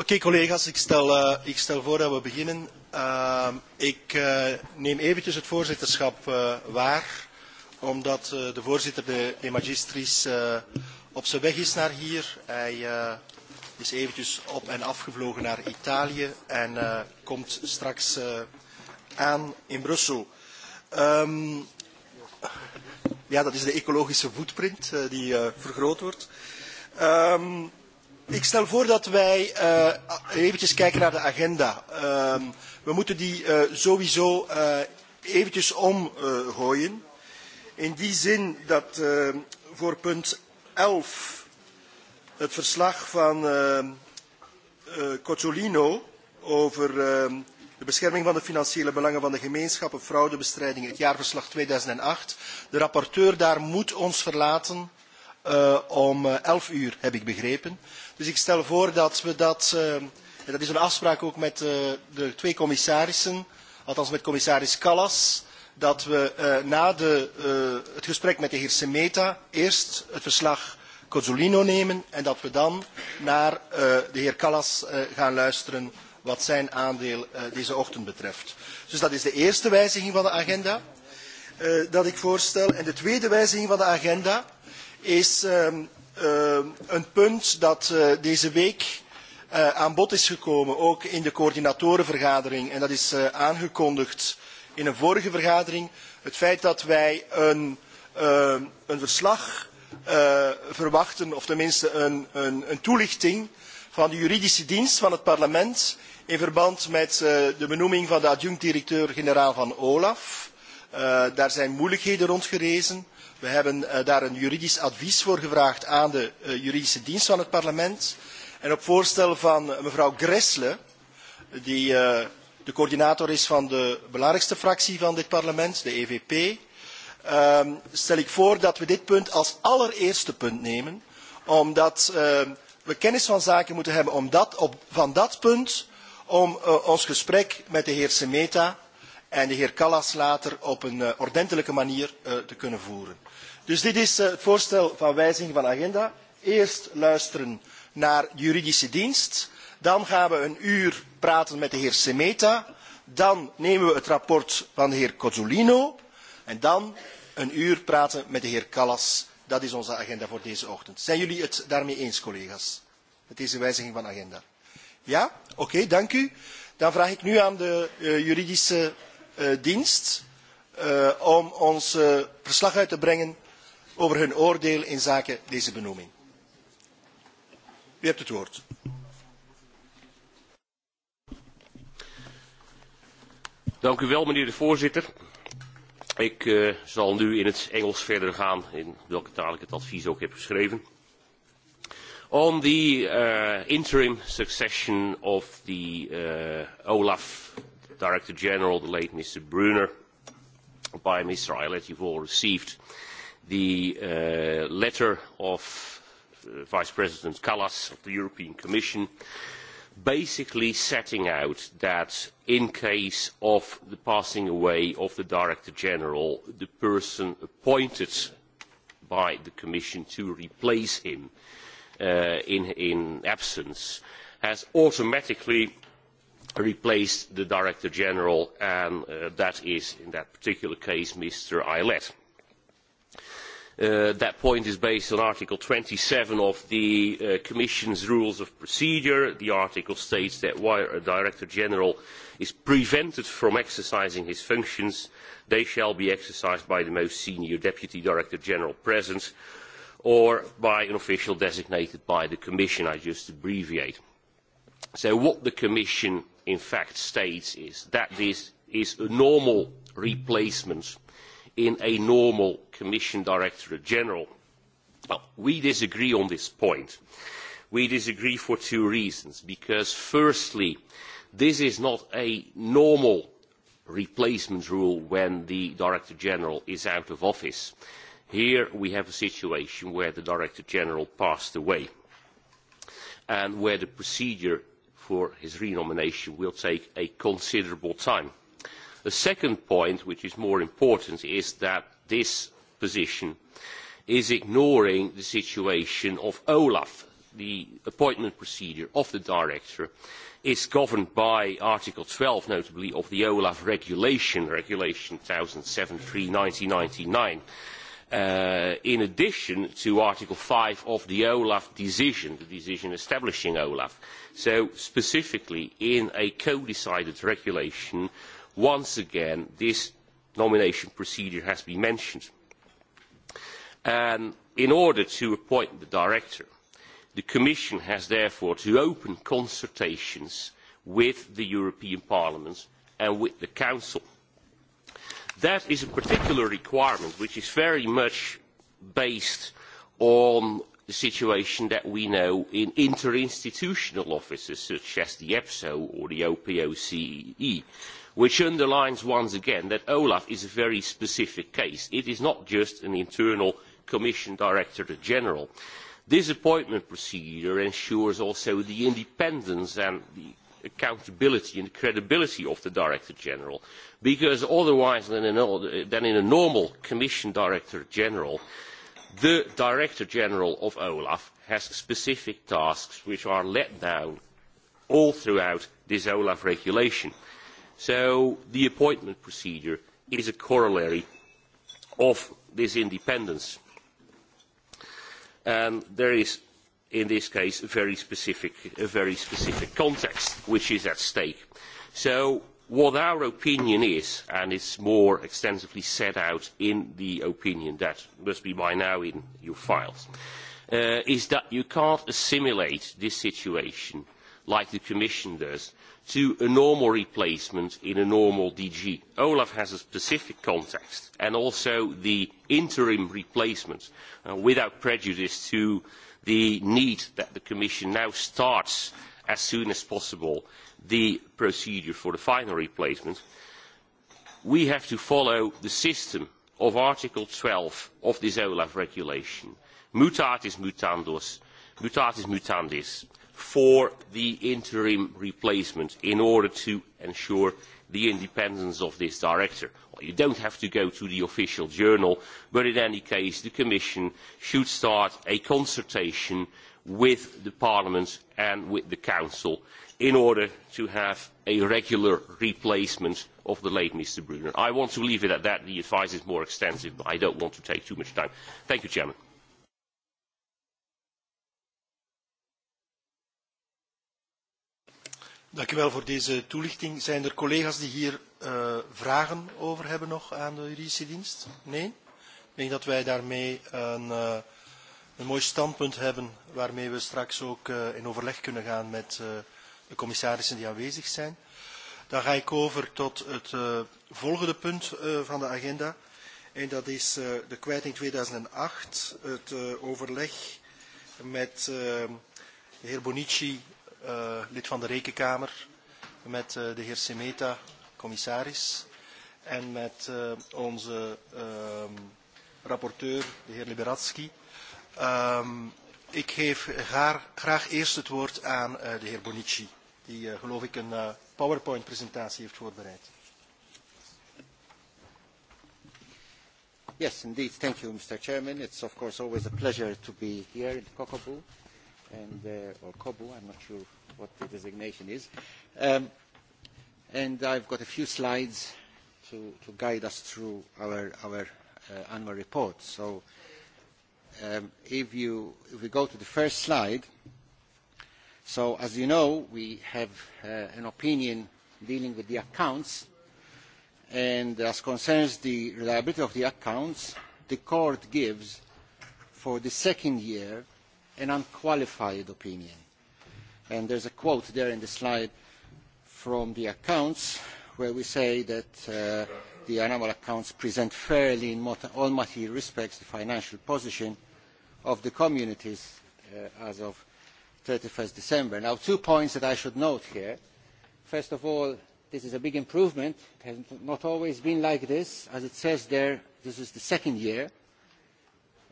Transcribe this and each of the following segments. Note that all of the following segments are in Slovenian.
Oké okay, collega's, ik stel, uh, ik stel voor dat we beginnen. Uh, ik uh, neem eventjes het voorzitterschap uh, waar, omdat uh, de voorzitter de, de magistris uh, op zijn weg is naar hier. Hij uh, is eventjes op en afgevlogen naar Italië en uh, komt straks uh, aan in Brussel. Um, ja, dat is de ecologische footprint uh, die uh, vergroot wordt. Um, Ik stel voor dat wij uh, eventjes kijken naar de agenda. Uh, we moeten die uh, sowieso uh, eventjes omgooien. Uh, In die zin dat uh, voor punt 11 het verslag van uh, uh, Cozzolino over uh, de bescherming van de financiële belangen van de gemeenschappen, fraudebestrijding, het jaarverslag 2008. De rapporteur daar moet ons verlaten uh, om 11 uur, heb ik begrepen. Dus ik stel voor dat we dat, uh, dat is een afspraak ook met uh, de twee commissarissen, althans met commissaris Callas, dat we uh, na de, uh, het gesprek met de heer Semeta eerst het verslag Cozzolino nemen en dat we dan naar uh, de heer Callas uh, gaan luisteren wat zijn aandeel uh, deze ochtend betreft. Dus dat is de eerste wijziging van de agenda uh, dat ik voorstel. En de tweede wijziging van de agenda is... Uh, uh, een punt dat uh, deze week uh, aan bod is gekomen, ook in de coördinatorenvergadering, en dat is uh, aangekondigd in een vorige vergadering, het feit dat wij een, uh, een verslag uh, verwachten, of tenminste een, een, een toelichting van de juridische dienst van het parlement in verband met uh, de benoeming van de adjunct directeur-generaal van Olaf. Uh, daar zijn moeilijkheden rond gerezen. We hebben uh, daar een juridisch advies voor gevraagd aan de uh, juridische dienst van het parlement. En op voorstel van eh, mevrouw Gressle, die uh, de coördinator is van de belangrijkste fractie van dit parlement, de EVP, uh, ehm, stel ik voor dat we dit punt als allereerste punt nemen, omdat uh, we kennis van zaken moeten hebben om dat op, van dat punt om uh, ons gesprek met de heer Semeta en de heer Callas later op een uh, ordentelijke manier uh, te kunnen voeren. Dus dit is eh, het voorstel van wijziging van agenda. Eerst luisteren naar de juridische dienst. Dan gaan we een uur praten met de heer Semeta. Dan nemen we het rapport van de heer Cozzolino. En dan een uur praten met de heer Callas. Dat is onze agenda voor deze ochtend. Zijn jullie het daarmee eens, collega's? Met deze wijziging van agenda. Ja? Oké, okay, dank u. Dan vraag ik nu aan de uh, juridische uh, dienst uh, om ons uh, verslag uit te brengen over hun oordeel in zaken deze benoeming. U hebt het woord. Dank u wel, meneer de voorzitter. Ik uh, zal nu in het Engels verder gaan, in welke taal ik het advies ook heb geschreven. On the uh, interim succession of the uh, Olaf Director General, the late Mr. Brunner, by Mr. Eilert, you've all received the uh, letter of uh, vice president kallas of the european commission basically setting out that in case of the passing away of the director general the person appointed by the commission to replace him uh, in his absence has automatically replaced the director general and that is in that particular case mr ailet. Uh, that point is based on article twenty seven of the uh, commission's rules of procedure. the article states that while a director general is prevented from exercising his functions they shall be exercised by the most senior deputy director general present or by an official designated by the commission i just abbreviate so what the commission in fact states is that this is a normal replacement in a normal commission directorate general. Well, we disagree on this point. We disagree for two reasons. Because firstly, this is not a normal replacement rule when the director general is out of office. Here we have a situation where the director general passed away and where the procedure for his renomination will take a considerable time the second point which is more important is that this position is ignoring the situation of olaf the appointment procedure of the director is governed by article twelve notably of the olaf regulation regulation one thousand seven hundred and three uh, in addition to article five of the olaf decision the decision establishing olaf so specifically in a co decided regulation once again this nomination procedure has been mentioned. And in order to appoint the director, the Commission has therefore to open consultations with the European Parliament and with the Council. That is a particular requirement which is very much based on the situation that we know in interinstitutional offices such as the EPSO or the OPOCE which underlines once again that olaf is a very specific case. it is not just an internal commission directorate general. this appointment procedure ensures also the independence and the accountability and credibility of the director general because otherwise than in a normal commission director general the director general of olaf has specific tasks which are laid down all throughout this olaf regulation so the appointment procedure is a corollary of this independence and there is in this case a very specific a very specific context which is at stake so what our opinion is and it's more extensively set out in the opinion that must be by now in your files uh, is that you can't assimilate this situation like the commission does to a normal replacement in a normal dg. olaf has a specific context and also the interim replacement uh, without prejudice to the need that the commission now starts as soon as possible the procedure for the final replacement we have to follow the system of article 12 of this olaf regulation mutatis mutandis mutatis mutandis for the interim replacement in order to ensure the independence of this director. Well, you don't have to go to the official journal, but in any case, the Commission should start a consultation with the Parliament and with the Council in order to have a regular replacement of the late Mr. Brunner. I want to leave it at that. The advice is more extensive, but I don't want to take too much time. Thank you, Chairman. Dank u wel voor deze toelichting. Zijn er collega's die hier uh, vragen over hebben nog aan de juridische dienst? Nee? Ik denk dat wij daarmee een, uh, een mooi standpunt hebben waarmee we straks ook uh, in overleg kunnen gaan met uh, de commissarissen die aanwezig zijn. Dan ga ik over tot het uh, volgende punt uh, van de agenda. En dat is uh, de kwijting 2008, het uh, overleg met uh, de heer Bonici uh, lid van de Rekenkamer, met uh, de heer Semeta, commissaris, en met uh, onze uh, rapporteur, de heer Liberatsky. Um, ehm, ik geef haar graag eerst het woord aan uh, de heer Bonici, die uh, geloof ik een uh, PowerPoint-presentatie heeft voorbereid. Yes, indeed. Thank you, Mr. Chairman. It's of course always a pleasure to be here in Kokobu and, uh, or COBU, I'm not sure what the designation is. Um, and I've got a few slides to, to guide us through our, our uh, annual report. So um, if, you, if we go to the first slide, so as you know, we have uh, an opinion dealing with the accounts. And as concerns the reliability of the accounts, the court gives for the second year an unqualified opinion. And there's a quote there in the slide from the accounts where we say that uh, the annual accounts present fairly in all material respects the financial position of the communities uh, as of 31st December. Now, two points that I should note here. First of all, this is a big improvement. It has not always been like this. As it says there, this is the second year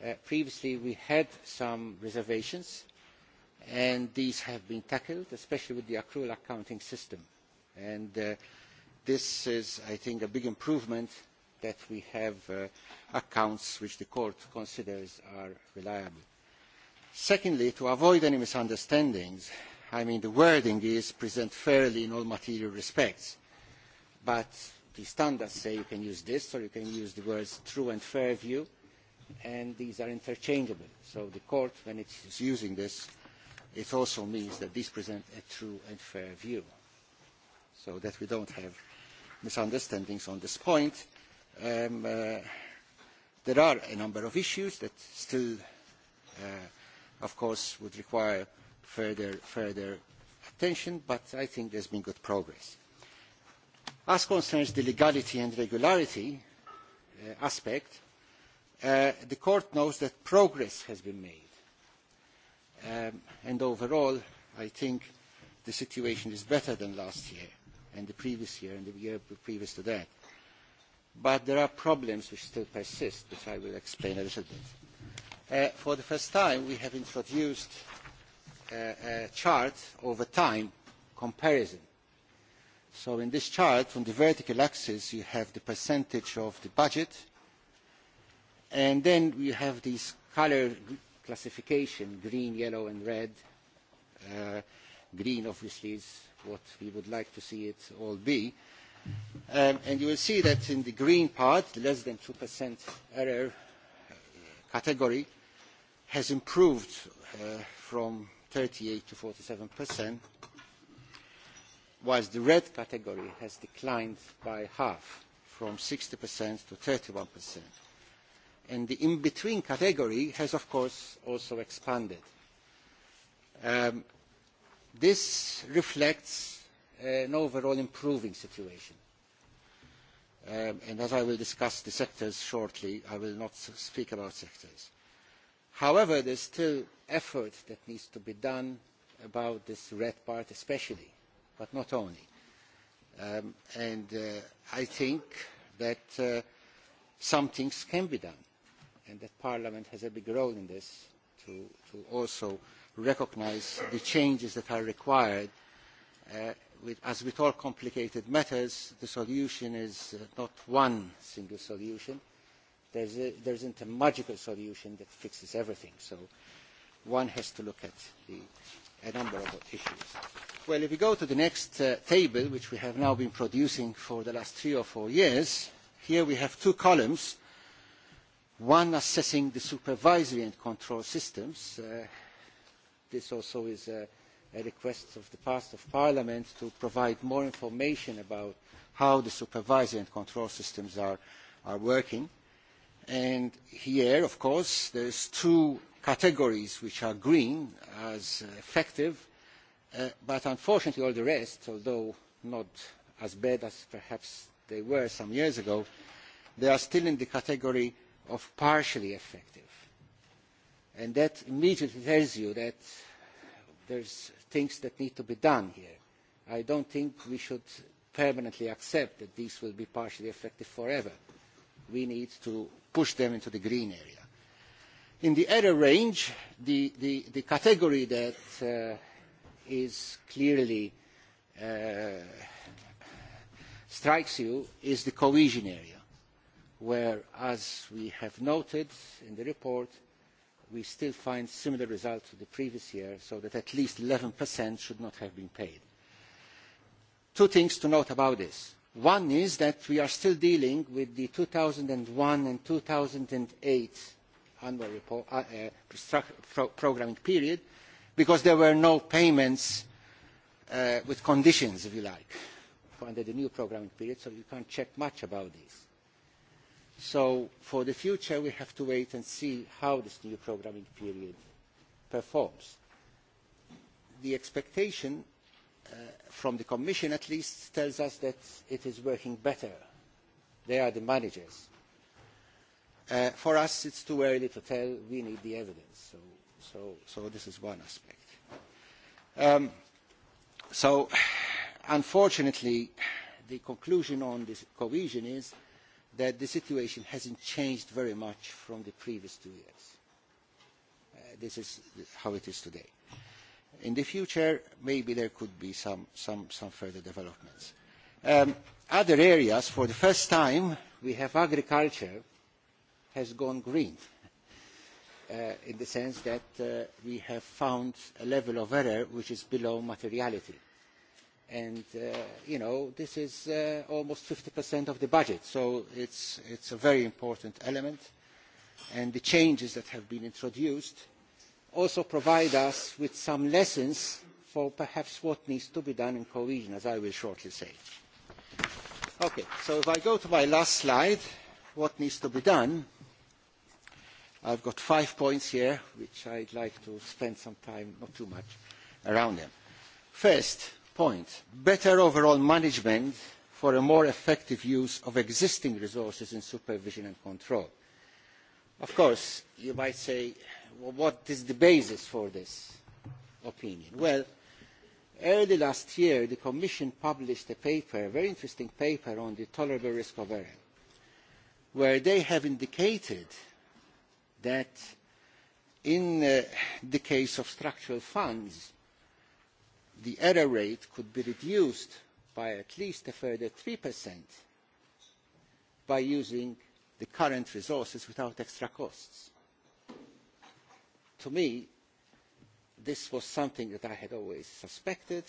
Uh, previously we had some reservations and these have been tackled, especially with the accrual accounting system. And uh, this is, I think, a big improvement that we have uh, accounts which the court considers are reliable. Secondly, to avoid any misunderstandings, I mean, the wording is present fairly in all material respects, but the standards say you can use this or you can use the words true and fair view and these are interchangeable. So the court, when it is using this, it also means that these present a true and fair view, so that we don't have misunderstandings on this point. Um, uh, there are a number of issues that still, uh, of course, would require further, further attention, but I think there's been good progress. As concerns the legality and regularity uh, aspect, uh, Uh, the court knows that progress has been made um, and overall I think the situation is better than last year and the previous year and the year previous to that. But there are problems which still persist, which I will explain a little bit. Uh, for the first time, we have introduced uh, a chart over time comparison. So in this chart, on the vertical axis, you have the percentage of the budget And then we have these color classification, green, yellow, and red. Uh, green, obviously, is what we would like to see it all be. Um, and you will see that in the green part, the less than 2% error uh, category has improved uh, from 38 to 47%, whilst the red category has declined by half, from 60% to 31% and the in-between category has, of course, also expanded. Um, this reflects uh, an overall improving situation. Um, and as I will discuss the sectors shortly, I will not speak about sectors. However, there's still effort that needs to be done about this red part especially, but not only. Um, and uh, I think that uh, some things can be done and that Parliament has a big role in this to, to also recognize the changes that are required. Uh, with, as with all complicated matters, the solution is uh, not one single solution. There's a, there isn't a magical solution that fixes everything. So one has to look at the, a number of issues. Well, if we go to the next uh, table, which we have now been producing for the last three or four years, here we have two columns one assessing the supervisory and control systems uh, this also is a, a request of the past of parliament to provide more information about how the supervisory and control systems are are working and here of course there's two categories which are green as effective uh, but unfortunately all the rest although not as bad as perhaps they were some years ago they are still in the category of partially effective. And that immediately tells you that there's things that need to be done here. I don't think we should permanently accept that these will be partially effective forever. We need to push them into the green area. In the error range, the, the, the category that uh, is clearly uh, strikes you is the cohesion area where as we have noted in the report we still find similar results to the previous year so that at least 11% should not have been paid. Two things to note about this. One is that we are still dealing with the 2001 and 2008 annual report, uh, uh, pro programming period because there were no payments uh, with conditions, if you like, under the new programming period, so you can't check much about this. For the future, we have to wait and see how this new programming period performs. The expectation, uh, from the Commission at least, tells us that it is working better. They are the managers. Uh, for us, it's too early to tell. We need the evidence. This is one aspect. Um, unfortunately, the conclusion on this cohesion is that the situation hasn't changed very much from the previous two years. Uh, this is how it is today. In the future, maybe there could be some, some, some further developments. Um, other areas, for the first time, we have agriculture has gone green uh, in the sense that uh, we have found a level of error which is below materiality and uh, you know this is uh, almost 50% of the budget so it's it's a very important element and the changes that have been introduced also provide us with some lessons for perhaps what needs to be done in cohesion as i will shortly say okay so if i go to my last slide what needs to be done i've got five points here which i'd like to spend some time not too much around them first points better overall management for a more effective use of existing resources in supervision and control. of course you might say well, what is the basis for this opinion? well early last year the commission published a paper a very interesting paper on the tolerable risk of error where they have indicated that in uh, the case of structural funds the error rate could be reduced by at least a further 3% by using the current resources without extra costs. To me, this was something that I had always suspected,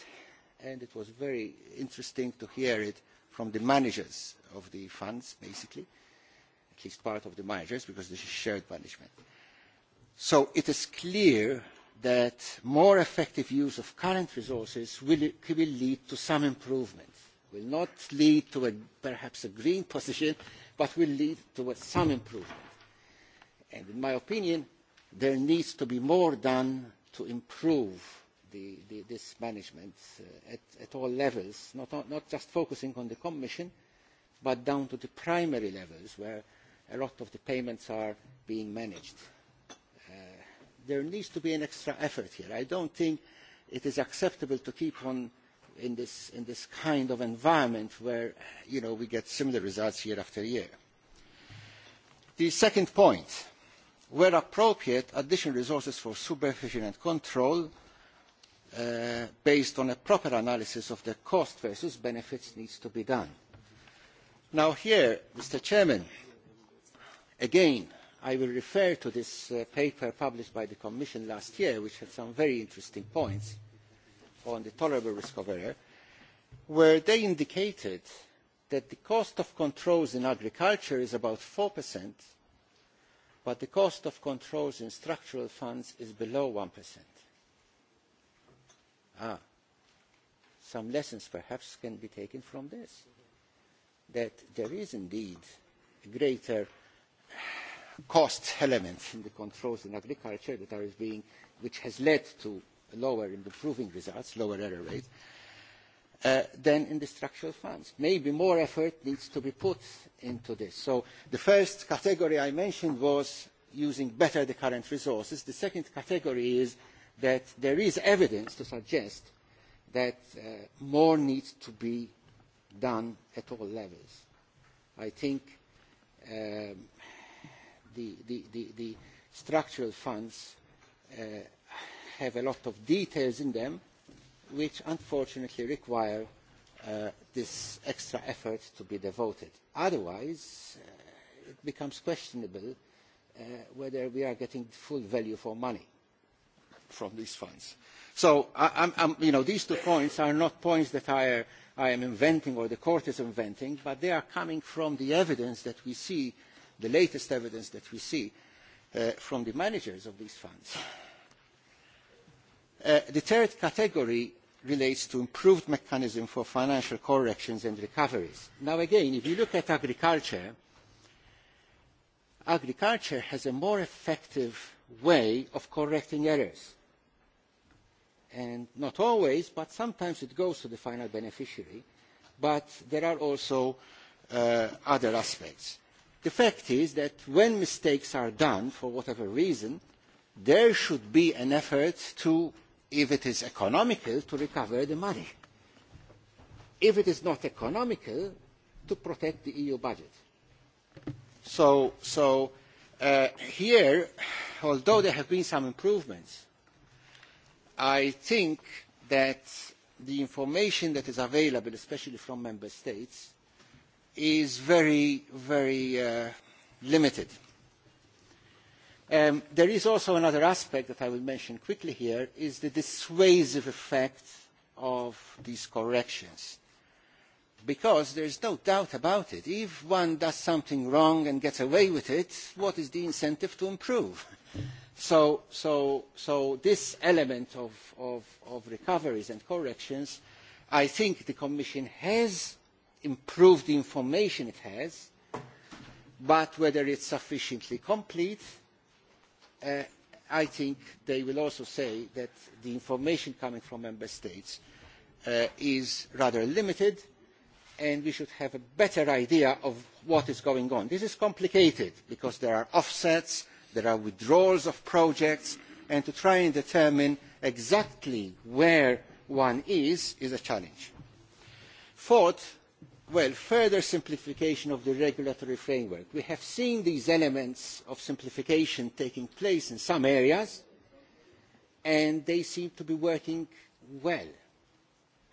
and it was very interesting to hear it from the managers of the funds, basically, at least part of the managers, because this is shared management. So it is clear that more effective use of current resources will, will lead to some improvement. will not lead to a, perhaps a green position, but will lead to a, some improvement. And in my opinion, there needs to be more done to improve the, the, this management uh, at, at all levels, not, not just focusing on the Commission, but down to the primary levels where a lot of the payments are being managed there needs to be an extra effort here. I don't think it is acceptable to keep on in this, in this kind of environment where you know, we get similar results year after year. The second point, where appropriate, additional resources for supervision and control uh, based on a proper analysis of the cost versus benefits needs to be done. Now here, Mr Chairman, again, i will refer to this uh, paper published by the commission last year which had some very interesting points on the tolerable risk of error where they indicated that the cost of controls in agriculture is about four but the cost of controls in structural funds is below. one ah some lessons perhaps can be taken from this that there is indeed a greater cost element in the controls in agriculture that are being, which has led to lower improving results, lower error rate, uh, than in the structural funds. Maybe more effort needs to be put into this. So the first category I mentioned was using better the current resources. The second category is that there is evidence to suggest that uh, more needs to be done at all levels. I think um, the, the, the, the structural funds uh, have a lot of details in them which unfortunately require uh, this extra effort to be devoted. Otherwise, uh, it becomes questionable uh, whether we are getting full value for money from these funds. So, I, I'm, I'm, you know, these two points are not points that I, are, I am inventing or the court is inventing, but they are coming from the evidence that we see the latest evidence that we see uh, from the managers of these funds. Uh, the third category relates to improved mechanism for financial corrections and recoveries. Now again, if you look at agriculture, agriculture has a more effective way of correcting errors. And not always, but sometimes it goes to the final beneficiary. But there are also uh, other aspects the fact is that when mistakes are done for whatever reason there should be an effort to if it is economical to recover the money if it is not economical to protect the eu budget so so uh, here although there have been some improvements i think that the information that is available especially from member states is very, very uh, limited. Um, there is also another aspect that I will mention quickly here, is the dissuasive effect of these corrections. Because there is no doubt about it, if one does something wrong and gets away with it, what is the incentive to improve? So, so, so this element of, of, of recoveries and corrections, I think the Commission has improve the information it has, but whether it's sufficiently complete, uh, I think they will also say that the information coming from member states uh, is rather limited and we should have a better idea of what is going on. This is complicated because there are offsets, there are withdrawals of projects, and to try and determine exactly where one is, is a challenge. Fourth, further simplification of the regulatory framework we have seen these elements of simplification taking place in some areas and they seem to be working well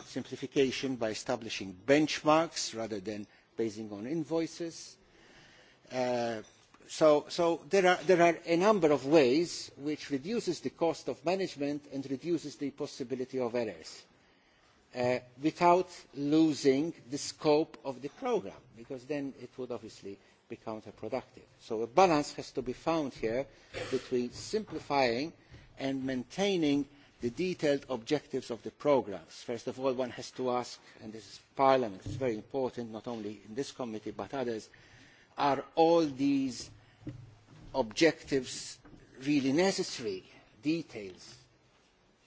simplification by establishing benchmarks rather than basing on invoices uh, so, so there, are, there are a number of ways which reduces the cost of management and reduces the possibility of errors. Uh, without losing the scope of the programme because then it would obviously be counterproductive. So a balance has to be found here between simplifying and maintaining the detailed objectives of the programmes. First of all, one has to ask, and this is Parliament, it's very important, not only in this committee but others, are all these objectives really necessary details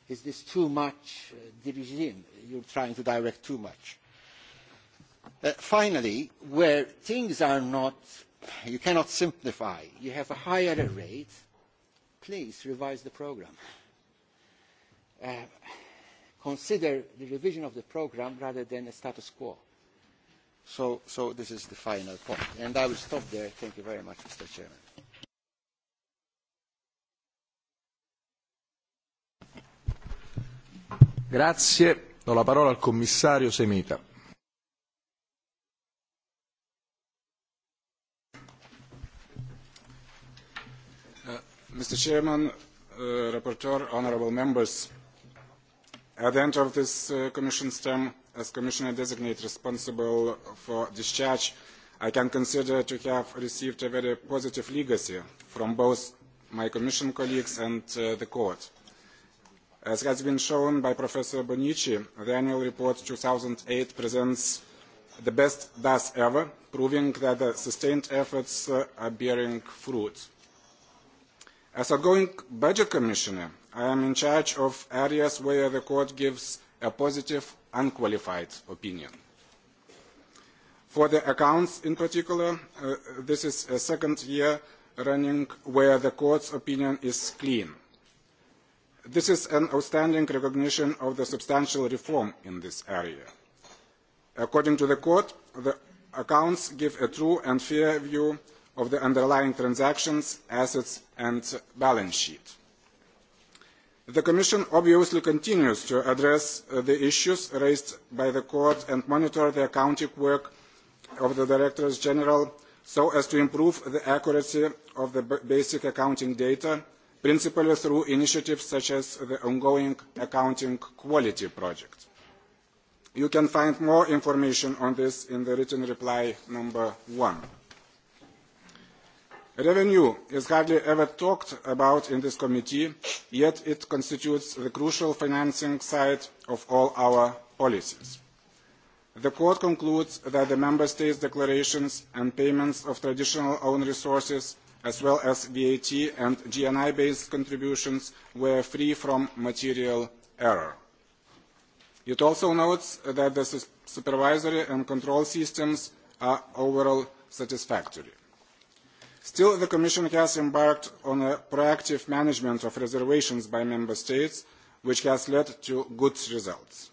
is this too much uh, division? You're trying to direct too much. Uh, finally, where things are not, you cannot simplify, you have a higher rate, please revise the program. Uh, consider the revision of the program rather than a status quo. So, so this is the final point. And I will stop there. Thank you very much, Mr. Chairman. grazie do la parola al commissario Semita uh, Mr. Chairman, uh, Rapporteur, Honourable Members, at the end of this uh, Commission's term as Commissioner designate responsible for discharge, I can consider to have received a very positive legacy from both my Commission colleagues and uh, the Court. Uh, As has been shown by Professor Bonici, the annual report 2008 presents the best thus ever, proving that the sustained efforts uh, are bearing fruit. As outgoing budget commissioner, I am in charge of areas where the court gives a positive, unqualified opinion. For the accounts in particular, uh, this is a second year running where the court's opinion is clean. This is an outstanding recognition of the substantial reform in this area. According to the court, the accounts give a true and fair view of the underlying transactions, assets and balance sheet. The Commission obviously continues to address uh, the issues raised by the court and monitor the accounting work of the Directors General so as to improve the accuracy of the basic accounting data principally through initiatives such as the ongoing accounting quality project. You can find more information on this in the written reply number one. Revenue is hardly ever talked about in this committee, yet it constitutes the crucial financing side of all our policies. The Court concludes that the Member States' declarations and payments of traditional own resources as well as VAT and GNI based contributions were free from material error. It also notes that the supervisory and control systems are overall satisfactory. Still, the Commission has embarked on a proactive management of reservations by Member States, which has led to good results.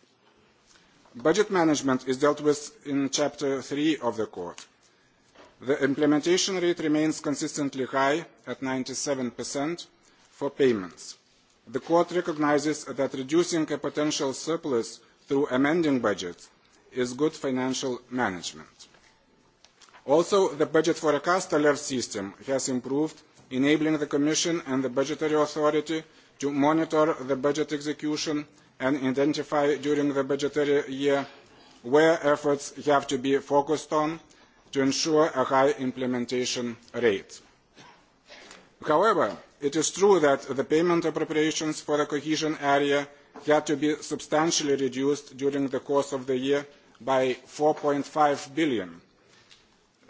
Budget management is dealt with in Chapter 3 of the Court, the implementation rate remains consistently high at 97% for payments. The court recognizes that reducing a potential surplus through amending budgets is good financial management. Also, the budget forecast alert system has improved, enabling the Commission and the Budgetary Authority to monitor the budget execution and identify during the budgetary year where efforts have to be focused on to ensure a high implementation rate. however it is true that the payment appropriations for the cohesion area had to be substantially reduced during the course of the year by eur. four five billion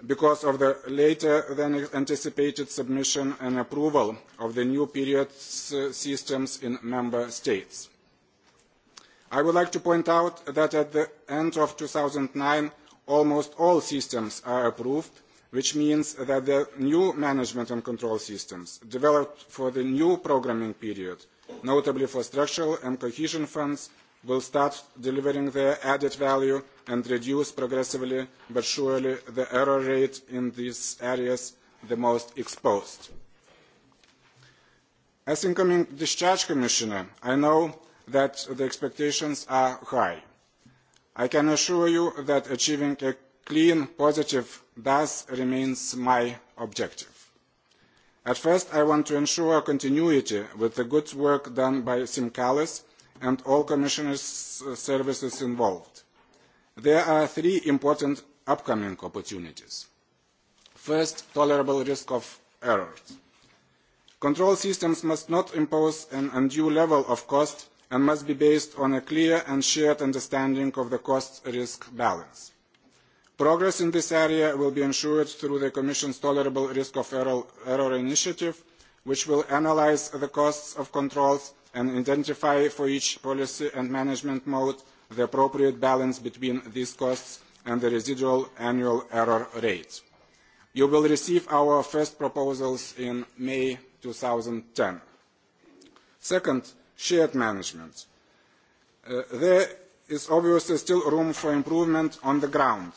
because of the later than anticipated submission and approval of the new period systems in member states. i would like to point out that at the end of two thousand and nine almost all systems are approved which means that the new management and control systems developed for the new programming period notably for structural and cohesion funds will start delivering their added value and reduce progressively but surely the error rate in these areas the most exposed. As incoming discharge commissioner, I know that the expectations are high i can assure you that achieving a clean positive does remain my objective. at first i want to ensure continuity with the good work done by siim kallas and all commissioners' services involved. there are three important upcoming opportunities. first tolerable risk of errors. control systems must not impose an undue level of cost and must be based on a clear and shared understanding of the cost risk balance. Progress in this area will be ensured through the Commission's Tolerable Risk of Error initiative, which will analyse the costs of controls and identify for each policy and management mode the appropriate balance between these costs and the residual annual error rate. You will receive our first proposals in May 2010. Second, shared management. Uh, there is obviously still room for improvement on the ground.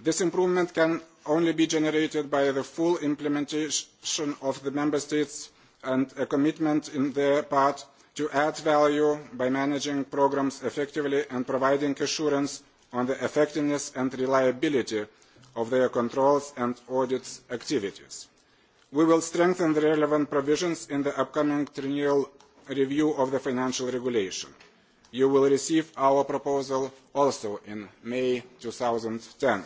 This improvement can only be generated by the full implementation of the Member States and a commitment in their part to add value by managing programs effectively and providing assurance on the effectiveness and reliability of their controls and audits activities. We will strengthen the relevant provisions in the upcoming triennial review of the financial regulation. You will receive our proposal also in May 2010.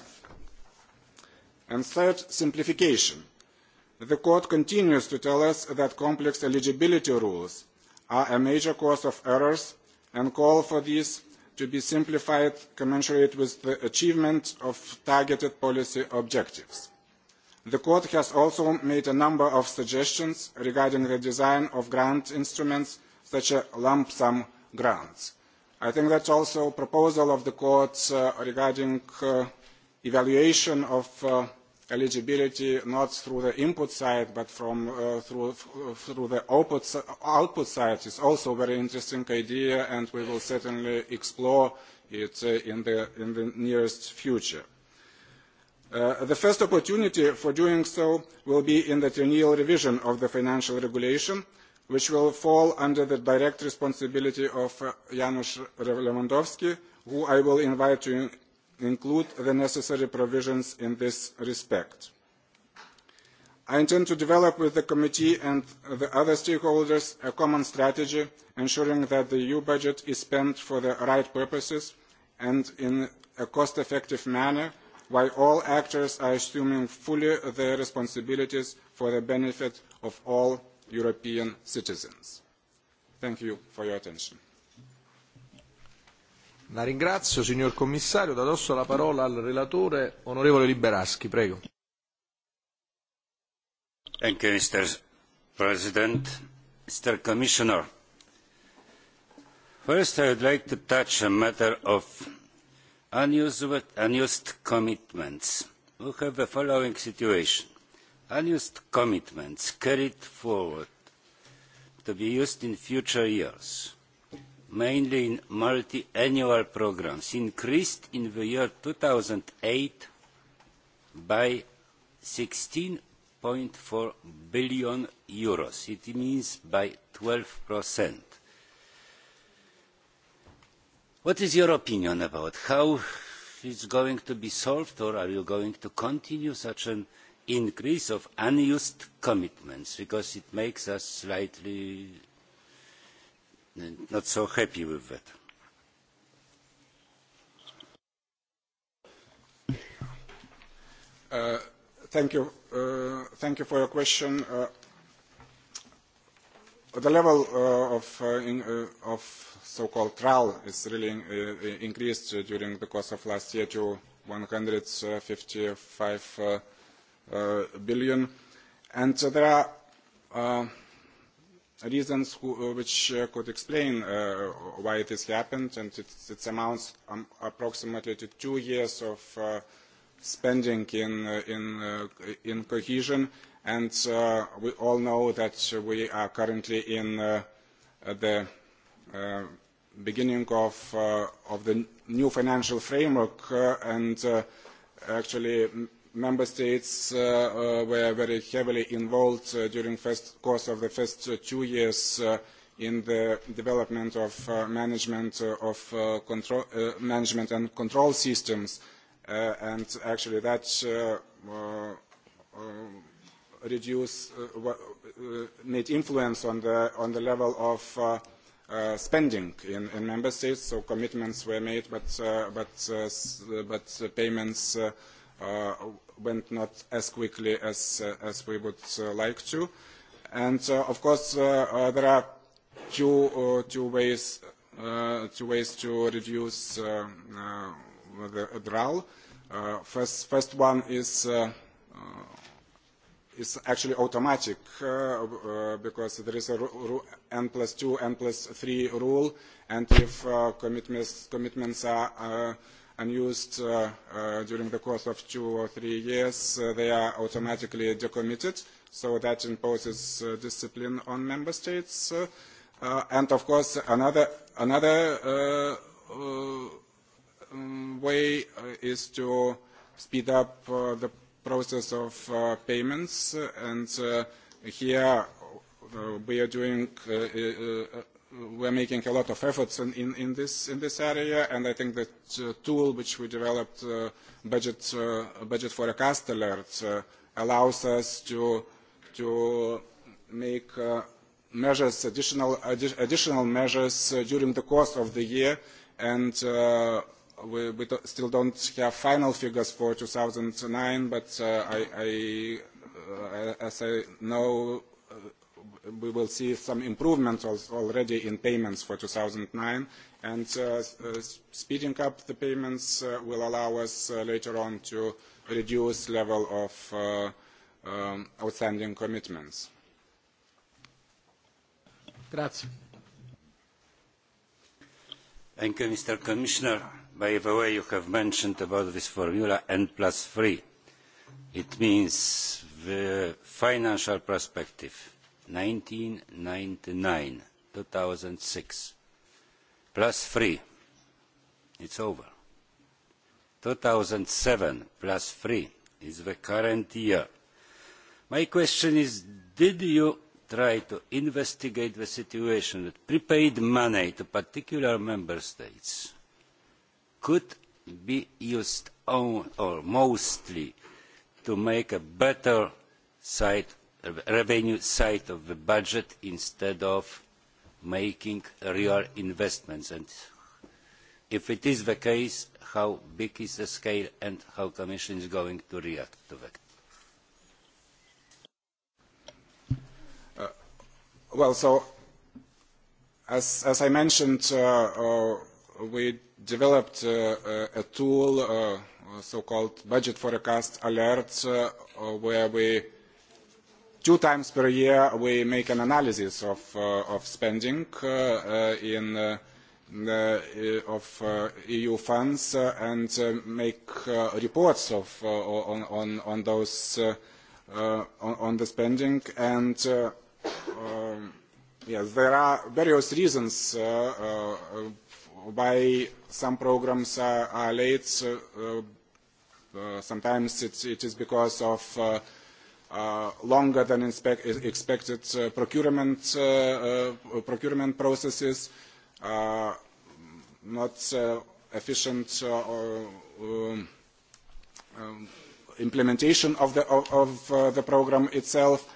And third, simplification. The court continues to tell us that complex eligibility rules are a major cause of errors and call for these to be simplified commensurate with the achievement of targeted policy objectives the court has also made a number of suggestions regarding the design of grant instruments such as lump sum grants. i think that also the proposal of the court uh, regarding uh, evaluation of uh, eligibility not through the input side but from, uh, through, through the output, output side is also a very interesting idea and we will certainly explore it in the, in the nearest future. Uh, the first opportunity for doing so will be in the triennial revision of the financial regulation which will fall under the direct responsibility of uh, Janusz Lewandowski, who I will invite to in include the necessary provisions in this respect. I intend to develop with the committee and the other stakeholders a common strategy, ensuring that the EU budget is spent for the right purposes and in a cost-effective manner while all actors are assuming fully their responsibilities for the benefit of all European citizens. Thank you for your attention. La ringrazio, signor commissario. Da adesso la parola al relatore, onorevole Liberaschi. Prego. Thank you, Mr. President. Mr. Commissioner, first I would like to touch a matter of unused commitments we have the following situation unused commitments carried forward to be used in future years mainly in multi-annual programmes increased in the year 2008 by 16.4 billion euros it means by 12 percent What is your opinion about how it's going to be solved, or are you going to continue such an increase of unused commitments? Because it makes us slightly eh, not so happy with that. Uh, thank you. Uh, thank you for your question. Uh, the level uh, of, uh, in, uh, of so-called RAL is really in, uh, uh, increased during the course of last year to 155 uh, uh, billion. And so there are uh, reasons who, uh, which uh, could explain uh, why this happened, and it, it amounts um, approximately to two years of uh, spending in, uh, in, uh, in cohesion. And uh, we all know that we are currently in uh, the uh, beginning of, uh, of the new financial framework uh, and uh, actually m member states uh, uh, were very heavily involved uh, during first course of the first uh, two years uh, in the development of uh, management uh, of uh, control uh, management and control systems uh, and actually that uh, uh, reduced uh, uh, made influence on the on the level of uh, uh, spending in, in member states, so commitments were made, but, uh, but, uh, uh, but the payments uh, uh, went not as quickly as, uh, as we would uh, like to. And uh, of course, uh, uh, there are two, uh, two, ways, uh, two ways to reduce uh, uh, the drawl. Uh, first, first one is uh, uh, is actually automatic uh, uh, because there is a n plus 2, n plus 3 rule, and if uh, commitments, commitments are uh, unused uh, uh, during the course of two or three years, uh, they are automatically decommitted, so that imposes uh, discipline on member states. Uh, uh, and of course, another, another uh, uh, um, way uh, is to speed up uh, the process of uh, payments, uh, and uh, here uh, we are doing, uh, uh, uh, we are making a lot of efforts in, in, in, this, in this area, and I think the uh, tool which we developed, uh, budget, uh, budget Forecast Alert, uh, allows us to, to make uh, measures, additional, addi additional measures uh, during the course of the year, and uh, we, we do, still don't have final figures for 2009, but uh, I, I, uh, as I know, uh, we will see some improvements already in payments for 2009. And uh, uh, speeding up the payments uh, will allow us uh, later on to reduce level of uh, um, outstanding commitments. Grazie. Thank you, Mr. Commissioner by the way you have mentioned this formula n plus three it means the financial perspective one thousand nine hundred and ninety nine two thousand and six plus three it is over two thousand and seven plus three is the current year my question is did you try to investigate the situation with prepaid money to particular member states? could be used on, or mostly to make a better side, revenue side of the budget instead of making real investments. And if it is the case, how big is the scale and how Commission is going to react to that? Uh, well, so as, as I mentioned, uh, uh, we developed uh, uh, a tool, uh, uh, so-called budget forecast alerts, uh, uh, where we two times per year we make an analysis of uh, of spending uh, uh, in. Uh, uh, of uh, EU funds uh, and uh, make uh, reports of uh, on, on on those uh, uh, on, on the spending and uh, um, yes there are various reasons uh, uh, why some programs are, are late. Uh, uh, sometimes it's, it is because of uh, uh, longer than expected uh, procurement, uh, uh, procurement processes, uh, not uh, efficient uh, uh, um, um, implementation of the, of, of, uh, the program itself.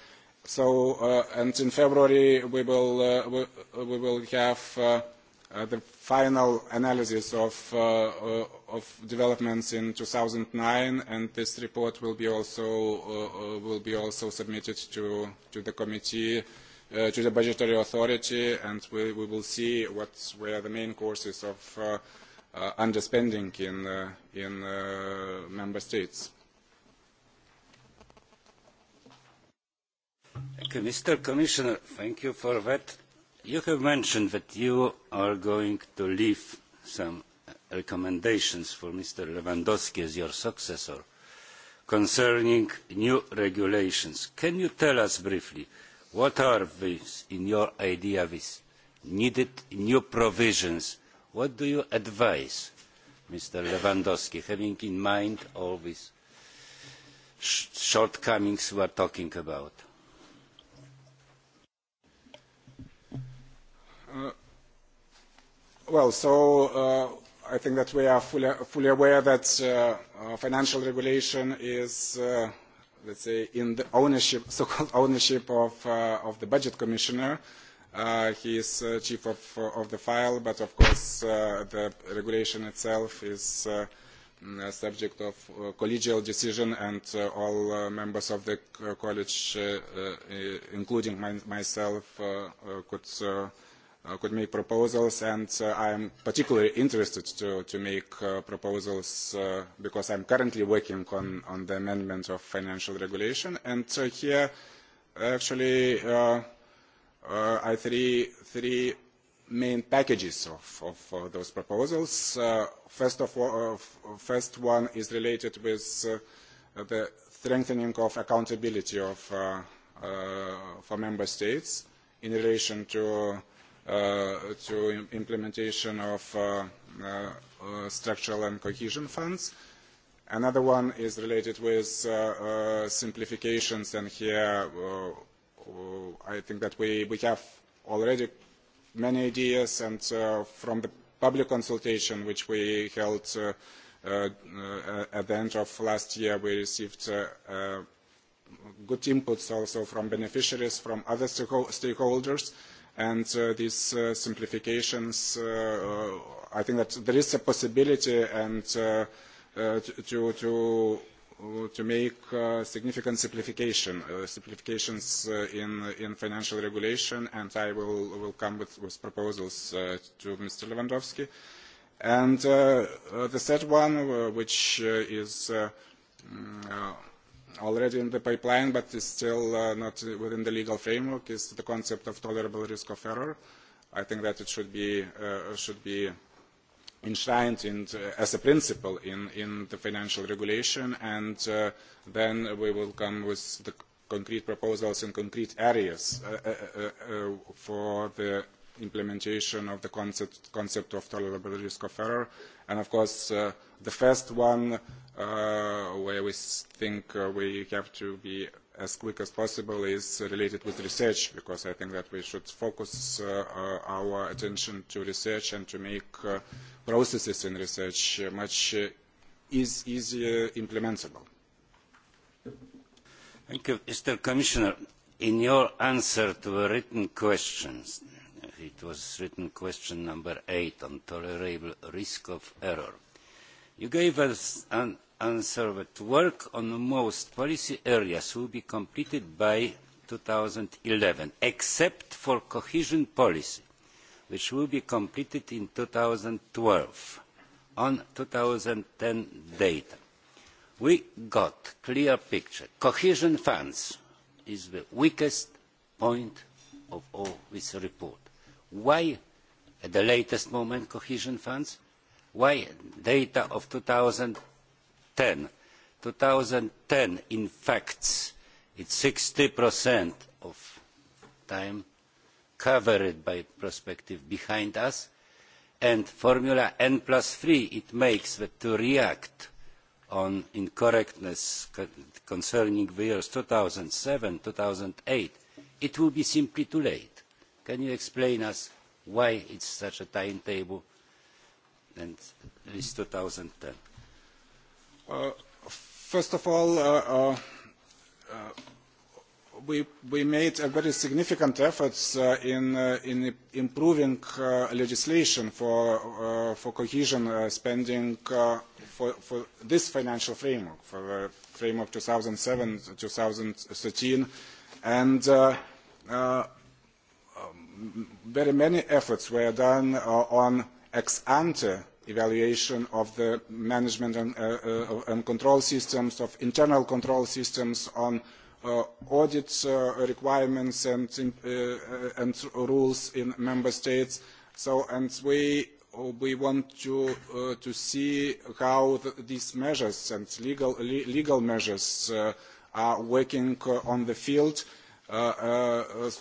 So, uh, and in February we will, uh, we, we will have uh, uh, the final analysis of, uh, uh, of developments in 2009, and this report will be also uh, uh, will be also submitted to to the committee, uh, to the budgetary authority, and we we will see what were the main courses of uh, uh, underspending in uh, in uh, member states. Thank you, Mr. Commissioner. Thank you for that you have mentioned that you are going to leave some recommendations for mr lewandowski as your successor concerning new regulations can you tell us briefly what are these in your idea these needed new provisions what do you advise mr lewandowski having in mind all these shortcomings we are talking about Uh, well, so uh, I think that we are fully, fully aware that uh, uh, financial regulation is, uh, let's say, in the ownership, so-called ownership of, uh, of the budget commissioner. Uh, he is uh, chief of, of the file, but of course uh, the regulation itself is uh, mm, a subject of uh, collegial decision and uh, all uh, members of the uh, college, uh, uh, including my, myself, uh, uh, could uh, uh, could make proposals, and uh, I am particularly interested to, to make uh, proposals uh, because I'm currently working on, on the amendment of financial regulation. And so uh, here, actually, uh, uh, I three three main packages of, of uh, those proposals. Uh, first of all, uh, first one is related with uh, the strengthening of accountability of uh, uh, for member states in relation to uh, uh, to implementation of uh, uh, uh, structural and cohesion funds. Another one is related with uh, uh, simplifications, and here uh, uh, I think that we, we have already many ideas, and uh, from the public consultation which we held uh, uh, uh at the end of last year, we received uh, uh, good inputs also from beneficiaries, from other stakeholders. Uh, and uh, these uh, simplifications, uh, uh, I think that there is a possibility and uh, uh, to, to, uh, to make uh, significant simplification, uh, simplifications uh, in, in financial regulation, and I will, will come with, with proposals uh, to Mr. Lewandowski. And uh, uh, the third one, uh, which uh, is uh, mm, uh, already in the pipeline, but is still uh, not within the legal framework, is the concept of tolerable risk of error. I think that it should be, uh, should be enshrined in, uh, as a principle in, in the financial regulation, and uh, then we will come with the concrete proposals in concrete areas uh, uh, uh, uh, for the implementation of the concept, concept of tolerable risk of error. And of course, uh, the first one uh, where we think uh, we have to be as quick as possible is related with research, because I think that we should focus uh, uh our attention to research and to make uh, processes in research much uh, is easier implementable. Thank you, Mr. Commissioner. In your answer to a written question, it was written question number eight on tolerable risk of error. You gave us an answer that work on most policy areas will be completed by 2011, except for cohesion policy, which will be completed in 2012 on 2010 data. We got clear picture. Cohesion funds is the weakest point of all this report why at the latest moment cohesion funds why data of 2010 2010 in facts it's 60% of time covered by prospective behind us and formula n plus 3 it makes that to react on incorrectness concerning the years 2007 2008 it will be simply too late can you explain to us why it is such a timetable and at least 2010? Uh, first of all, uh, uh, we, we made a very significant efforts uh, in, uh, in improving uh, legislation for, uh, for cohesion uh, spending uh, for, for this financial framework, for the framework 2007-2013. And uh, uh very many efforts were done uh, on ex ante evaluation of the management and, uh, uh, and control systems, of internal control systems, on uh, audit uh, requirements and, uh, uh, and rules in member states. So, and we we want to uh, to see how th these measures and legal le legal measures uh, are working uh, on the field, uh, uh, uh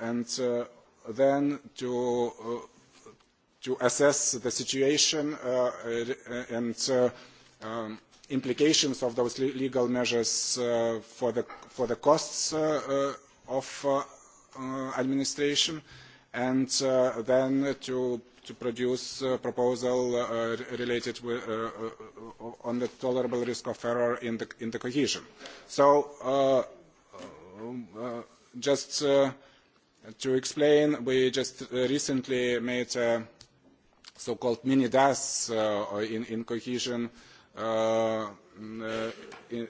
and. Uh, then to uh, to assess the situation uh, and uh, um, implications of those le legal measures uh, for the for the costs uh, uh, of uh, uh, administration and uh, then to to produce a proposal uh, related with, uh, uh, on the tolerable risk of error in the in the cohesion so uh, um, uh, just uh, to explain, we just uh, recently made a so-called mini DAS uh, in, in cohesion uh, uh, in,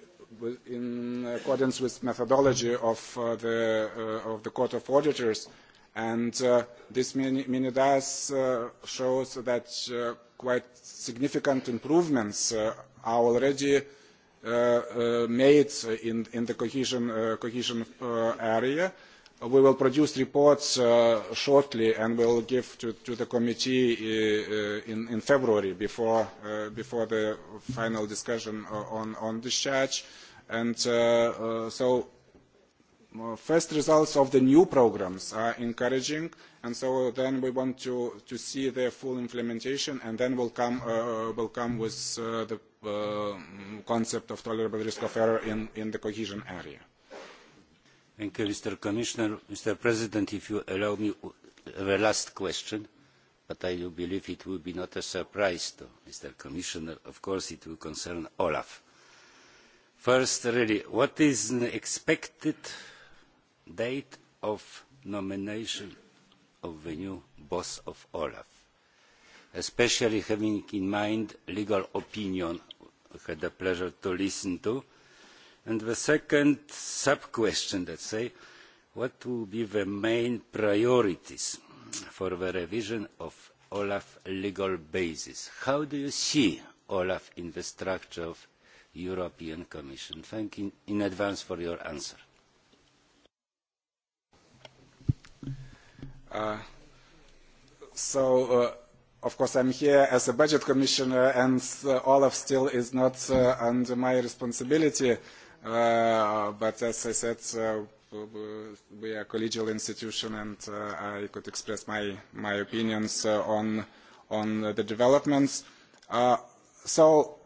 in accordance with methodology of, uh, the, uh, of the Court of Auditors. And uh, this mini DAS uh, shows that uh, quite significant improvements uh, are already uh, uh, made in, in the cohesion, uh, cohesion uh, area. Uh, Uh, we will produce reports uh, shortly and we will give to, to the committee uh, uh, in, in February before, uh, before the final discussion uh, on, on discharge. And uh, uh, so first results of the new programs are encouraging and so then we want to, to see their full implementation and then we'll come, uh, we'll come with uh, the uh, concept of tolerable risk of error in, in the cohesion area. Uh, mr president if you allow me a last question but i do believe it will not be a surprise to mr commissioner of course it will concern olaf. first really what is the expected date of nomination of the new boss of olaf especially having in mind the legal opinion i had the pleasure to listen to the second sub question let's say what will be the main priorities for the revision of olaf legal basis how do you see olaf in the structure of european commission thank you in advance for your answer uh, so uh, of course i'm here as a budget commissioner and uh, olaf still is not uh, under my responsibility uh, Uh, but as I said, uh, we are a collegial institution, and uh, I could express my my opinions uh, on on the developments. Uh, so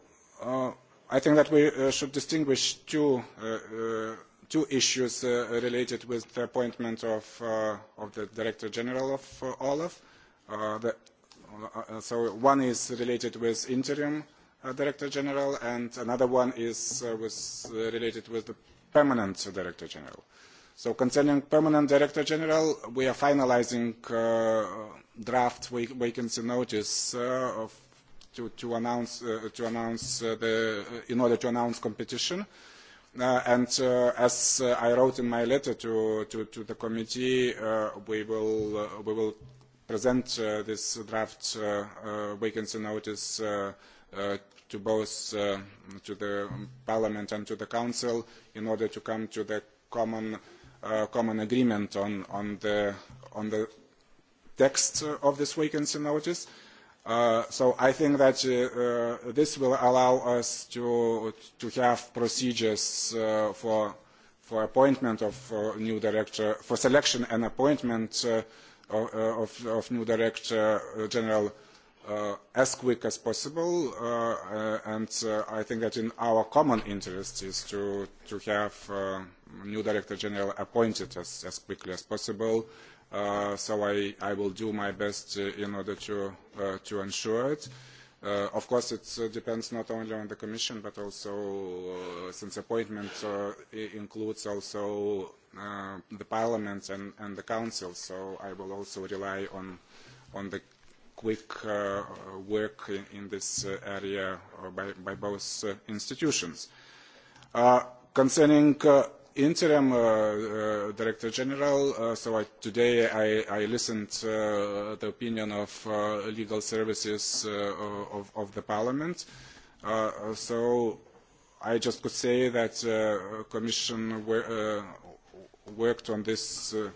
uh, I think that we uh, should distinguish two uh, uh, two issues uh, related with the appointment of uh, of the director general of uh, Olaf. Uh, the, uh, uh so one is related with interim. Uh, Uh, director general and another one is uh, was, uh, related with the permanent director general. So concerning permanent director general, we are finalizing uh, draft vacancy notice uh, of to, to announce, uh, to announce uh, the, uh, in order to announce competition. Uh, and uh, as uh, I wrote in my letter to, to, to the committee, uh, we, will, uh, we will present uh, this draft uh, uh, vacancy notice uh, Uh, to both uh, to the parliament and to the council in order to come to the common uh, common agreement on on the on the text of this vacancy notice uh, so i think that uh, uh this will allow us to to have procedures uh, for for appointment of uh, new director for selection and appointment uh, of, uh, of of new director general uh, uh, as quick as possible uh, uh, and uh, I think that in our common interest is to, to have a uh, new Director General appointed as, as quickly as possible. Uh, so I, I will do my best uh, in order to, uh, to ensure it. Uh, of course, it uh, depends not only on the Commission, but also uh, since appointment uh, includes also uh, the Parliament and, and the Council, so I will also rely on, on the quick uh, uh, work in, in this uh, area uh, by, by both uh, institutions. Uh, concerning uh, interim uh, uh, director general, uh, so I, today I, I listened to uh, the opinion of uh, legal services uh, of, of the parliament. Uh, so I just could say that uh, commission wor uh, worked on this uh,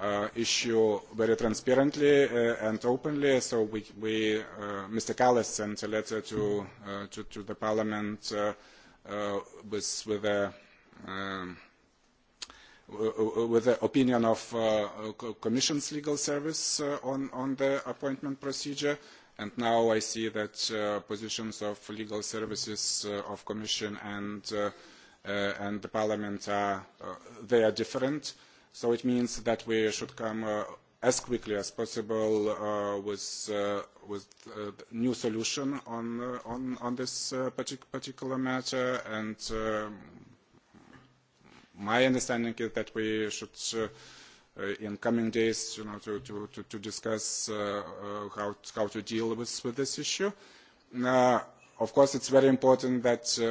Uh, issue very transparently uh, and openly. So we, we uh, Mr. Callas sent a letter to, uh, to, to the Parliament uh, uh, with, with a... Um, with the opinion of uh, Commission's legal service uh, on, on the appointment procedure. And now I see that uh, positions of legal services uh, of Commission and, uh, uh, and the Parliament are, uh, they are different. Uh, So it means that we should come uh, as quickly as possible uh, with, uh, with uh, new solution on, uh, on, on this uh, partic particular matter. And um, my understanding is that we should, uh, uh, in coming days, you know, to, to, to, to discuss uh, uh, how, t how to deal with, with this issue. Uh, of course, it's very important that uh,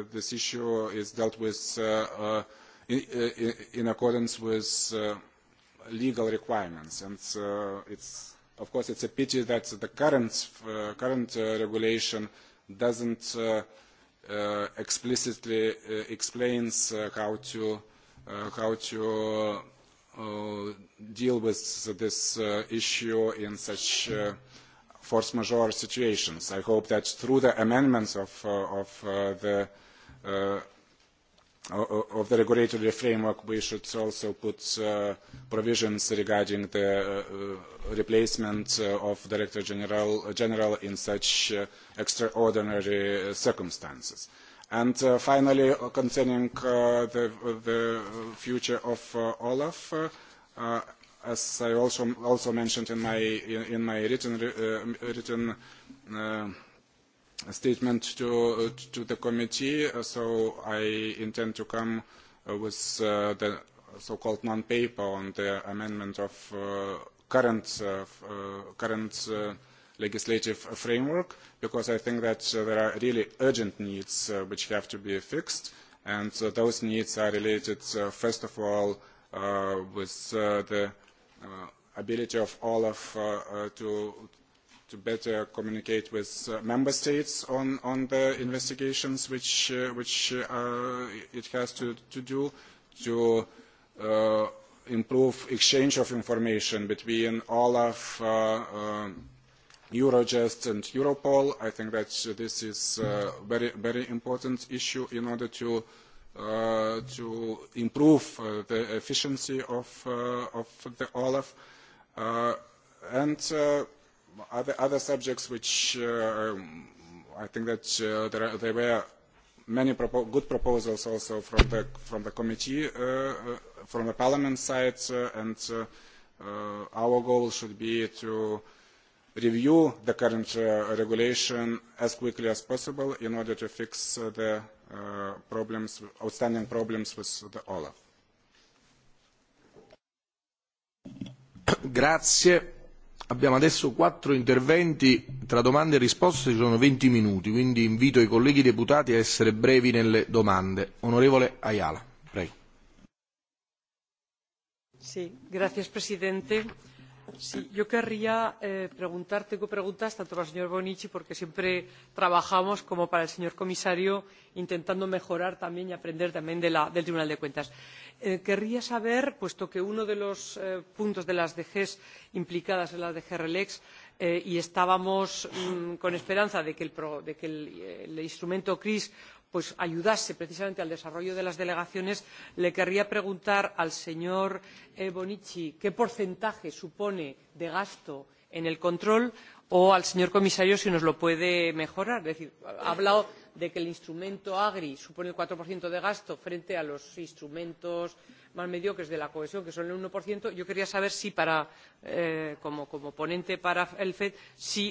uh, this issue is dealt with uh, uh, in, eh, in accordance with uh, legal requirements. And uh, it's, of course, it's a pity that the current, uh, current uh, regulation doesn't uh, uh, explicitly uh, explains uh, how to, uh, how to uh, deal with this uh, issue in such uh, force majeure situations. I hope that through the amendments of, uh, of uh, the uh, of the regulatory framework, we should also put uh, provisions regarding the uh, uh replacement uh, of Director General, General in such uh, extraordinary uh, circumstances. And uh, finally, uh, concerning uh, the, the future of uh, Olaf, uh, uh, as I also, also mentioned in my, in, in my written, uh, written uh, statement to uh, to the committee uh, so i intend to come uh, with uh, the so-called non-paper on the amendment of uh, current uh, uh, current uh, legislative framework because i think that uh, there are really urgent needs uh, which have to be fixed and uh, those needs are related uh, first of all uh, with uh, the uh, ability of all of uh, uh, to to better communicate with uh, member states on on the investigations which uh, which uh, it has to to do to uh, improve exchange of information between Olaf, uh, uh, Eurojust, and Europol. I think that this is a uh, very very important issue in order to. Uh, to improve uh, the efficiency of uh, of the Olaf, uh, and uh, other other subjects which uh, I think that uh, there are, there were many propo good proposals also from the from the committee uh, uh, from the parliament side uh, and uh, uh, our goal should be to review the current uh, regulation as quickly as possible in order to fix uh, the uh, problems outstanding problems with the olaf grazie Abbiamo adesso quattro interventi, tra domande e risposte ci sono 20 minuti, quindi invito i colleghi deputati a essere brevi nelle domande. Onorevole Ayala, prego. Sì, grazie Presidente yo querría eh, preguntar tengo preguntas tanto para el señor bonici porque siempre trabajamos como para el señor comisario intentando mejorar también y aprender también del tribunal de cuentas eh, querría saber puesto que uno de los eh, puntos de las dg implicadas es la dg relex y estábamos mm, con esperanza de que el instrumento crisp ayudase precisamente al desarrollo de las delegaciones le querría preguntar al señor eh, bonici qué porcentaje supone de gasto en el control o al señor comisario si nos lo puede mejorar es decir ha hablado de que el instrumento agri supone el cuatro de gasto frente a los instrumentos más mediocres de la cohesión que son el uno yo quería saber si eh, como ponente para el fed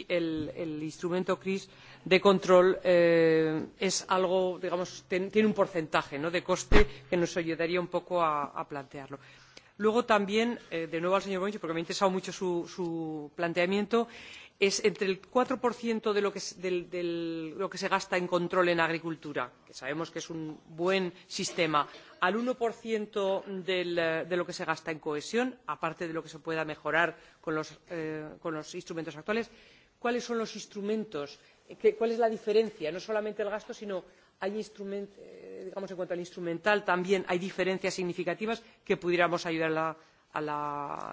el instrumento crisp de control eh, tiene un porcentaje ¿no? de coste que nos ayudaría un poco a plantearlo. luego también eh, de nuevo al señor boni porque me ha interesado mucho su planteamiento entre el cuatro de lo que se gasta en control en agricultura que sabemos que es un buen sistema y el uno eh, de lo que se gasta en cohesión aparte de lo que se pueda mejorar con los instrumentos actuales cuáles son los instrumentos Eh, cuál es la diferencia no solamente el gasto sino eh, digamos en cuanto al instrumental también hay diferencias significativas que pudiéramos ayudar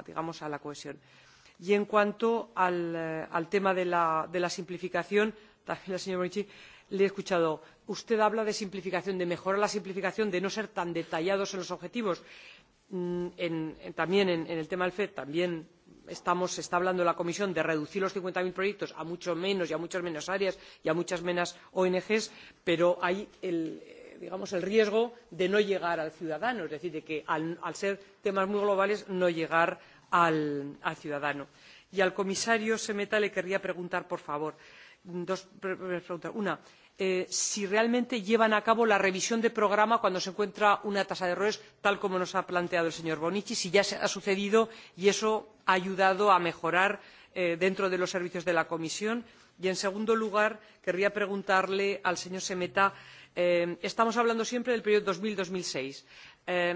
digamos a la cohesión. y en cuanto al eh, tema de la simplificación también al señor moscovici le he escuchado usted habla de simplificación de mejorar la simplificación de no ser tan detallados en los objetivos mm, también en el tema del feie también se está hablando en la comisión de reducir los cincuenta cero proyectos a mucho menos y a muchas menos áreas y a muchas menos ong pero hay eh, el riesgo de no llegar al ciudadano es decir de que al ser temas muy globales no llegar al ciudadano. y al comisario emeta le querría preguntar por favor dos preguntas. Eh, si realmente llevan a cabo la revisión del programa cuando se encuentra una tasa de errores tal como nos ha planteado el señor bonici si ya ha sucedido y eso ha ayudado a mejorar eh, dentro de los servicios de la comisión y en segundo lugar querría preguntarle al señor emeta eh, estamos hablando siempre del periodo dos mil dos mil seis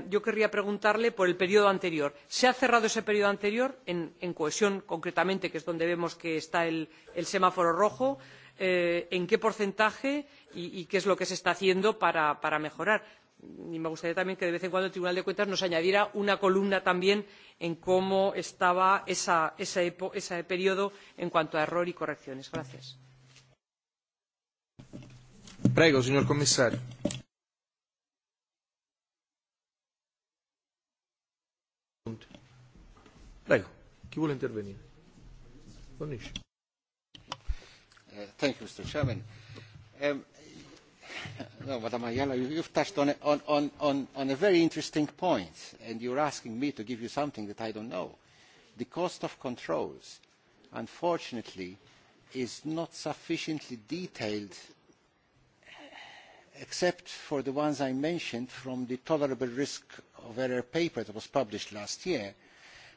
yo querría preguntarle por el periodo anterior se ha cerrado ese periodo anterior en cohesión concretamente que es donde vemos que está el semáforo rojo? Eh, en qué porcentaje y qué es lo que se está haciendo para mejorar. y me gustaría también que de vez en cuando el tribunal de cuentas nos añadiera una columna también en cómo estaba ese periodo en cuanto a error y correcciones. señor comisario quién quiere intervenir? Eh, mr president um, no, madam ayala you have touched on a very interesting point and you are asking me to give you something that i do not know. the cost of controls unfortunately is not sufficiently detailed except for the ones i mentioned from the tolerable risk of error paper that was published last year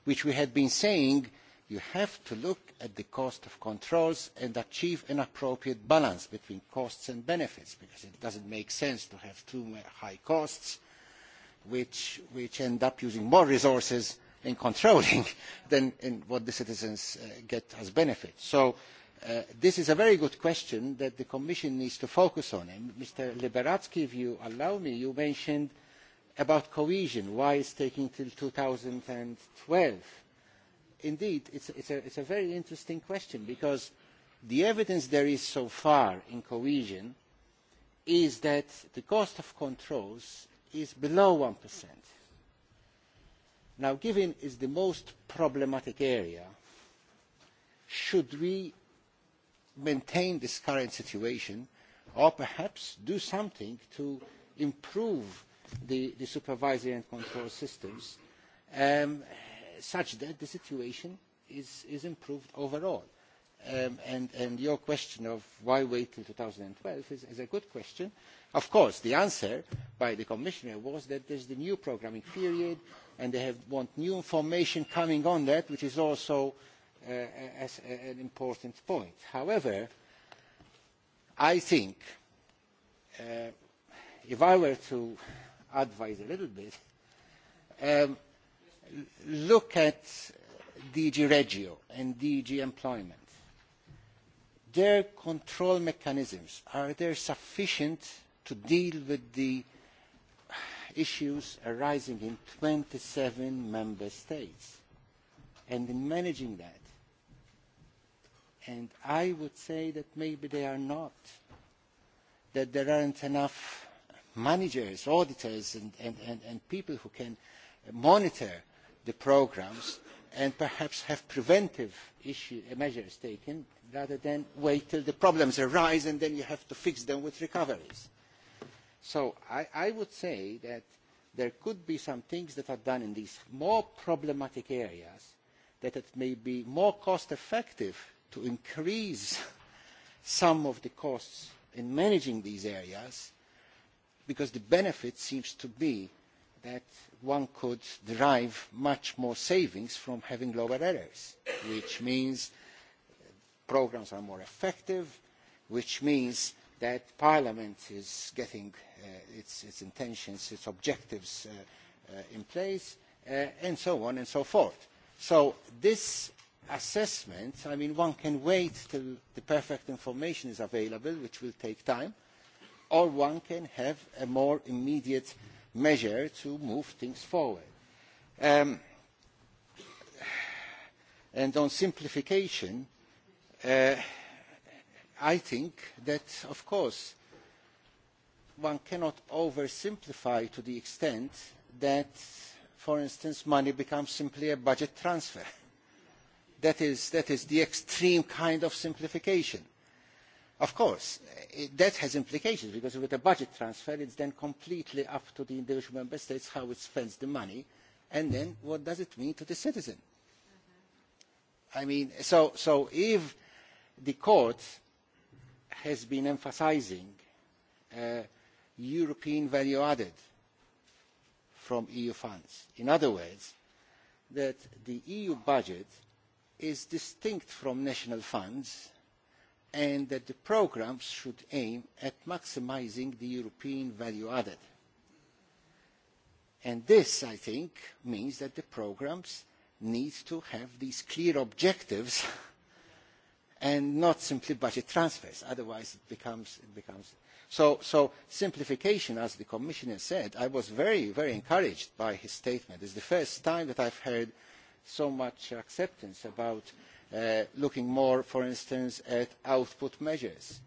which we had been saying you have to look at the cost of controls and achieve an appropriate balance between costs and benefits because it doesn't make sense to have too high costs which, which end up using more resources in controlling than in what the citizens uh, get as benefits. So uh, this is a very good question that the Commission needs to focus on. And Mr. Liberatsky, if you allow me, you mentioned about cohesion, why it's taking till 2012 indeed it is a very interesting question because the evidence there is so far in cohesion is that the cost of controls is below one percent. Now given is the most problematic area, should we maintain this current situation or perhaps do something to improve the, the supervisory and control systems um, such that the situation is, is improved overall. Um, and, and your question of why wait till 2012 is, is a good question. Of course, the answer by the Commissioner was that there's the new programming period and they have, want new information coming on that, which is also uh, as, uh, an important point. However, I think uh, if I were to advise a little bit, um, look at dg regio and dg employment their control mechanisms are they sufficient to deal with the issues arising in 27 member states and in managing that and i would say that maybe they are not that there aren't enough managers auditors and, and, and, and people who can monitor the programmes and perhaps have preventive uh, measures taken rather than wait until the problems arise and then you have to fix them with recoveries. So I, I would say that there could be some things that are done in these more problematic areas that it may be more cost effective to increase some of the costs in managing these areas because the benefit seems to be that one could derive much more savings from having lower errors, which means programs are more effective, which means that Parliament is getting uh, its, its intentions, its objectives uh, uh, in place, uh, and so on and so forth. So this assessment, I mean, one can wait till the perfect information is available, which will take time, or one can have a more immediate measure to move things forward. Um, and on simplification, uh, I think that, of course, one cannot oversimplify to the extent that, for instance, money becomes simply a budget transfer. That is, that is the extreme kind of simplification. Of course, eh, it, that has implications because with a budget transfer, it's then completely up to the individual member states how it spends the money, and then what does it mean to the citizen? Mm-hmm. I mean, so, so if the court has been emphasizing uh, European value added from EU funds, in other words, that the EU budget is distinct from national funds and that the programs should aim at maximizing the European value added. And this, I think, means that the programs need to have these clear objectives and not simply budget transfers. Otherwise, it becomes... It becomes so, so simplification, as the Commissioner said, I was very, very encouraged by his statement. It's the first time that I've heard so much acceptance about Uh, looking more for instance at output measures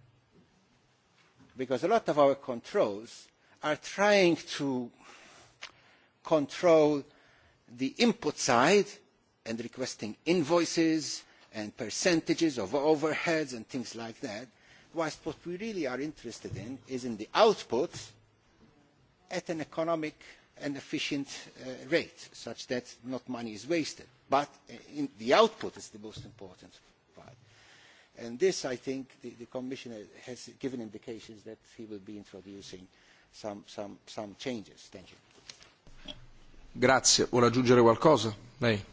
because a lot of our controls are trying to control the input side and requesting invoices and percentages of overheads and things like that whilst what we really are interested in is in the output at an economic and efficient uh, rate such that not money is wasted but eh, the output is the most important part. And this, I think, the, the Commissioner has given indications that he will be introducing some, some, some changes. Thank you. Grazie. Vuole aggiungere qualcosa? Lei.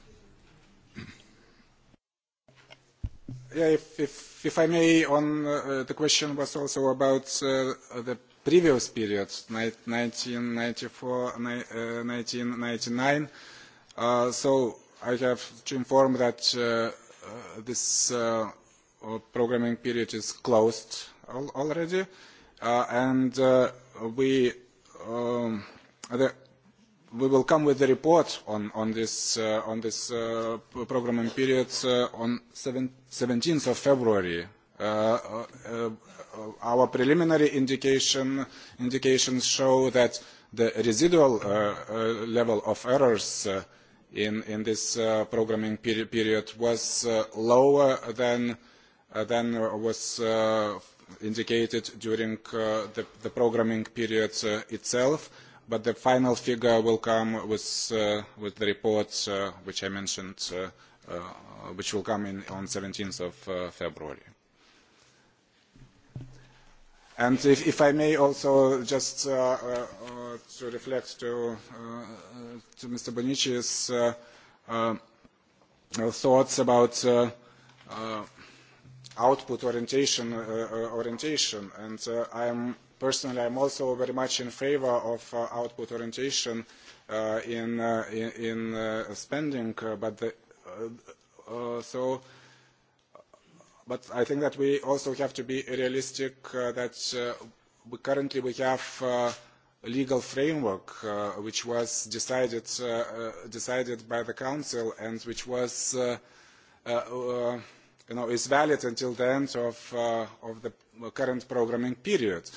Yeah, if, if, if I may, on uh, the question was also about uh, the previous period, 1994-1999. Uh, uh, so I have to inform that uh, uh this uh, uh, programming period is closed al already, uh, and uh, we um, the, we will come with the report on on this uh, on this uh, programming period uh, on 17th of February. Uh, uh, uh, our preliminary indication indications show that the residual uh, uh, level of errors. Uh, in this uh, programming peri period was uh, lower than uh, than was uh, indicated during uh, the, the programming period uh, itself, but the final figure will come with, uh, with the report uh, which I mentioned, uh, uh, which will come in on 17th of uh, February. And if, if I may also just uh, uh, to reflect to, uh, to Mr. Bonici's uh, uh, thoughts about uh, uh, output orientation, uh, uh, orientation. and uh, I'm personally I'm also very much in favor of uh, output orientation uh, in, uh, in, in uh, spending, uh, but the, uh, uh, so but I think that we also have to be realistic uh, that uh, we currently we have uh, a legal framework uh, which was decided, uh, uh, decided by the Council and which was, uh, uh, uh, you know, is valid until the end of, uh, of the current programming period.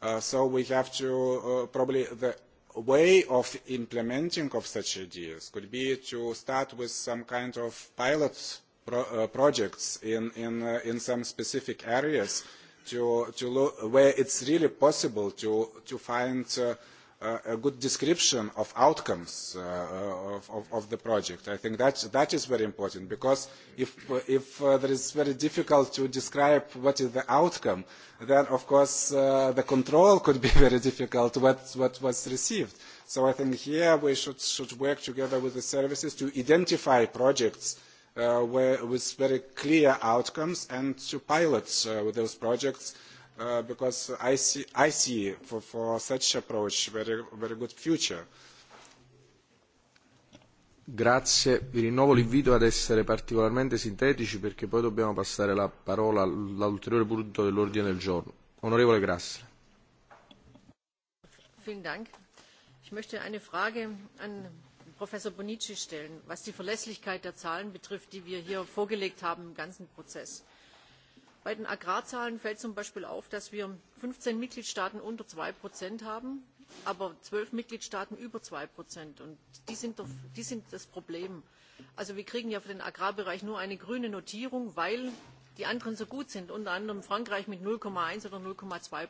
Uh, so we have to uh, probably the way of implementing of such ideas could be to start with some kind of pilot uh, pro uh, projects in in uh, in some specific areas to to look where it's really possible to to find uh, uh, a good description of outcomes uh, uh, of, of of the project i think that that is very important because if uh, if uh, there is very difficult to describe what is the outcome then of course uh, the control could be very difficult what what was received so i think here we should should work together with the services to identify projects uh, uh, where, with very clear outcomes and to pilot uh, those projects uh, because I see, I see for, for such approach very, very good future. Grazie, vi rinnovo l'invito ad essere particolarmente sintetici perché poi dobbiamo passare la parola all'ulteriore punto dell'ordine del giorno. Onorevole Grasse. Vielen Dank. Ich möchte eine Frage an professor bonici stellen was die verlässlichkeit der zahlen betrifft die wir hier vorgelegt haben im ganzen prozess. bei den agrarzahlen fällt zum beispiel auf dass wir fünfzehn mitgliedstaaten unter zwei haben aber zwölf mitgliedstaaten über zwei und die sind das problem. wir kriegen ja für den agrarbereich nur eine grüne notierung weil die anderen so gut sind unter anderem frankreich mit null eins oder null zwei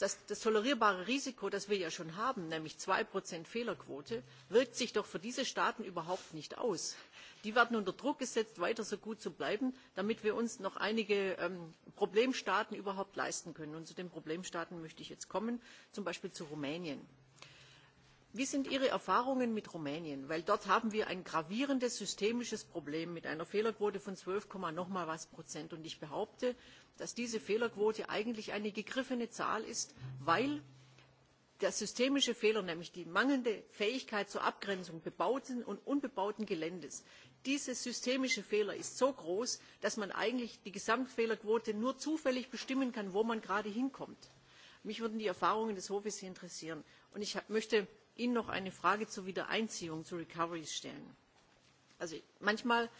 das tolerierbare risiko das wir ja schon haben nämlich zwei fehlerquote wirkt sich doch für diese staaten überhaupt nicht aus. die werden unter druck gesetzt weiter so gut zu bleiben damit wir uns noch einige ähm, problemstaaten überhaupt leisten können. zu den problemstaaten möchte ich jetzt kommen zum beispiel zu rumänien wie sind ihre erfahrungen mit rumänien? denn dort haben wir ein gravierendes systemisches problem mit einer fehlerquote von zwölf noch mal was prozent und ich behaupte dass diese fehlerquote eigentlich eine gegriffene zahl ist weil der systemische fehler nämlich die mangelnde fähigkeit zur abgrenzung bebauten und unbebauten geländes dieser systemische fehler ist so groß dass man eigentlich die gesamtfehlerquote nur zufällig bestimmen kann wo man gerade hinkommt. mich würden die erfahrungen des hofes hier interessieren. ich möchte Ihnen noch eine Frage zur Wiedereinziehung, zu Recoveries stellen. Also manchmal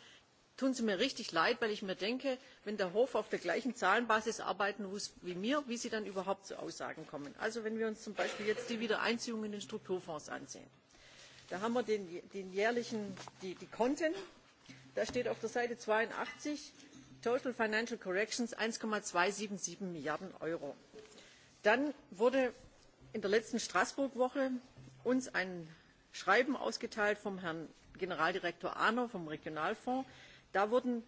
tun Sie mir richtig leid, weil ich mir denke, wenn der Hof auf der gleichen Zahlenbasis arbeiten muss wie mir, wie Sie dann überhaupt zu Aussagen kommen. Also wenn wir uns zum Beispiel jetzt die Wiedereinziehung in den Strukturfonds ansehen. Da haben wir den, den jährlichen, die, die Konten. Da steht auf der Seite 82 Total Financial Corrections 1,277 Milliarden Euro. Dann wurde in der letzten Straßburg-Woche uns ein Schreiben ausgeteilt vom Herrn Generaldirektor Arno vom Regionalfonds. Da wurden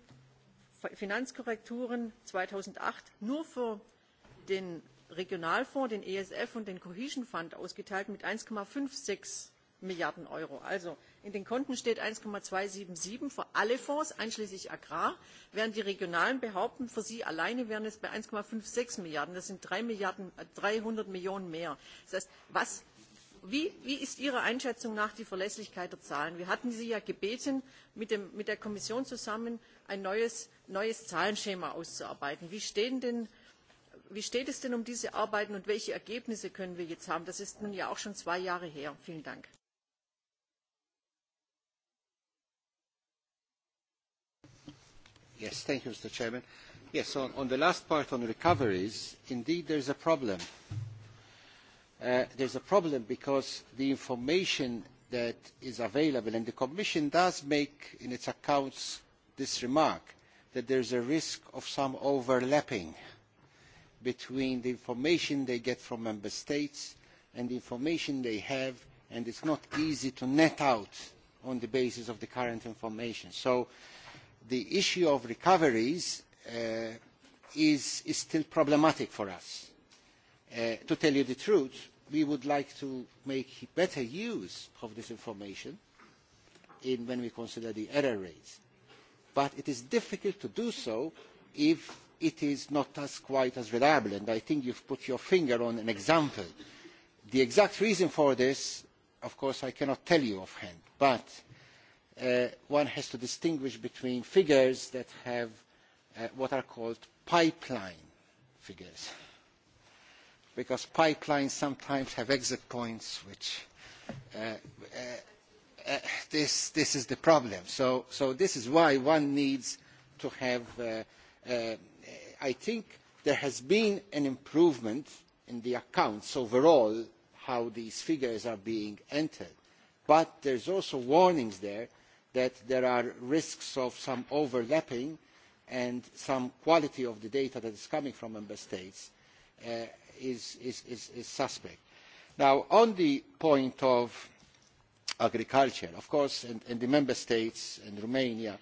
Finanzkorrekturen 2008 nur für den Regionalfonds, den ESF und den Cohesion Fund ausgeteilt mit 1,56 Milliarden Euro. Also in den Konten steht 1,277 für alle Fonds, einschließlich Agrar, während die Regionalen behaupten, für sie alleine wären es bei 1,56 Milliarden. Das sind 3 Milliarden, 300 äh, Millionen mehr. Das heißt, was wie ist Ihrer Einschätzung nach die Verlässlichkeit der Zahlen? Wir hatten Sie ja gebeten, mit, dem, mit der Kommission zusammen ein neues, neues Zahlenschema auszuarbeiten. Wie, stehen denn, wie steht es denn um diese Arbeiten und welche Ergebnisse können wir jetzt haben? Das ist nun ja auch schon zwei Jahre her. Vielen Dank. Yes, thank you, Mr. Chairman. Yes, on, on the last part on recoveries, indeed there is a problem. Uh, there's a problem because the information that is available and the commission does make in its accounts this remark that there is a risk of some overlapping between the information they get from member states and the information they have and it's not easy to net out on the basis of the current information. So the issue of recoveries uh, is, is still problematic for us. Uh, to tell you the truth, we would like to make better use of this information in when we consider the error rates. But it is difficult to do so if it is not as quite as reliable. And I think you've put your finger on an example. The exact reason for this, of course, I cannot tell you offhand. But uh, one has to distinguish between figures that have uh, what are called pipeline figures. because pipelines sometimes have exit points, which uh, uh, uh, this, this is the problem. So, so this is why one needs to have, uh, uh, I think there has been an improvement in the accounts overall, how these figures are being entered. But there's also warnings there that there are risks of some overlapping and some quality of the data that is coming from member states. Uh, is, is, is, is suspect. Now, on the point of agriculture, of course, in, in the member states and Romania,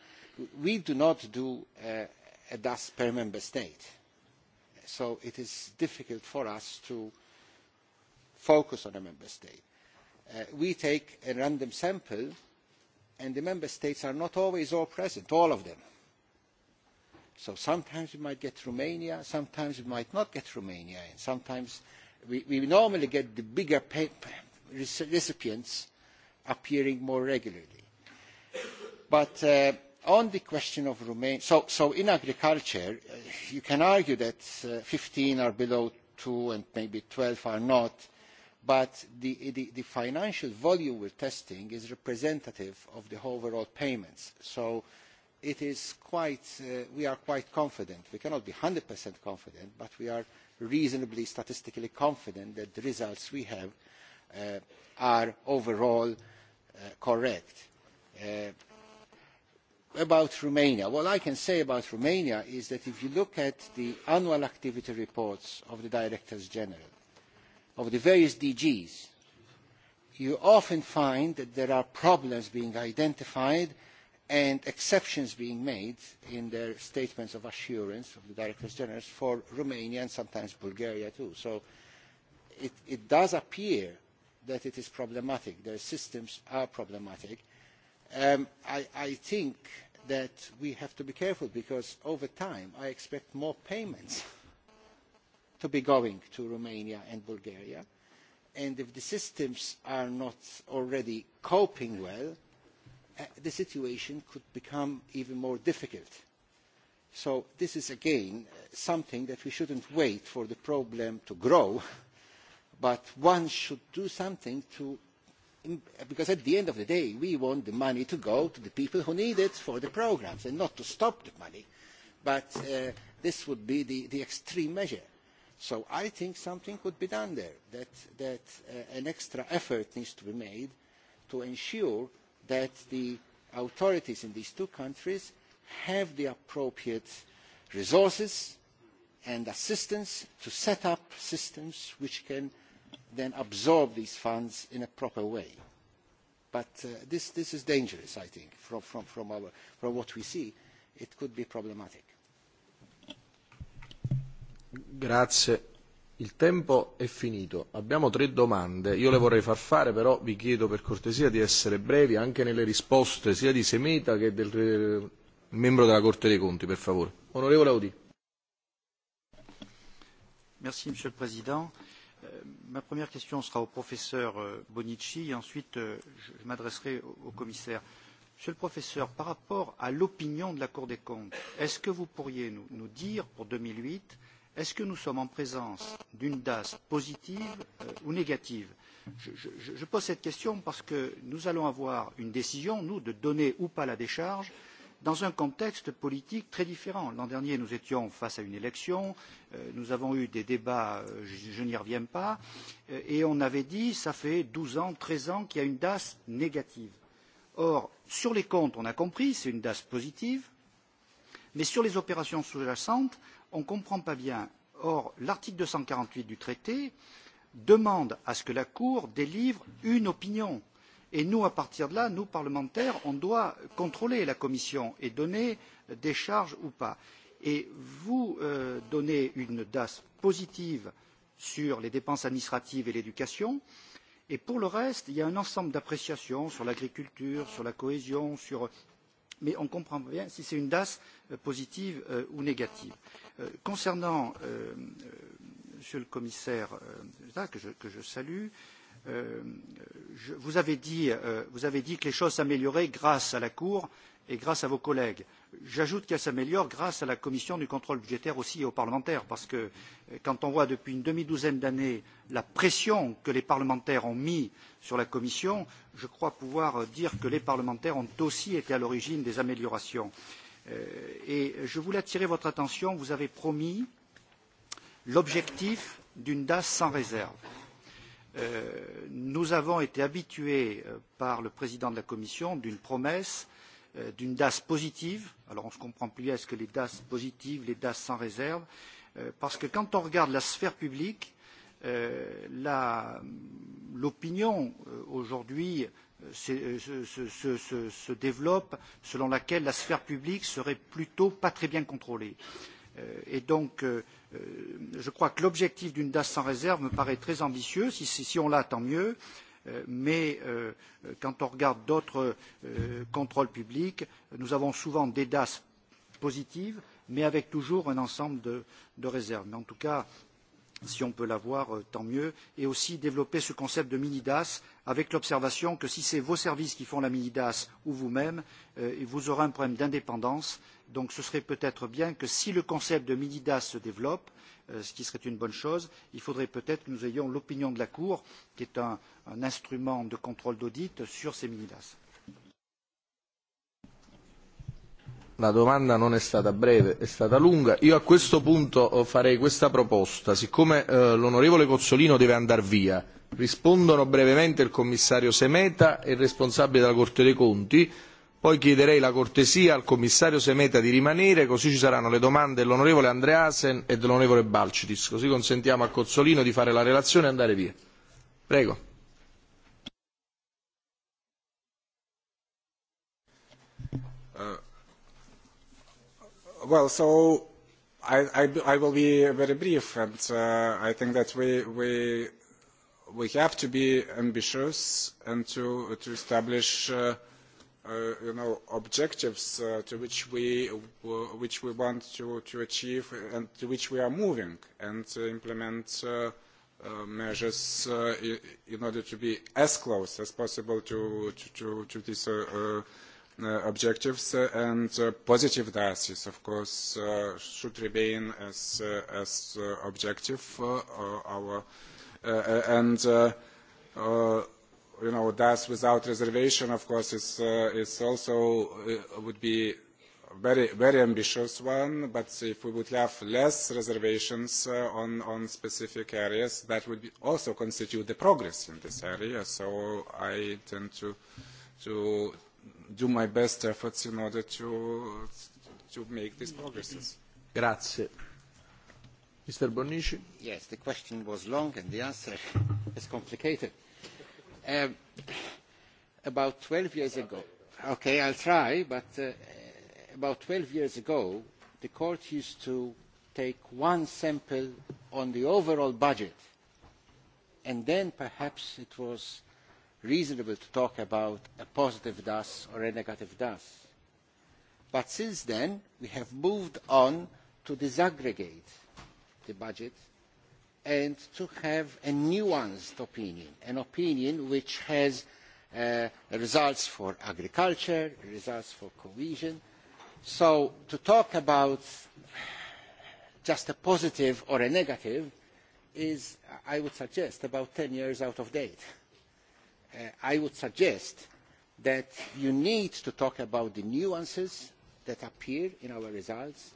we do not do uh, a dust per member state. So it is difficult for us to focus on a member state. Uh, we take a random sample, and the member states are not always all present, all of them. So sometimes we might get Romania, sometimes we might not get Romania, and sometimes we, we normally get the bigger pay, recipients appearing more regularly. But uh, on the question of Romania, so, so in agriculture, uh, you can argue that uh, 15 are below 2 and maybe 12 are not. But the, the, the financial volume we're testing is representative of the overall payments. So uh, Uh, we are quite confident we cannot be one hundred percent confident but we are reasonably statistically confident that the results we have uh, are overall uh, correct. about romania what i can say about romania is that if you look at the annual activity reports of the directors general of the various dgs you often find that there are problems being identified and exceptions being made in their statements of assurance of the directors general for Romania and sometimes Bulgaria too. So it, it does appear that it is problematic. Their systems are problematic. Um, I, I think that we have to be careful because over time I expect more payments to be going to Romania and Bulgaria. And if the systems are not already coping well, Uh, the situation could become even more difficult. So this is again uh, something that we shouldn't wait for the problem to grow, but one should do something to, because at the end of the day, we want the money to go to the people who need it for the programs and not to stop the money. But uh, this would be the, the extreme measure. So I think something could be done there, that, that uh, an extra effort needs to be made to ensure that the authorities in these two countries have the appropriate resources and assistance to set up systems which can then absorb these funds in a proper way. But uh, this, this is dangerous, I think, from, from, from, our, from what we see. It could be problematic. Grazie. Il tempo è finito, abbiamo tre domande, io le vorrei far fare, però vi chiedo per cortesia di essere brevi anche nelle risposte sia di Semeta che del eh, membro della Corte dei Conti, per favore. Onorevole Audi. Merci, Monsieur le Président. Euh, ma première question sera au professeur euh, Bonici et ensuite euh, je m'adresserai au commissaire. Monsieur le professeur, par rapport à l'opinion de la Cour des comptes, est-ce que vous pourriez nous, nous dire pour 2008 est ce que nous sommes en présence d'une das positive euh, ou négative? Je, je, je pose cette question parce que nous allons avoir une décision nous de donner ou pas la décharge dans un contexte politique très différent. L'an dernier, nous étions face à une élection, euh, nous avons eu des débats, euh, je, je n'y reviens pas, euh, et on avait dit, ça fait 12 ans, 13 ans qu'il y a une DAS négative. Or, sur les comptes, on a compris, c'est une DAS positive, mais sur les opérations sous-jacentes, on ne comprend pas bien. Or, l'article 248 du traité demande à ce que la Cour délivre une opinion. Et nous, à partir de là, nous, parlementaires, on doit contrôler la Commission et donner des charges ou pas. Et vous euh, donnez une DAS positive sur les dépenses administratives et l'éducation. Et pour le reste, il y a un ensemble d'appréciations sur l'agriculture, sur la cohésion, sur... mais on comprend bien si c'est une DAS euh, positive euh, ou négative. Euh, Euh, concernant euh, Monsieur le Commissaire euh, que, je, que je salue, euh, je, vous, avez dit, euh, vous avez dit que les choses s'amélioraient grâce à la Cour et grâce à vos collègues. J'ajoute qu'elles s'améliorent grâce à la Commission du contrôle budgétaire aussi et aux parlementaires, parce que euh, quand on voit depuis une demi douzaine d'années la pression que les parlementaires ont mis sur la Commission, je crois pouvoir euh, dire que les parlementaires ont aussi été à l'origine des améliorations. Euh, Euh, et je voulais attirer votre attention, vous avez promis l'objectif d'une DAS sans réserve. Euh, nous avons été habitués euh, par le président de la Commission d'une promesse euh, d'une DAS positive. Alors on se comprend plus, est-ce que les DAS positives, les DAS sans réserve euh, Parce que quand on regarde la sphère publique, euh, l'opinion euh, aujourd'hui se, se, se, se, se développe, selon laquelle la sphère publique serait plutôt pas très bien contrôlée. Euh, et donc, euh, euh, je crois que l'objectif d'une DAS sans réserve me paraît très ambitieux. Si, si, si on l'a, tant mieux. Mais quand on regarde d'autres contrôles publics, nous avons souvent des DAS positives, mais avec toujours un ensemble de, de réserves. Mais en tout cas, si on peut l'avoir, euh, tant mieux, et aussi développer ce concept de mini DAS avec l'observation que si c'est vos services qui font la mini DAS ou vous-même, euh, vous aurez un problème d'indépendance. Donc ce serait peut-être bien que si le concept de mini DAS se développe, euh, ce qui serait une bonne chose, il faudrait peut-être que nous ayons l'opinion de la Cour, qui est un, un instrument de contrôle d'audit sur ces mini DAS. la domanda non è stata breve, è stata lunga. Io a questo punto eh, farei questa proposta. Siccome eh, l'onorevole Cozzolino deve andare via, rispondono brevemente il commissario Semeta e il responsabile della Corte dei Conti, poi chiederei la cortesia al commissario Semeta di rimanere, così ci saranno le domande dell'onorevole Andreasen e dell'onorevole Balcitis, così consentiamo a Cozzolino di fare la relazione e andare via. Prego. well, so I, I, I will be very brief, and uh, I think that we we we have to be ambitious and to to establish uh, uh, you know objectives uh, to which we uh, which we want to to achieve and to which we are moving and to implement. Uh, uh, measures uh, in order to be as close as possible to to to, to this uh, uh, uh, objectives uh, and uh, positive diocese, of course, uh, should remain as, uh, as uh, objective uh, uh our uh, uh, and uh, uh, you know, that's without reservation, of course, is, uh, is also uh, would be very, very ambitious one, but if we would have less reservations uh, on, on specific areas, that would be also constitute the progress in this area. So I tend to, to, do my best efforts in order to, to make these progresses. Grazie. Mr. Bonici? Yes, the question was long and the answer is complicated. Um, about 12 years ago, okay, I'll try, but uh, about 12 years ago, the court used to take one sample on the overall budget and then perhaps it was reasonable to talk about a positive das or a negative das but since then we have moved on to disaggregate the budget and to have a nuanced opinion an opinion which has uh, results for agriculture results for cohesion so to talk about just a positive or a negative is i would suggest about 10 years out of date Uh, i would suggest that you need to talk about the nuances that appear in our results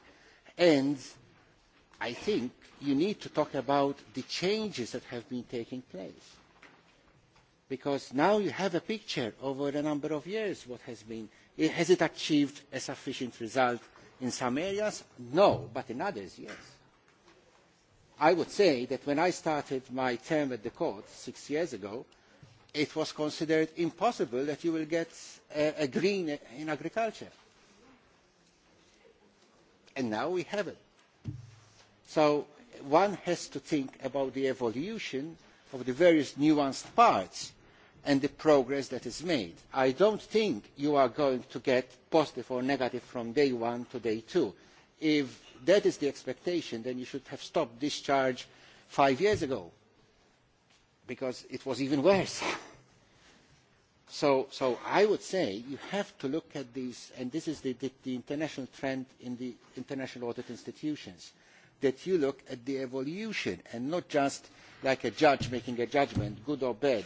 and i think you need to talk about the changes that have been taking place because now you have a picture over a number of years what has been has it achieved a sufficient result in some areas no but in others yes i would say that when i started my term at the court six years ago it was considered impossible that you will get a, a green in agriculture. And now we have it. So one has to think about the evolution of the various nuanced parts and the progress that is made. I don't think you are going to get positive or negative from day one to day two. If that is the expectation, then you should have stopped discharge five years ago because it was even worse. so, so I would say you have to look at these, and this is the, the, the international trend in the international audit institutions, that you look at the evolution and not just like a judge making a judgment, good or bad.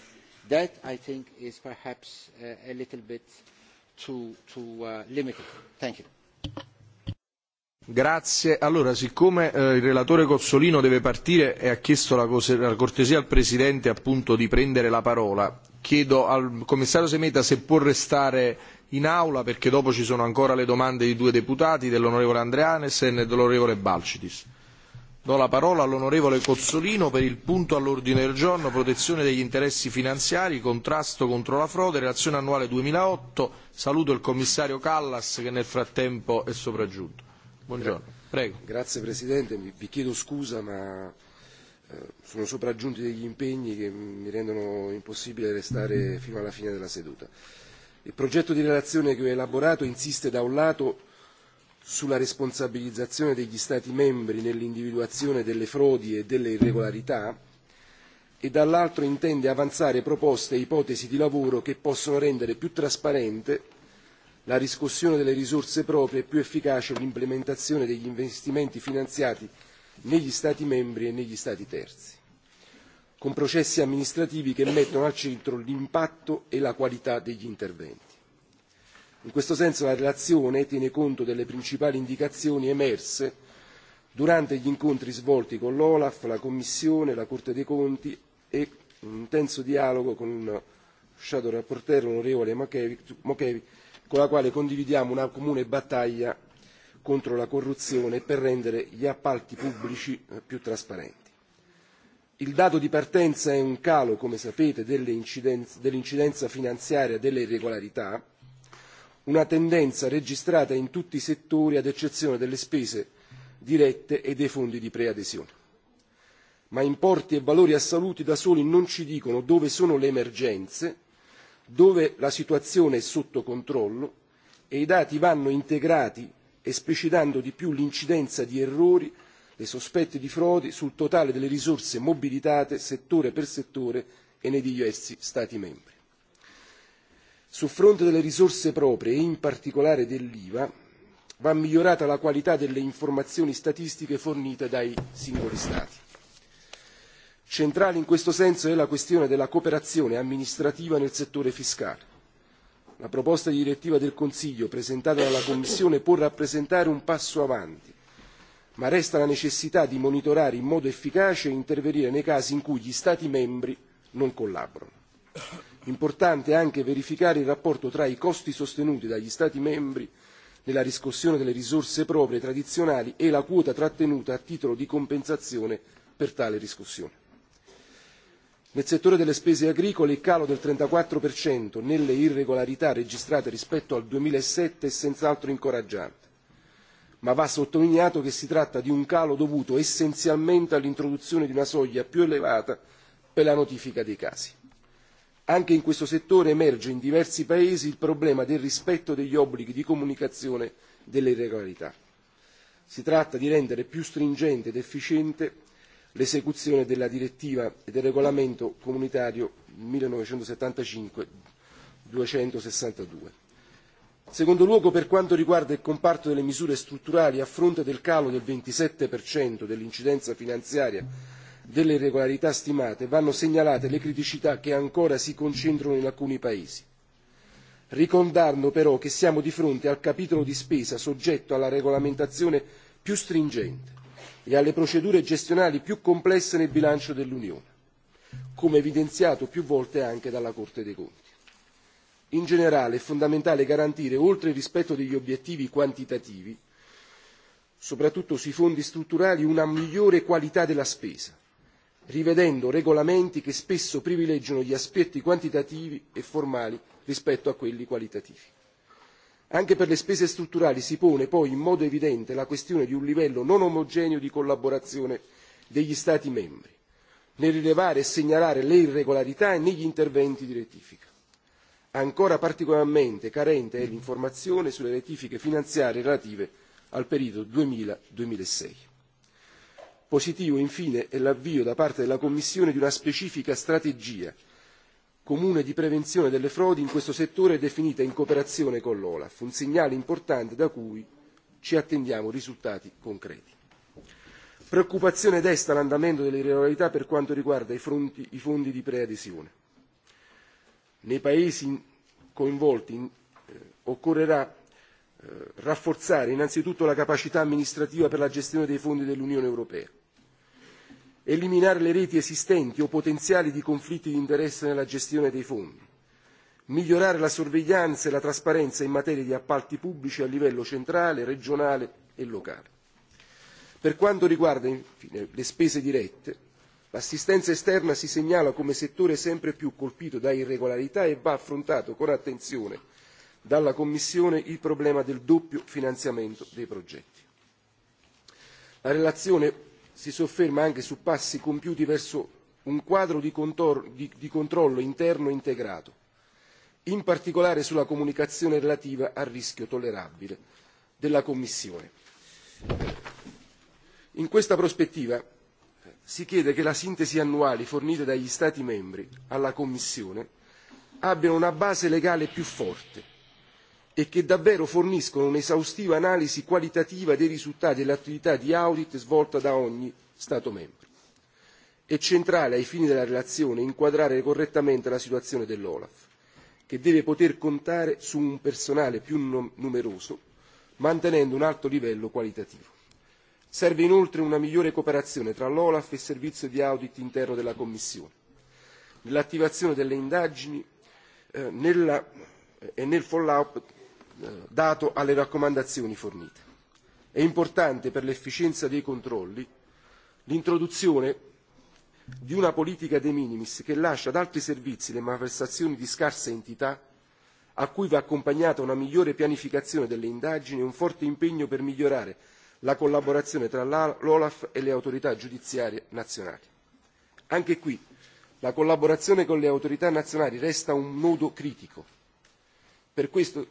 That, I think, is perhaps uh, a little bit too, too uh, limited. Thank you. Grazie. Allora, siccome eh, il relatore Cozzolino deve partire e ha chiesto la, la cortesia al Presidente appunto di prendere la parola, chiedo al Commissario Semeta se può restare in aula perché dopo ci sono ancora le domande di due deputati, dell'onorevole Andreanesen e dell'onorevole Balcitis. Do la parola all'onorevole Cozzolino per il punto all'ordine del giorno, protezione degli interessi finanziari, contrasto contro la frode, relazione annuale 2008. Saluto il Commissario Callas che nel frattempo è sopraggiunto. Buongiorno. Prego. Grazie Presidente, vi chiedo scusa ma eh, sono sopraggiunti degli impegni che mi rendono impossibile restare fino alla fine della seduta. Il progetto di relazione che ho elaborato insiste da un lato sulla responsabilizzazione degli Stati membri nell'individuazione delle frodi e delle irregolarità e dall'altro intende avanzare proposte e ipotesi di lavoro che possono rendere più trasparente la riscossione delle risorse proprie e più efficace l'implementazione degli investimenti finanziati negli Stati membri e negli Stati terzi, con processi amministrativi che mettono al centro l'impatto e la qualità degli interventi. In questo senso la relazione tiene conto delle principali indicazioni emerse durante gli incontri svolti con l'Olaf, la Commissione, la Corte dei Conti e un intenso dialogo con il Shadow Rapporteur, l'onorevole Mokevi, con la quale condividiamo una comune battaglia contro la corruzione per rendere gli appalti pubblici eh, più trasparenti. Il dato di partenza è un calo, come sapete, dell'incidenza dell finanziaria delle irregolarità, una tendenza registrata in tutti i settori ad eccezione delle spese dirette e dei fondi di preadesione. Ma importi e valori assoluti da soli non ci dicono dove sono le emergenze dove la situazione è sotto controllo e i dati vanno integrati esplicitando di più l'incidenza di errori e sospetti di frodi sul totale delle risorse mobilitate settore per settore e nei diversi Stati membri. Sul fronte delle risorse proprie e in particolare dell'IVA va migliorata la qualità delle informazioni statistiche fornite dai singoli Stati. Centrale in questo senso è la questione della cooperazione amministrativa nel settore fiscale. La proposta di direttiva del Consiglio presentata dalla Commissione può rappresentare un passo avanti, ma resta la necessità di monitorare in modo efficace e intervenire nei casi in cui gli Stati membri non collaborano. Importante anche verificare il rapporto tra i costi sostenuti dagli Stati membri nella riscossione delle risorse proprie tradizionali e la quota trattenuta a titolo di compensazione per tale riscossione. Nel settore delle spese agricole il calo del 34% nelle irregolarità registrate rispetto al 2007 è senz'altro incoraggiante, ma va sottolineato che si tratta di un calo dovuto essenzialmente all'introduzione di una soglia più elevata per la notifica dei casi. Anche in questo settore emerge in diversi Paesi il problema del rispetto degli obblighi di comunicazione delle irregolarità. Si tratta di rendere più stringente ed efficiente l'esecuzione della direttiva e del regolamento comunitario 1975 262. Secondo luogo, per quanto riguarda il comparto delle misure strutturali, a fronte del calo del 27% dell'incidenza finanziaria delle irregolarità stimate, vanno segnalate le criticità che ancora si concentrano in alcuni Paesi, ricordando però che siamo di fronte al capitolo di spesa soggetto alla regolamentazione più stringente e alle procedure gestionali più complesse nel bilancio dell'Unione, come evidenziato più volte anche dalla Corte dei Conti. In generale è fondamentale garantire, oltre il rispetto degli obiettivi quantitativi, soprattutto sui fondi strutturali, una migliore qualità della spesa, rivedendo regolamenti che spesso privilegiano gli aspetti quantitativi e formali rispetto a quelli qualitativi anche per le spese strutturali si pone poi in modo evidente la questione di un livello non omogeneo di collaborazione degli stati membri nel rilevare e segnalare le irregolarità e negli interventi di rettifica. ancora particolarmente carente è l'informazione sulle rettifiche finanziarie relative al periodo. duemila duemilasei positivo infine è l'avvio da parte della commissione di una specifica strategia comune di prevenzione delle frodi in questo settore definita in cooperazione con l'Olaf, un segnale importante da cui ci attendiamo risultati concreti. Preoccupazione desta l'andamento delle irregolarità per quanto riguarda i, fronti, i fondi di preadesione. Nei paesi coinvolti in, eh, occorrerà eh, rafforzare innanzitutto la capacità amministrativa per la gestione dei fondi dell'Unione Europea eliminare le reti esistenti o potenziali di conflitti di interesse nella gestione dei fondi, migliorare la sorveglianza e la trasparenza in materia di appalti pubblici a livello centrale, regionale e locale. Per quanto riguarda infine le spese dirette, l'assistenza esterna si segnala come settore sempre più colpito da irregolarità e va affrontato con attenzione dalla Commissione il problema del doppio finanziamento dei progetti. La relazione si sofferma anche su passi compiuti verso un quadro di, contor- di, di controllo interno integrato, in particolare sulla comunicazione relativa al rischio tollerabile della Commissione. In questa prospettiva si chiede che la sintesi annuali fornite dagli Stati membri alla Commissione abbiano una base legale più forte e che davvero forniscono un'esaustiva analisi qualitativa dei risultati dell'attività di audit svolta da ogni stato membro. È centrale ai fini della relazione inquadrare correttamente la situazione dell'Olaf che deve poter contare su un personale più numeroso, mantenendo un alto livello qualitativo. Serve inoltre una migliore cooperazione tra l'Olaf e il servizio di audit interno della Commissione, nell'attivazione delle indagini eh, nella, eh, e nel follow-up dato alle raccomandazioni fornite. È importante per l'efficienza dei controlli l'introduzione di una politica de minimis che lascia ad altri servizi le manifestazioni di scarsa entità, a cui va accompagnata una migliore pianificazione delle indagini e un forte impegno per migliorare la collaborazione tra l'Olaf e le autorità giudiziarie nazionali. Anche qui la collaborazione con le autorità nazionali resta un nodo critico. Per questo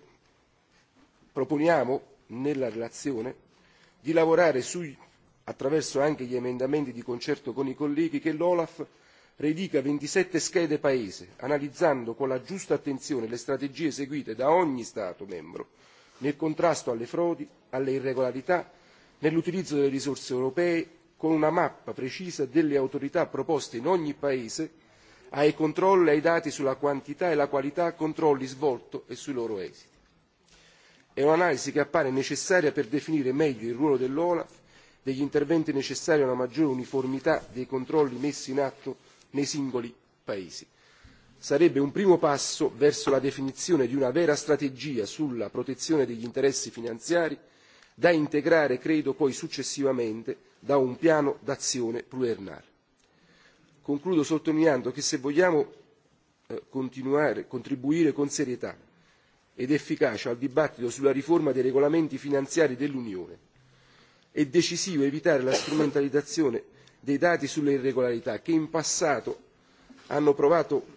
proponiamo nella relazione di lavorare su, attraverso anche gli emendamenti di concerto con i colleghi che l'Olaf redica 27 schede paese analizzando con la giusta attenzione le strategie seguite da ogni Stato membro nel contrasto alle frodi, alle irregolarità, nell'utilizzo delle risorse europee con una mappa precisa delle autorità proposte in ogni paese ai controlli e ai dati sulla quantità e la qualità controlli svolto e sui loro esiti è e un'analisi che appare necessaria per definire meglio il ruolo dell'Olaf, degli interventi necessari a una maggiore uniformità dei controlli messi in atto nei singoli paesi. Sarebbe un primo passo verso la definizione di una vera strategia sulla protezione degli interessi finanziari da integrare, credo, poi successivamente da un piano d'azione pluriennale. Concludo sottolineando che se vogliamo eh, continuare, contribuire con serietà ed efficace al dibattito sulla riforma dei regolamenti finanziari dell'Unione. È decisivo evitare la strumentalizzazione dei dati sulle irregolarità che in passato hanno provato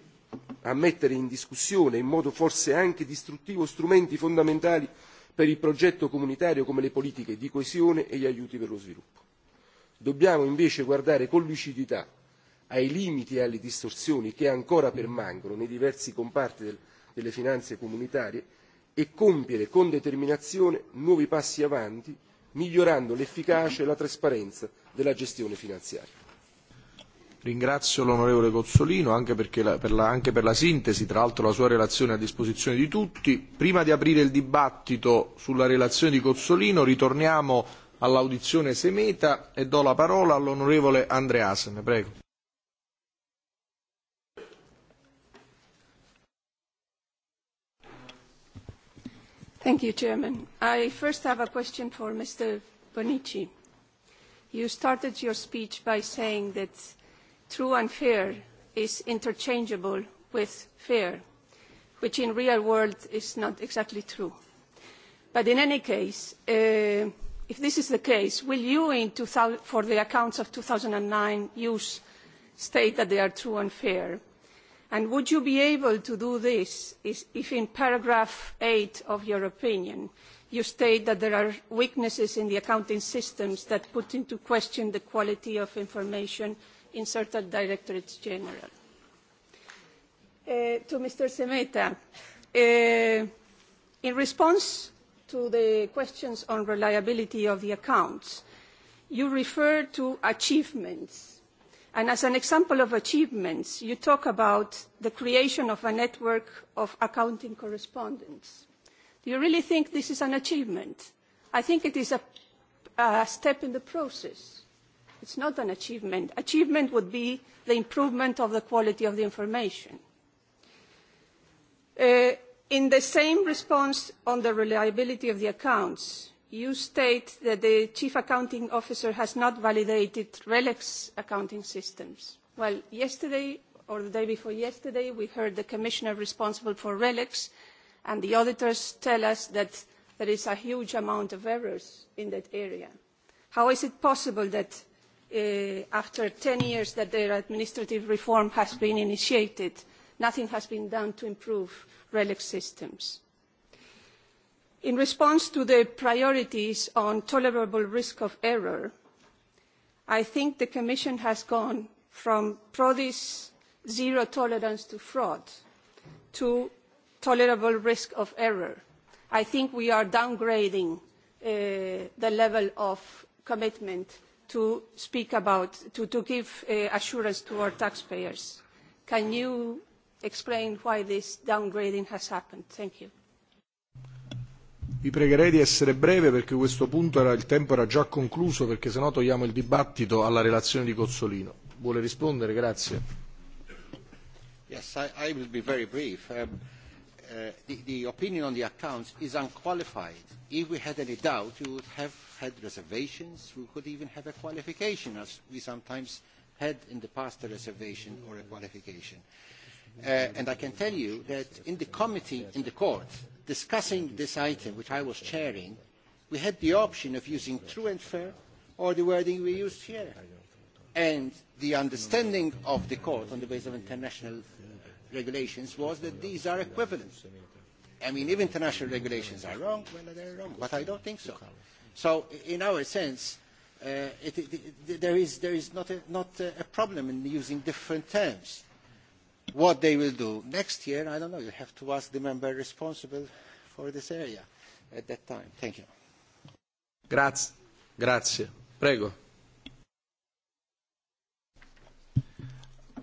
a mettere in discussione in modo forse anche distruttivo strumenti fondamentali per il progetto comunitario come le politiche di coesione e gli aiuti per lo sviluppo. Dobbiamo invece guardare con lucidità ai limiti e alle distorsioni che ancora permangono nei diversi comparti del, delle finanze comunitarie e compiere con determinazione nuovi passi avanti, migliorando l'efficacia e la trasparenza della gestione finanziaria. Ringrazio l'onorevole Cozzolino anche, perché la, per la, anche per la sintesi, tra l'altro la sua relazione è a disposizione di tutti. Prima di aprire il dibattito sulla relazione di Cozzolino ritorniamo all'audizione Semeta e do la parola all'onorevole Andreasen. Prego. i first have a question for mr bonnici you started your speech by saying that true and fair is interchangeable with fair which in the real world is not exactly true but in any case uh, if this is the case will you for the accounts of two thousand and nine state that they are true and fair would you be able to do this if in paragraph eight of your opinion you state that there are weaknesses in the accounting systems that put into question the quality of information in certain directorates general? Uh, to Mr. Semeta, uh, in response to the questions on reliability of the accounts, you refer to achievements And as an example of achievements, you talk about the creation of a network of accounting correspondents. Do you really think this is an achievement? I think it is a, a step in the process. It's not an achievement. Achievement would be the improvement of the quality of the information. Uh, in the same response on the reliability of the accounts, you state that the chief accounting officer has not validated relex accounting systems. well yesterday or the day before yesterday we heard the commissioner responsible for relex and the auditors tell us that there is a huge amount of errors in that area. how is it possible that uh, after 10 years that their administrative reform has been initiated nothing has been done to improve relex systems? in response to the priorities on tolerable risk of error, I think the Commission has gone from PRODIS zero tolerance to fraud to tolerable risk of error. I think we are downgrading uh, the level of commitment to speak about, to, to give uh, assurance to our taxpayers. Can you explain why this downgrading has happened? Thank you. Vi pregherei di essere breve perché questo punto era, il tempo era già concluso perché sennò togliamo il dibattito alla relazione di Cozzolino. Vuole rispondere? Grazie. Yes, I, I will be very brief. Um, uh, the, the opinion on the accounts is unqualified. If we had any doubt, we would have had reservations. We could even have a qualification, as we sometimes had in the past a reservation or a qualification. Uh, Uh, and I can tell you that in the committee in the court discussing this item which I was chairing we had the option of using true and fair or the wording we used here and the understanding of the court on the basis of international regulations was that these are equivalent I mean if international regulations are wrong well they're wrong but I don't think so so in our sense uh, it, it, it, there is there is not a, not a problem in using different terms what they will do next year i do not know you have to ask the member responsible for this area at that time. thank you. grazie. grazie. prego.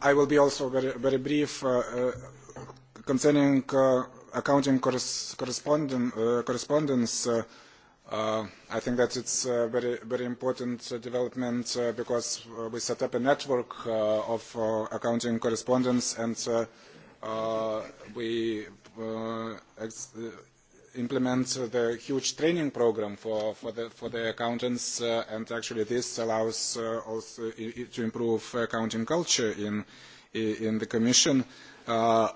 i will be also very, very brief uh, uh, concerning uh, accounting corres- correspondent, uh, correspondence. Uh, Uh, I think that it's a uh, very, very important uh, development uh, because uh, we set up a network uh, of uh, accounting correspondents and uh, uh, we uh, ex uh, implement the huge training program for, for, the, for the accountants uh, and actually this allows uh, also to improve accounting culture in, in the commission. Uh,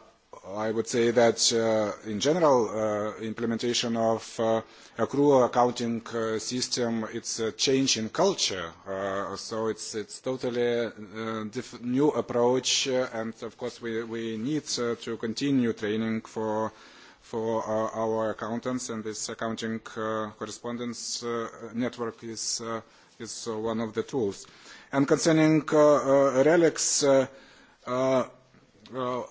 I would say that uh, in general uh, implementation of uh, accrual accounting uh, system it's a change in culture uh, so it's it's totally uh, diff new approach uh, and of course we we need uh, to continue training for for uh, our accountants and this accounting uh, correspondence uh, network is uh, is uh, one of the tools and concerning uh, uh, relics uh, uh, uh,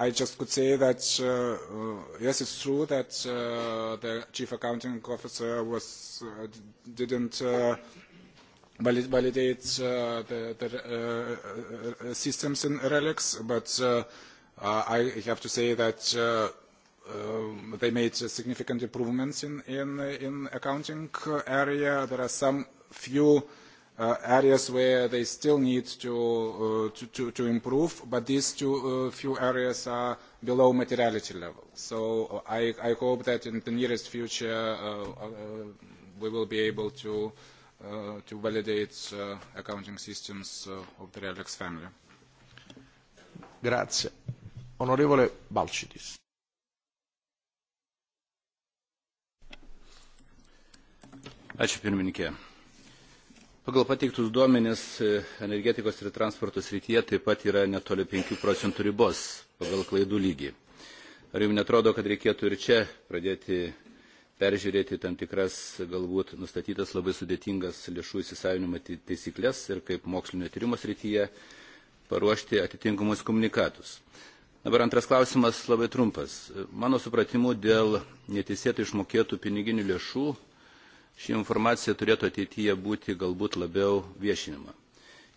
I just could say that uh, uh, yes, it's true that uh, the chief accounting officer was uh, didn't uh, valid validate uh, the, the uh, uh, uh systems in relics, but uh, I have to say that. Uh, um, they made uh, significant improvements in, in, in accounting area. There are some few uh, Uh, areas where they still need to, uh, to, to, to improve, but these two uh, few areas are below materiality level. So uh, I, I hope that in the nearest future uh, uh, we will be able to, uh, to validate uh, accounting systems uh, of the RELEX family. Grazie. Onorevole Balcidis. Ačiū pirmininkė pagal pateiktus duomenis e, energetikos ir transporto srityje taip pat yra netoli 5 procentų ribos pagal klaidų lygį. Ar jums netrodo, kad reikėtų ir čia pradėti peržiūrėti tam tikras galbūt nustatytas labai sudėtingas lėšų įsisavinimo taisyklės ir kaip mokslinio tyrimo srityje paruošti atitinkamus komunikatus? Dabar antras klausimas labai trumpas. Mano supratimu, dėl neteisėtų išmokėtų piniginių lėšų ši informacija turėtų ateityje būti galbūt labiau viešinima.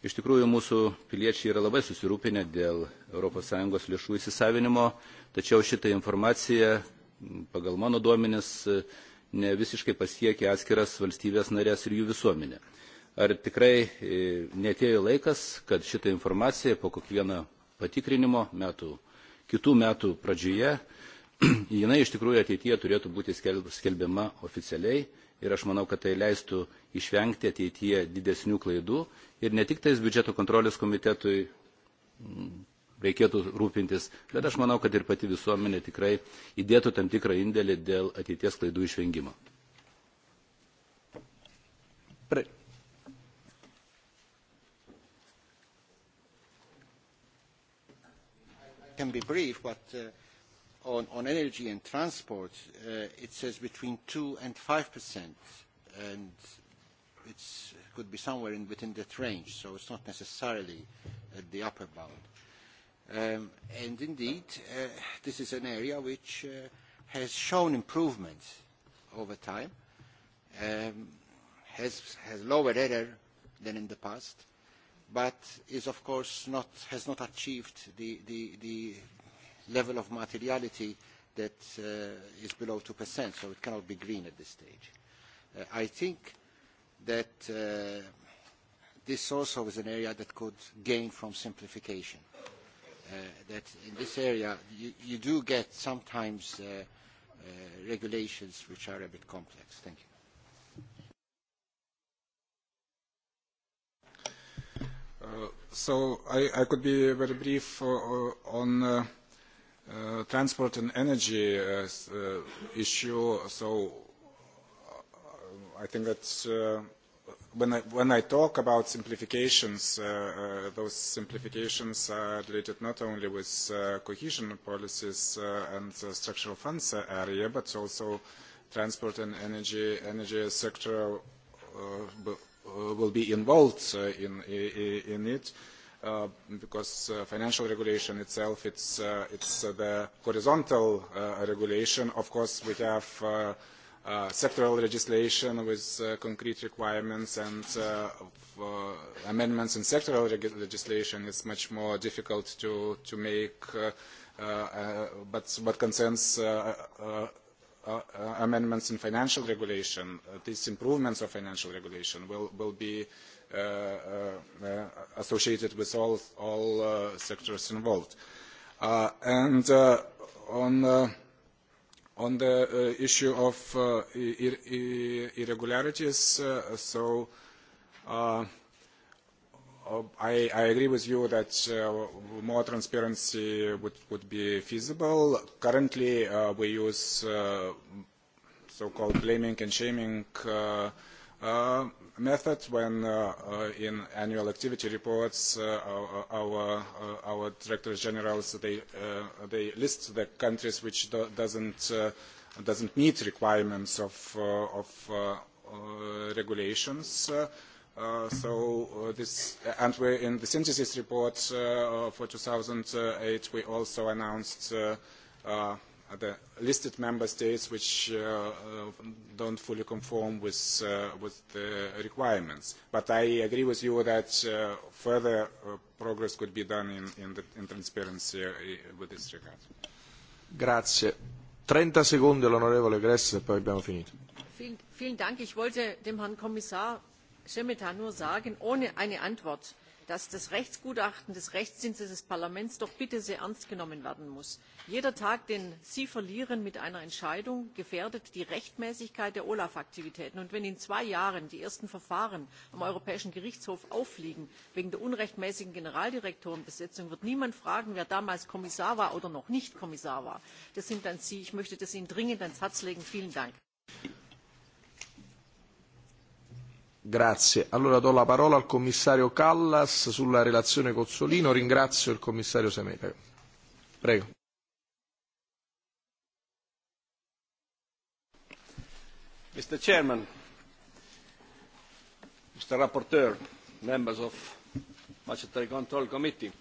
Iš tikrųjų, mūsų piliečiai yra labai susirūpinę dėl ES lėšų įsisavinimo, tačiau šitą informaciją, pagal mano duomenis, ne visiškai pasiekia atskiras valstybės narės ir jų visuomenė. Ar tikrai e, netėjo laikas, kad šitą informaciją po kiekvieno patikrinimo metų, kitų metų pradžioje, jinai iš tikrųjų ateityje turėtų būti skelbiama oficialiai ir aš manau, kad tai leistų išvengti ateityje didesnių klaidų ir ne tik tais biudžeto kontrolės komitetui mm, reikėtų rūpintis, bet aš manau, kad ir pati visuomenė tikrai įdėtų tam tikrą indėlį dėl ateities klaidų išvengimo. Pre. can be brief, but uh on, on energy and transport, uh, it says between 2 and 5 percent, and it could be somewhere in, within that range, so it's not necessarily at the upper bound. Um, and indeed, uh, this is an area which uh, has shown improvement over time, um, has, has lower error than in the past, but is of course not, has not achieved the, the, the level of materiality that uh, is below 2%, so it cannot be green at this stage. Uh, I think that uh, this also is an area that could gain from simplification. Uh, that in this area, you, you do get sometimes uh, uh, regulations which are a bit complex. Thank you. Uh, so I, I could be very brief uh, on uh, uh, transport and energy uh, uh, issue. So uh, I think that uh, when, I, when I talk about simplifications, uh, uh, those simplifications are related not only with uh, cohesion policies uh, and uh, structural funds area, but also transport and energy, energy sector uh, b uh, will be involved uh, in, in, in it. Uh, Uh, because uh, financial regulation itself, it's, uh, it's uh, the horizontal uh, regulation. Of course, we have uh, uh, sectoral legislation with uh, concrete requirements and uh, of, uh, amendments in sectoral reg legislation. It's much more difficult to, to make, uh, uh, uh, but what concerns uh, uh, uh, uh, amendments in financial regulation, uh, these improvements of financial regulation will, will be uh, Uh, uh, uh, associated with all, all uh, sectors involved. Uh, and uh, on, uh, on the uh, issue of uh, ir ir irregularities, uh, so uh, I, I agree with you that uh, more transparency would, would be feasible. Currently, uh, we use uh, so-called blaming and shaming uh, uh, method when uh, uh, in annual activity reports uh, uh, our uh, our directors generals they uh, they list the countries which do doesn't uh, doesn't meet requirements of uh, of uh, uh, regulations uh, uh, so uh, this, and we in the synthesis report uh, for 2008, we also announced uh, uh, the listed member states which uh, uh, don't fully conform with, uh, with the requirements. But I agree with you that uh, further uh, progress could be done in, in, the, in transparency uh, with this regard. Grazie. 30 secondi, l'onorevole Gress, e poi abbiamo finito. Vielen Dank. Ich wollte dem Herrn Kommissar Schemeta nur sagen, ohne eine Antwort dass das rechtsgutachten des rechtsdienstes des parlaments doch bitte sehr ernst genommen werden muss. jeder tag den sie verlieren mit einer entscheidung gefährdet die rechtmäßigkeit der olaf aktivitäten. und wenn in zwei jahren die ersten verfahren am europäischen gerichtshof auffliegen wegen der unrechtmäßigen generaldirektorenbesetzung wird niemand fragen wer damals kommissar war oder noch nicht kommissar war. das sind dann sie. ich möchte das ihnen dringend ans herz legen. vielen dank! Grazie. Allora do la parola al commissario Callas sulla relazione Cozzolino. Ringrazio il commissario Semeta. Prego. Mr. Chairman, Mr. Rapporteur, members of Budgetary Control Committee,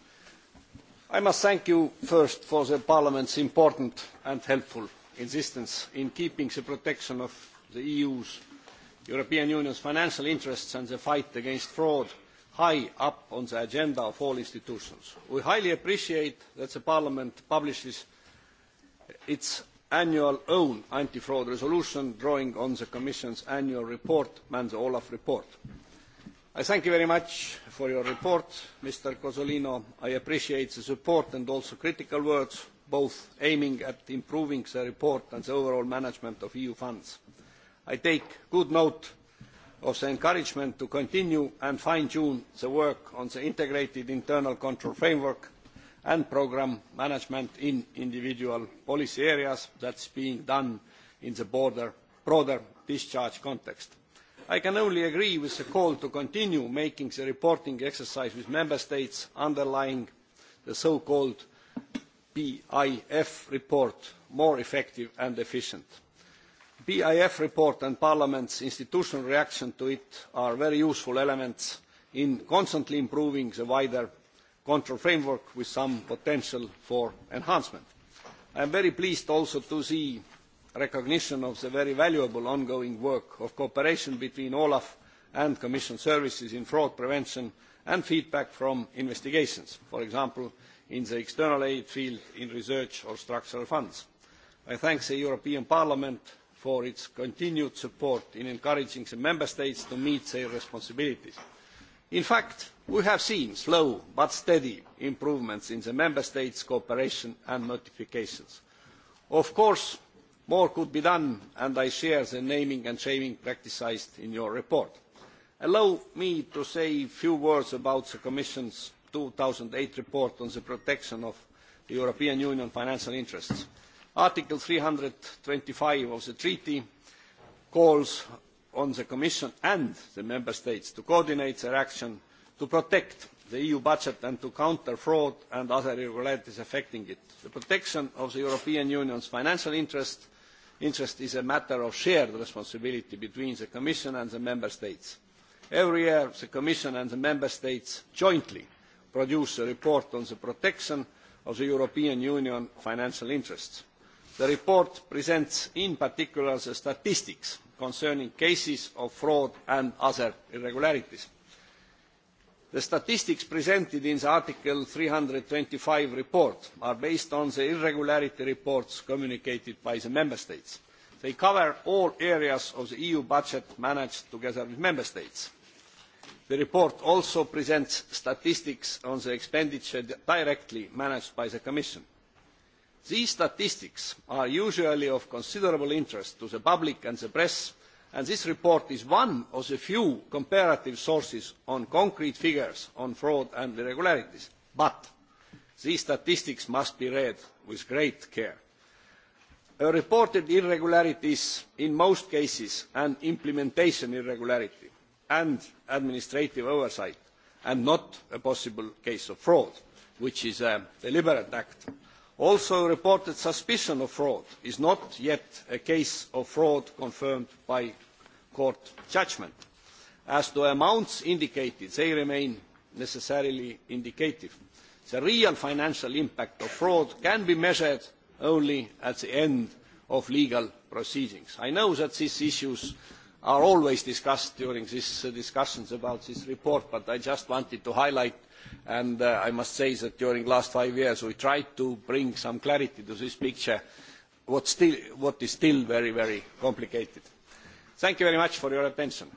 I must thank you first for the Parliament's important and helpful insistence in keeping the protection of the EU's european union's financial interests and the fight against fraud high up on the agenda of all institutions. we highly appreciate that parliament publishes its annual own anti fraud resolution drawing on the commission's annual report and the olaf report. i thank you very much for your report mr cozzolino. i appreciate the support and also critical words both aiming at improving the report and the overall management of eu funds i take good note of the encouragement to continue and fine tune the work on the integrated internal control framework and programme management in individual policy areas that is being done in the broader discharge context. i can only agree with the call to continue making the reporting exercise with member states underlying the so called pif report more effective and efficient pif report and parliament's institutional reaction to it are very useful elements in constantly improving the wider control framework with some potential for enhancement. i am very pleased also to see recognition of the very valuable ongoing work of cooperation between olaf and commission services in fraud prevention and feedback from investigations for example in the external aid field in research or structural funds. i thank the european parliament for its continued support in encouraging the member states to meet their responsibilities. In fact, we have seen slow but steady improvements in the member states' cooperation and notifications. Of course, more could be done, and I share the naming and shaming practice in your report. Allow me to say a few words about the Commission's 2008 report on the protection of European Union financial interests. Article 325 of the treaty calls on the Commission and the Member States to coordinate their action to protect the EU budget and to counter fraud and other irregularities affecting it. The protection of the European Union's financial interest, interest is a matter of shared responsibility between the Commission and the Member States. Every year, the Commission and the Member States jointly produce a report on the protection of the European Union financial interests the report presents in particular the statistics concerning cases of fraud and other irregularities. the statistics presented in the article three hundred and twenty five report are based on the irregularity reports communicated by the member states. they cover all areas of the eu budget managed together with member states. the report also presents statistics on the expenditure directly managed by the commission these statistics are usually of considerable interest to the public and the press and this report is one of the few comparative sources on concrete figures on fraud and irregularities but these statistics must be read with great care. A reported irregularity is in most cases an implementation irregularity and administrative oversight and not a possible case of fraud which is a deliberate act also a reported suspicion of fraud is not yet a case of fraud confirmed by court judgment. as to amounts indicated they remain necessarily indicative. the real financial impact of fraud can be measured only at the end of legal proceedings. i know that these issues are always discussed during these discussions about this report but i just wanted to highlight and uh, I must say that during the last five years we tried to bring some clarity to this picture, what, still, what is still very, very complicated. Thank you very much for your attention.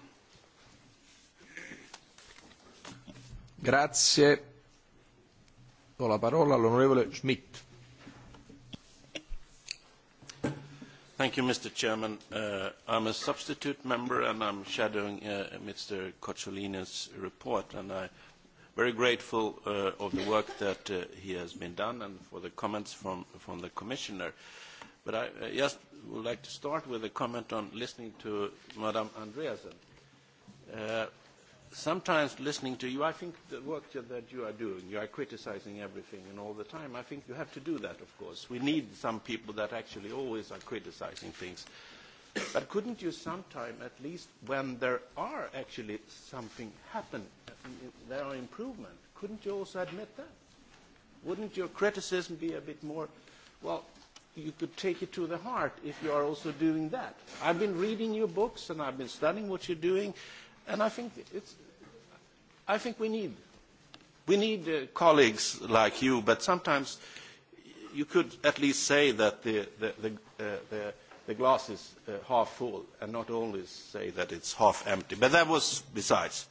Grazie. Do la parola all'onorevole Schmidt. Thank you, Mr. Chairman. Uh, I'm a substitute member and I'm shadowing uh, Mr. Cocciolini's report and I very grateful uh, of the work that uh, he has been done and for the comments from, from the Commissioner. But I uh, just would like to start with a comment on listening to Madame Andreasen. Uh, sometimes listening to you, I think the work that you are doing, you are criticizing everything and all the time. I think you have to do that, of course. We need some people that actually always are criticizing things. Uh, But couldn't you sometime, at least when there are actually something happen, there are improvement, couldn't you also admit that? Wouldn't your criticism be a bit more, well, you could take it to the heart if you are also doing that. I've been reading your books and I've been studying what you're doing, and I think it's, I think we need, we need uh, colleagues like you. But sometimes you could at least say that the the the. Uh, the the glass is uh, half full and not always say that it's half empty. But that was besides.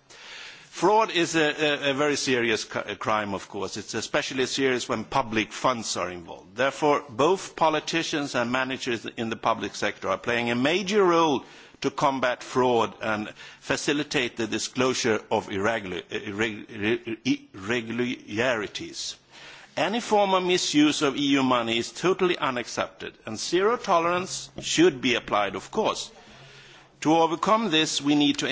Fraud is a, a, a very serious ca- a crime, of course. It's especially serious when public funds are involved. Therefore, both politicians and managers in the public sector are playing a major role to combat fraud and facilitate the disclosure of irregularities. Irregular, irregular, irregular, irregular, irregular, irregular, irregular, irregular, any form of misuse of eu money is totally unacceptable and zero tolerance should be applied of course. to overcome this we need to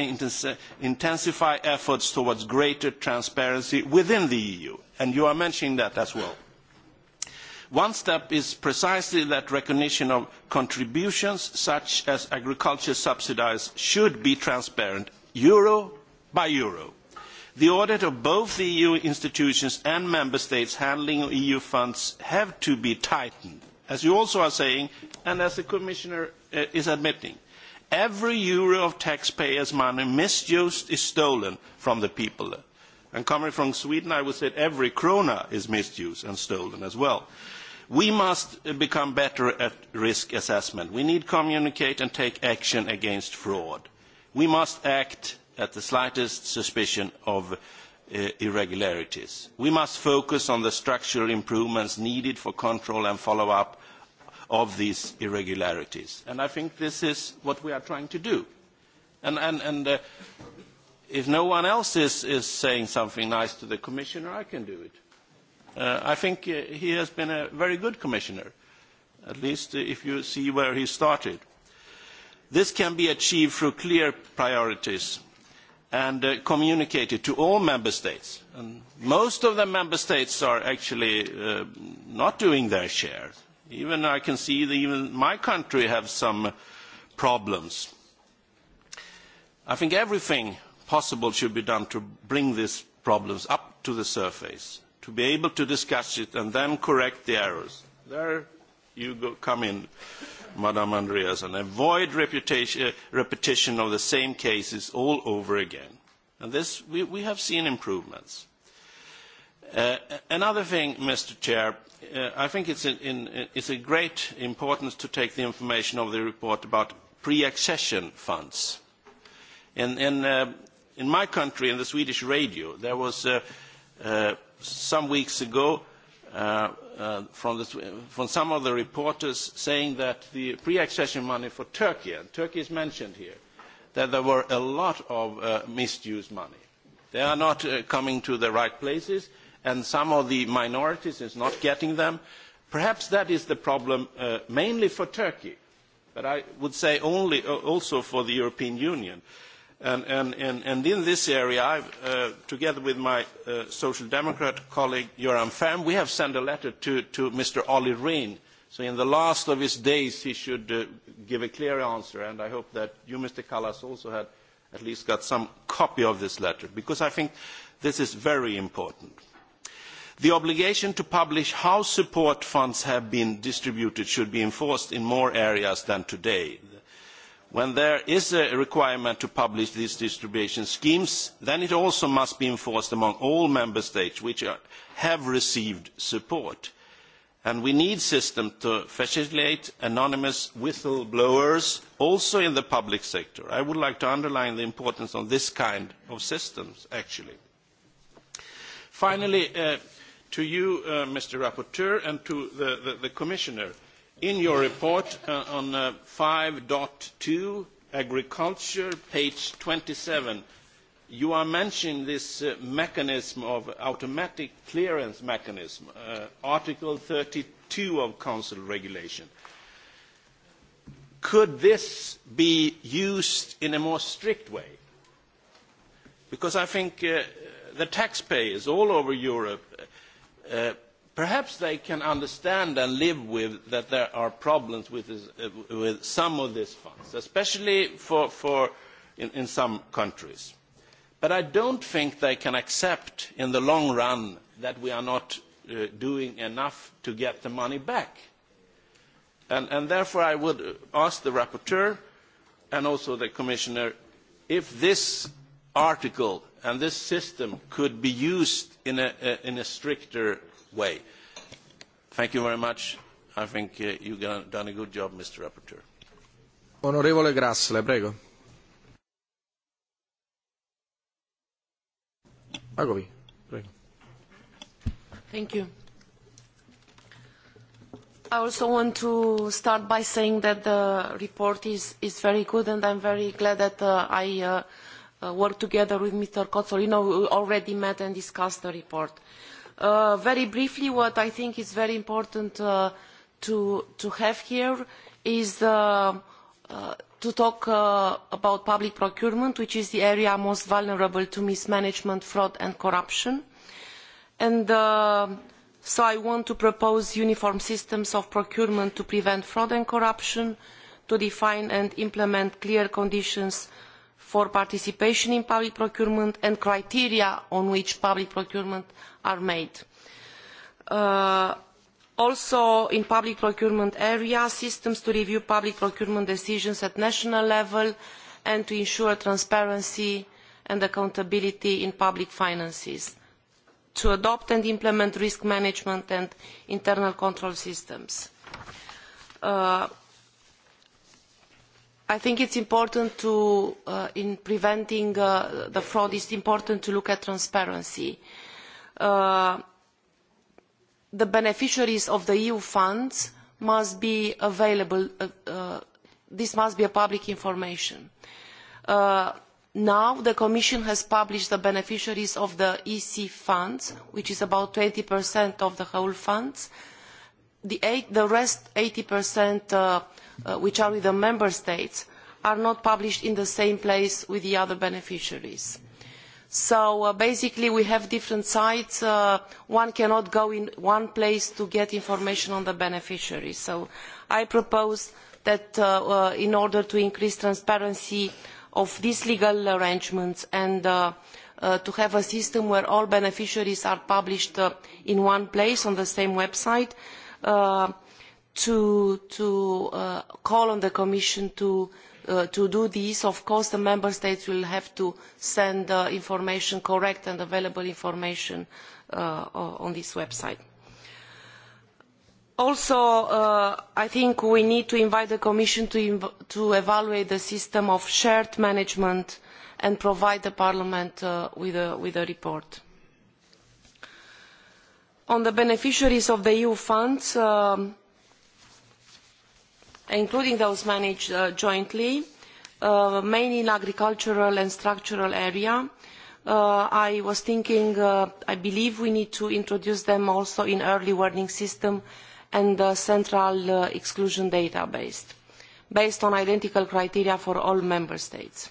intensify efforts towards greater transparency within the eu and you are mentioning that as well. one step is precisely that recognition of contributions such as agriculture subsidies should be transparent euro by euro. The audit of both the EU institutions and member states handling EU funds have to be tightened, as you also are saying, and as the Commissioner uh, is admitting. Every euro of taxpayers' money misused is stolen from the people. And coming from Sweden, I would say every krona is misused and stolen as well. We must uh, become better at risk assessment. We need to communicate and take action against fraud. We must act at the slightest suspicion of uh, irregularities. we must focus on the structural improvements needed for control and follow up of these irregularities and i think this is what we are trying to do and, and, and uh, if no one else is, is saying something nice to the commissioner i can do it uh, i think uh, he has been a very good commissioner at least uh, if you see where he started this can be achieved through clear priorities and uh, communicated to all member states and most of the member states are actually uh, not doing their share even i can see that even my country has some problems i think everything possible should be done to bring these problems up to the surface to be able to discuss it and then correct the errors there you go come in Madam Andreas, and avoid reputation, uh, repetition of the same cases all over again. And this, we, we have seen improvements. Uh, another thing, Mr. Chair, uh, I think it's, in, in, it's a great importance to take the information of the report about pre-accession funds. In, in, uh, in my country, in the Swedish radio, there was uh, uh, some weeks ago, uh, Uh, from, the, from some of the reporters saying that the pre-accession money for Turkey, and Turkey is mentioned here, that there were a lot of uh, misused money. They are not uh, coming to the right places, and some of the minorities is not getting them. Perhaps that is the problem uh, mainly for Turkey, but I would say only, uh, also for the European Union. Uh, in this area i uh, together with my uh, social democrat colleague gran frm have sent a letter to mr olli rehn so in the last of his days he should uh, give a clear answer and i hope that you mr kallas also have at least got some copy of this letter because i think this is very important. the obligation to publish how support funds have been distributed should be enforced in more areas than today. the when there is a requirement to publish these distribution schemes then it also must be enforced among all member states which have received support and we need a system to facilitate anonymous whistleblowers also in the public sector. i would like to underline the importance of this kind of system. finally uh, to you uh, mr rapporteur and to the, the, the commissioner in your report uh, on uh, 5.2 agriculture page 27 you are mentioning this uh, mechanism of automatic clearance mechanism uh, article 32 of council regulation could this be used in a more strict way because i think uh, the taxpayers all over europe uh, perhaps they can understand and live with that there are problems with, this, uh, with some of these funds, especially for, for in, in some countries. But I don't think they can accept in the long run that we are not uh, doing enough to get the money back. And, and therefore I would ask the rapporteur and also the commissioner if this article and this system could be used in a, a, uh, in a stricter way. Thank you very much. I think uh, you've done a good job, Mr. Rapporteur. Onorevole Grassle, prego. Agovi, prego. Thank you. I also want to start by saying that the report is, is very good and I'm very glad that uh, I uh, uh, worked together with Mr. Kotsolino, who already met and discussed the report. Uh, Uh, very briefly, what I think is very important uh, to, to have here is uh, uh, to talk uh, about public procurement, which is the area most vulnerable to mismanagement, fraud and corruption. And uh, so I want to propose uniform systems of procurement to prevent fraud and corruption, to define and implement clear conditions for participation in public procurement and criteria on which public procurement are made. Uh, also in the public procurement area systems to review public procurement decisions at national level and to ensure transparency and accountability in public finances to adopt and implement risk management and internal control systems. Uh, i think it is important uh, in preventing fraud to look at transparency. Uh, the beneficiaries of the eu funds must be available uh, uh, this must be public information. now the commission has published the beneficiaries of the ec funds which is about twenty of the whole funds. the rest eighty which are with the member states are not published in the same place with the other beneficiaries. So uh, basically, we have different sites. Uh, one cannot go in one place to get information on the beneficiary. So I propose that uh, in order to increase transparency of these legal arrangements and to have a system where all beneficiaries are published in one place on the same website, to call on the Commission to Uh, to do this of course the member states will have to send information correct and available information uh, on this website. also uh, i think we need to invite the commission to evaluate the system of shared management and provide parliament with a report. on the beneficiaries of the eu funds um, including those managed uh, jointly, uh, mainly in agricultural and structural area. Uh, I was thinking, uh, I believe we need to introduce them also in early warning system and the central uh, exclusion database, based on identical criteria for all member states.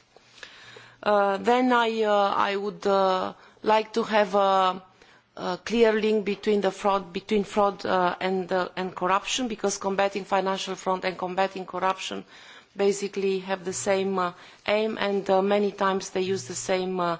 Uh, then I, uh, I would uh, like to have a uh, Uh, clear link between the fraud between fraud uh, and uh, and corruption because combating financial fraud and combating corruption basically have the same uh, aim and uh, many times they use the same uh,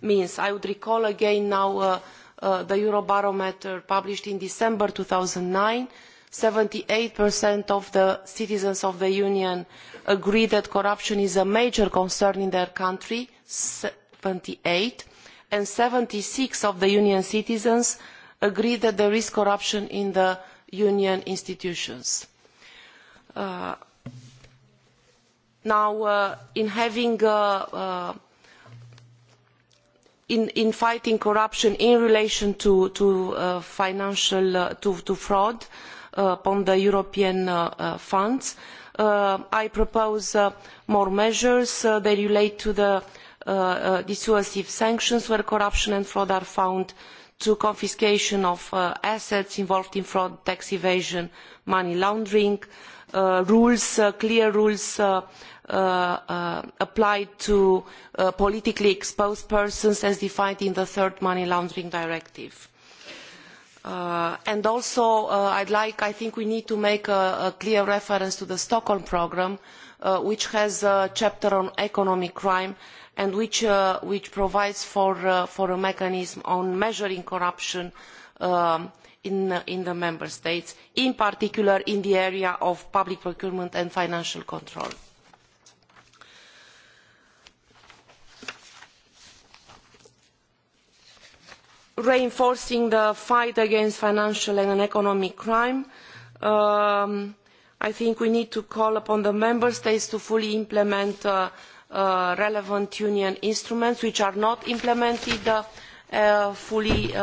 means i would recall again now uh, uh, the eurobarometer published in december 2009 78% of the citizens of the union agree that corruption is a major concern in their country 78 and seventy six of the union citizens agree that there is corruption in the union institutions. Uh, now, uh, in having uh, uh, in, in fighting corruption in relation to, to uh, financial uh, to, to fraud uh, upon the European uh, uh, funds, uh, I propose uh, more measures uh, that relate to the Uh, uh, dissuasive sanctions where corruption and fraud are found, to confiscation of uh, assets involved in fraud, tax evasion, money laundering, uh, rules, uh, clear rules uh, uh, uh, applied to uh, politically exposed persons as defined in the third money laundering directive. Uh, and also, uh, I'd like, I think we need to make a, a clear reference to the Stockholm programme, Uh, which has a chapter on economic crime and which uh, provides uh, for a mechanism on measuring corruption um, in the member states in particular in the area of public procurement and financial control. reinforcing the fight against financial and economic crime um, i think we need to call upon the member states to fully implement the uh, uh, relevant union instruments which are not implemented uh, fully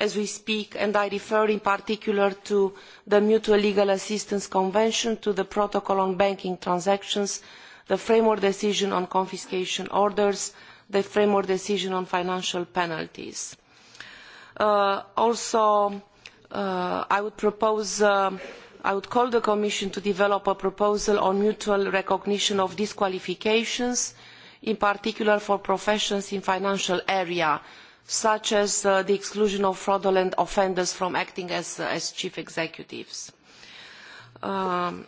as we speak and i refer in particular to the mutual legal assistance convention to the protocol on banking transactions the framework decision on confiscation orders the framework decision on financial penalties. also i would propose i would call on the commission to develop a proposal on mutual recognition of disqualifications in particular for professions in the financial area such as uh, the exclusion of fraudulent offenders from acting as uh, chief executives. Um,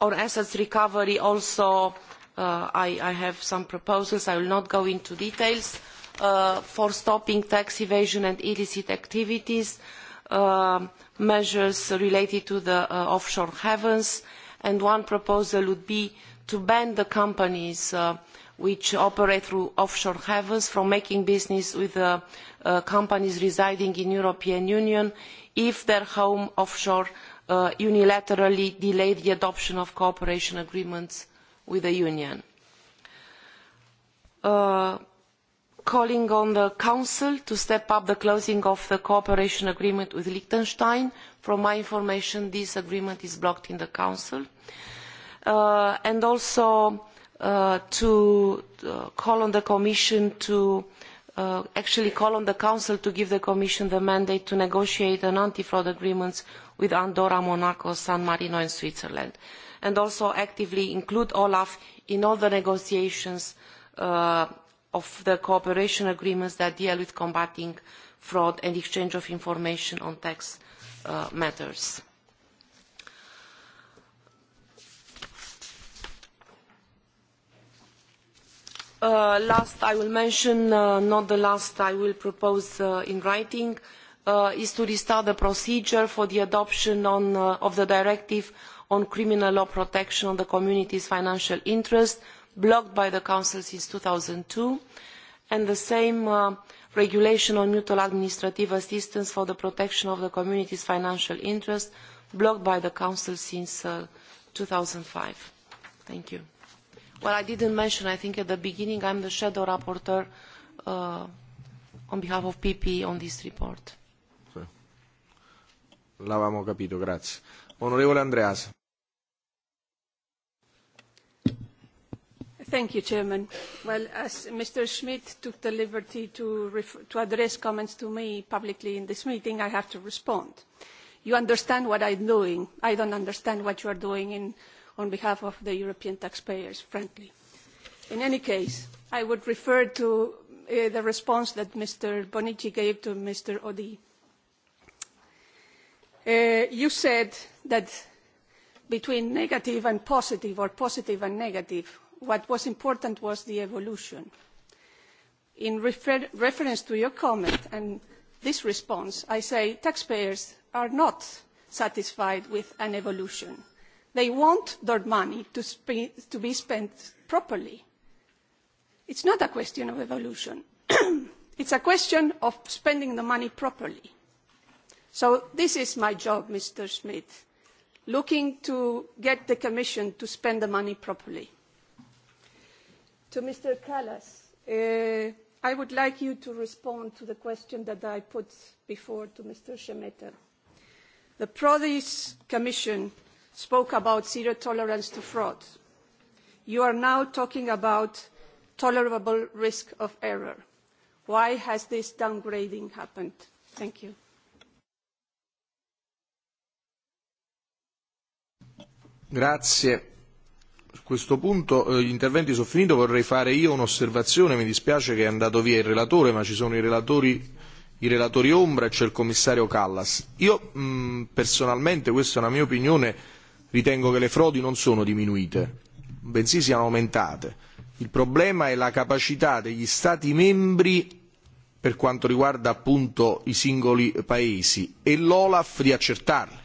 on asset recovery also uh, i have some proposals i will not go into details for stopping tax evasion and illicit activities Um, measures related to the uh, offshore havens and one proposal would be to ban the companies uh, which operate through offshore havens from making business with uh, uh, companies residing in European Union if their home offshore uh, unilaterally delayed the adoption of cooperation agreements with the Union. Uh, calling on the council to step up the closing of the cooperation agreement with liechtenstein. from my information this agreement is blocked in the council. Uh, and also uh, to uh, call on the commission to actually call on the council to give the commission the mandate to negotiate an anti fraud agreement with andorra monaco san marino and switzerland and also actively include olaf in all the negotiations of the cooperation agreements that deal with combating fraud and exchange of information on tax uh, matters. Uh, last I will mention, uh, not the last I will propose uh, in writing, uh, is to restart the procedure for the adoption on, uh, of the Directive on Criminal Law Protection on the Community's Financial Interest, blocked by the council since two thousand and two and the same uh, regulation on mutual administrative assistance for the protection of the community's financial interests blocked by the council since uh, two thousand and five thank you. well i did not mention i think at the beginning i am the shadow rapporteur uh, on behalf of ppe on this report. L'avamo capito, grazie. Onorevole Andreas. Thank you, Chairman. Well, as Mr. Schmidt took the liberty to, ref- to address comments to me publicly in this meeting, I have to respond. You understand what I'm doing. I don't understand what you are doing in, on behalf of the European taxpayers, frankly. In any case, I would refer to uh, the response that Mr. Bonici gave to Mr. Odi. Uh, you said that between negative and positive, or positive and negative, what was important was the evolution. In refer reference to your comment and this response, I say taxpayers are not satisfied with an evolution. They want their money to, sp to be spent properly. It's not a question of evolution. it's a question of spending the money properly. So this is my job, Mr. Smith, looking to get the Commission to spend the money properly to Mr. Callas. Uh, I would like you to respond to the question that I put before to Mr. Shemeta. The Prodi's Commission spoke about zero tolerance to fraud. You are now talking about tolerable risk of error. Why has this downgrading happened? Thank you. Grazie questo punto eh, gli interventi sono finiti, vorrei fare io un'osservazione, mi dispiace che è andato via il relatore, ma ci sono i relatori, i relatori ombra e c'è il commissario Callas. Io mh, mm, personalmente, questa è una mia opinione, ritengo che le frodi non sono diminuite, bensì siano aumentate. Il problema è la capacità degli Stati membri per quanto riguarda appunto i singoli paesi e l'Olaf di accertarle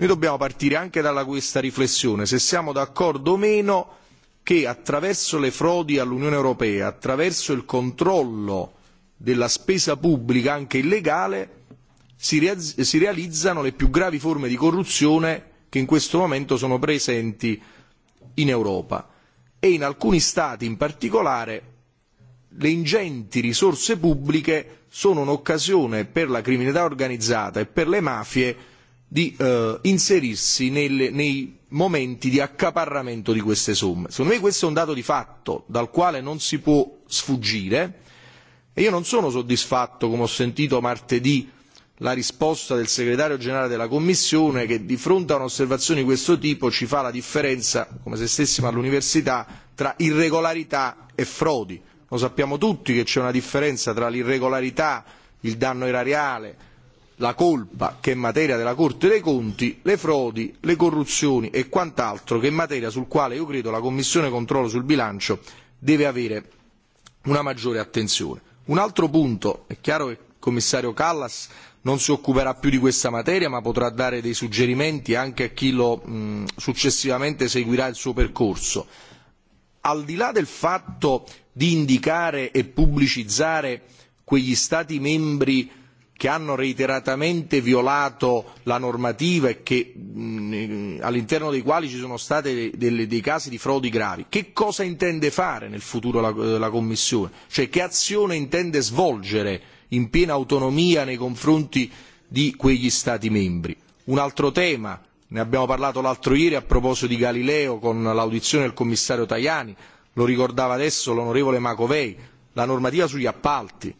noi dobbiamo partire anche da questa riflessione se siamo d'accordo o meno che attraverso le frodi all'unione europea attraverso il controllo della spesa pubblica anche illegale si realizzano le più gravi forme di corruzione che in questo momento sono presenti in Europa e in alcuni stati in particolare le ingenti risorse pubbliche sono un'occasione per la criminalità organizzata e per le mafie di eh, inserirsi nelle, nei momenti di accaparramento di queste somme. Secondo me questo è un dato di fatto dal quale non si può sfuggire e io non sono soddisfatto, come ho sentito martedì, la risposta del segretario generale della Commissione che di fronte a un'osservazione di questo tipo ci fa la differenza, come se stessimo all'università, tra irregolarità e frodi. Lo sappiamo tutti che c'è una differenza tra l'irregolarità, il danno erariale, la colpa che è materia della Corte dei Conti, le frodi, le corruzioni e quant'altro che è materia sul quale io credo la Commissione controllo sul bilancio deve avere una maggiore attenzione. Un altro punto, è chiaro che il commissario Callas non si occuperà più di questa materia ma potrà dare dei suggerimenti anche a chi lo, mh, successivamente seguirà il suo percorso. Al di là del fatto di indicare e pubblicizzare quegli Stati membri che hanno reiteratamente violato la normativa e che, mh, all'interno dei quali ci sono stati dei, dei casi di frodi gravi. Che cosa intende fare nel futuro la, la Commissione? Cioè, che azione intende svolgere in piena autonomia nei confronti di quegli Stati membri? Un altro tema, ne abbiamo parlato l'altro ieri a proposito di Galileo con l'audizione del commissario Tajani, lo ricordava adesso l'onorevole Macovei, la normativa sugli appalti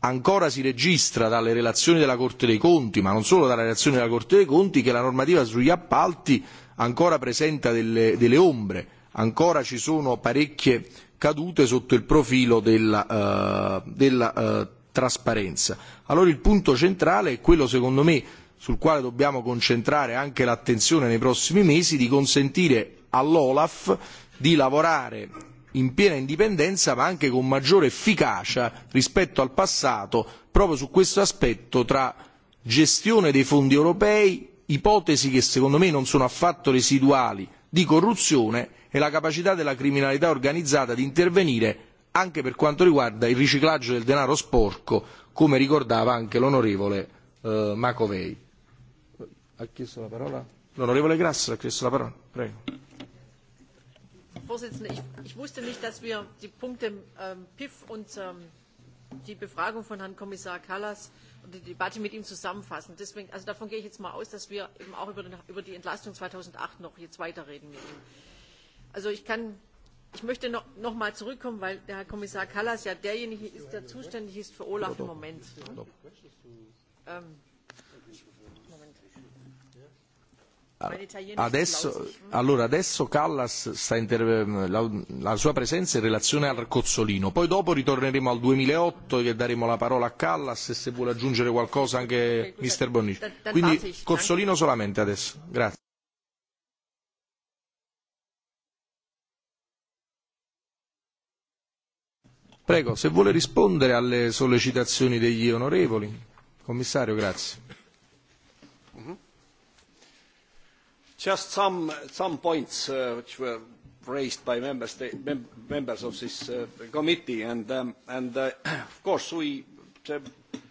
ancora si registra dalle relazioni della Corte dei Conti, ma non solo dalle relazioni della Corte dei Conti, che la normativa sugli appalti ancora presenta delle, delle ombre, ancora ci sono parecchie cadute sotto il profilo eh, della, uh, eh, della uh, trasparenza. Allora il punto centrale è quello, secondo me, sul quale dobbiamo concentrare anche l'attenzione nei prossimi mesi, di consentire all'Olaf di lavorare in piena indipendenza ma anche con maggiore efficacia rispetto al passato proprio su questo aspetto tra gestione dei fondi europei ipotesi che secondo me non sono affatto residuali di corruzione e la capacità della criminalità organizzata di intervenire anche per quanto riguarda il riciclaggio del denaro sporco come ricordava anche l'onorevole uh, Macovei. Ha chiesto la parola? L'onorevole Grasso ha chiesto la parola. Prego. Vorsitzende, ich, ich wusste nicht, dass wir die Punkte ähm, PIF und ähm, die Befragung von Herrn Kommissar Kallas und die Debatte mit ihm zusammenfassen. Deswegen, also davon gehe ich jetzt mal aus, dass wir eben auch über, den, über die Entlastung 2008 noch jetzt weiterreden mit ihm. Also ich kann, ich möchte noch, noch mal zurückkommen, weil der Herr Kommissar Kallas ja derjenige ist, der zuständig ist für Olaf im Moment. Ja, ähm, Adesso, eh, allora adesso Callas sta inter... Ehm, la, la sua presenza in relazione al Cozzolino, poi dopo ritorneremo al 2008 e daremo la parola a Callas e se vuole aggiungere qualcosa anche okay, Mr. Bonnici. Quindi Cozzolino solamente adesso, grazie. Prego, se vuole rispondere alle sollecitazioni degli onorevoli, commissario grazie. Just some, some points uh, which were raised by members, mem members of this uh, committee. And, um, and uh, of course, we, uh,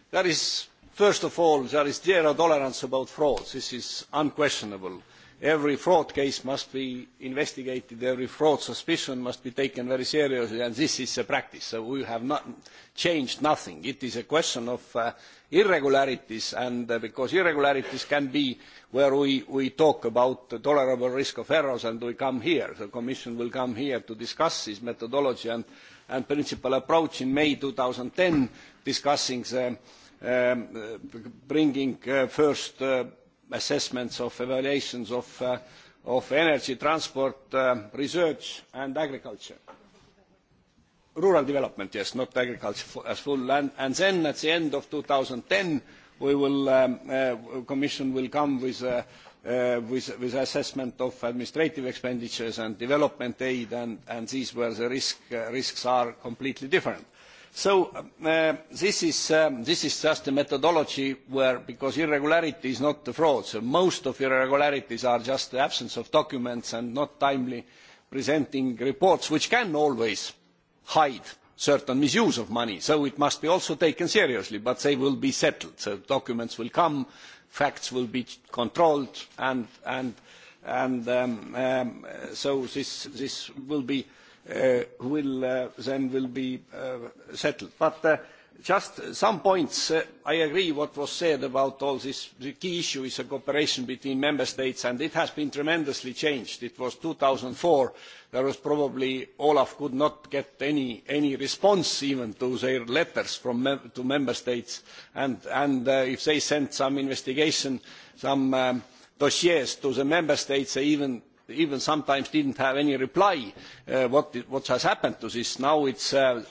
there is, first of all, there is zero tolerance about fraud. This is unquestionable every fraud case must be investigated, every fraud suspicion must be taken very seriously, and this is a practice. So we have not changed nothing. It is a question of uh, irregularities, and uh, because irregularities can be where we, we talk about the tolerable risk of errors and we come here, the Commission will come here to discuss this methodology and, and principal approach in May 2010, discussing the um, uh, bringing uh, first uh, assessments of evaluations of uh, energy transport uh, research and agriculture rural development yes not agriculture as full and then at the end of two thousand and ten we will the um, uh, commission will come with with assessment of administrative expenditures and development aid and these where the risks are completely different. So um, uh, this, is, um, this is just a methodology where, because irregularity is not the fraud, so most of irregularities are just the absence of documents and not timely presenting reports, which can always hide certain misuse of money. So it must be also taken seriously, but they will be settled. So documents will come, facts will be controlled, and, and, and um, um, so this, this will be uh, Uh, will uh, then be uh, settled. Just some points. I agree what was said about all this. The key issue is the cooperation between member states, and it has been tremendously changed. It was 2004. There was probably Olaf could not get any response even to their letters to member states. If they sent some investigation, some um, dossiers to the member states, they even even sometimes didn't have any reply uh, what, what has happened to this. Now it's uh,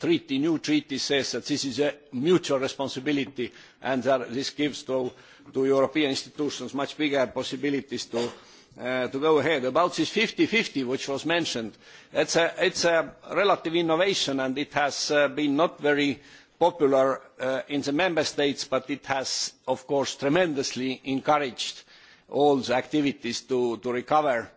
treaty, new treaty says that this is a mutual responsibility and that this gives to, to European institutions much bigger possibilities to, uh, to go ahead. About this 50-50 which was mentioned, it's a, it's a relative innovation and it has uh, been not very popular uh, in the member states but it has of course tremendously encouraged uh, all the activities to, to recover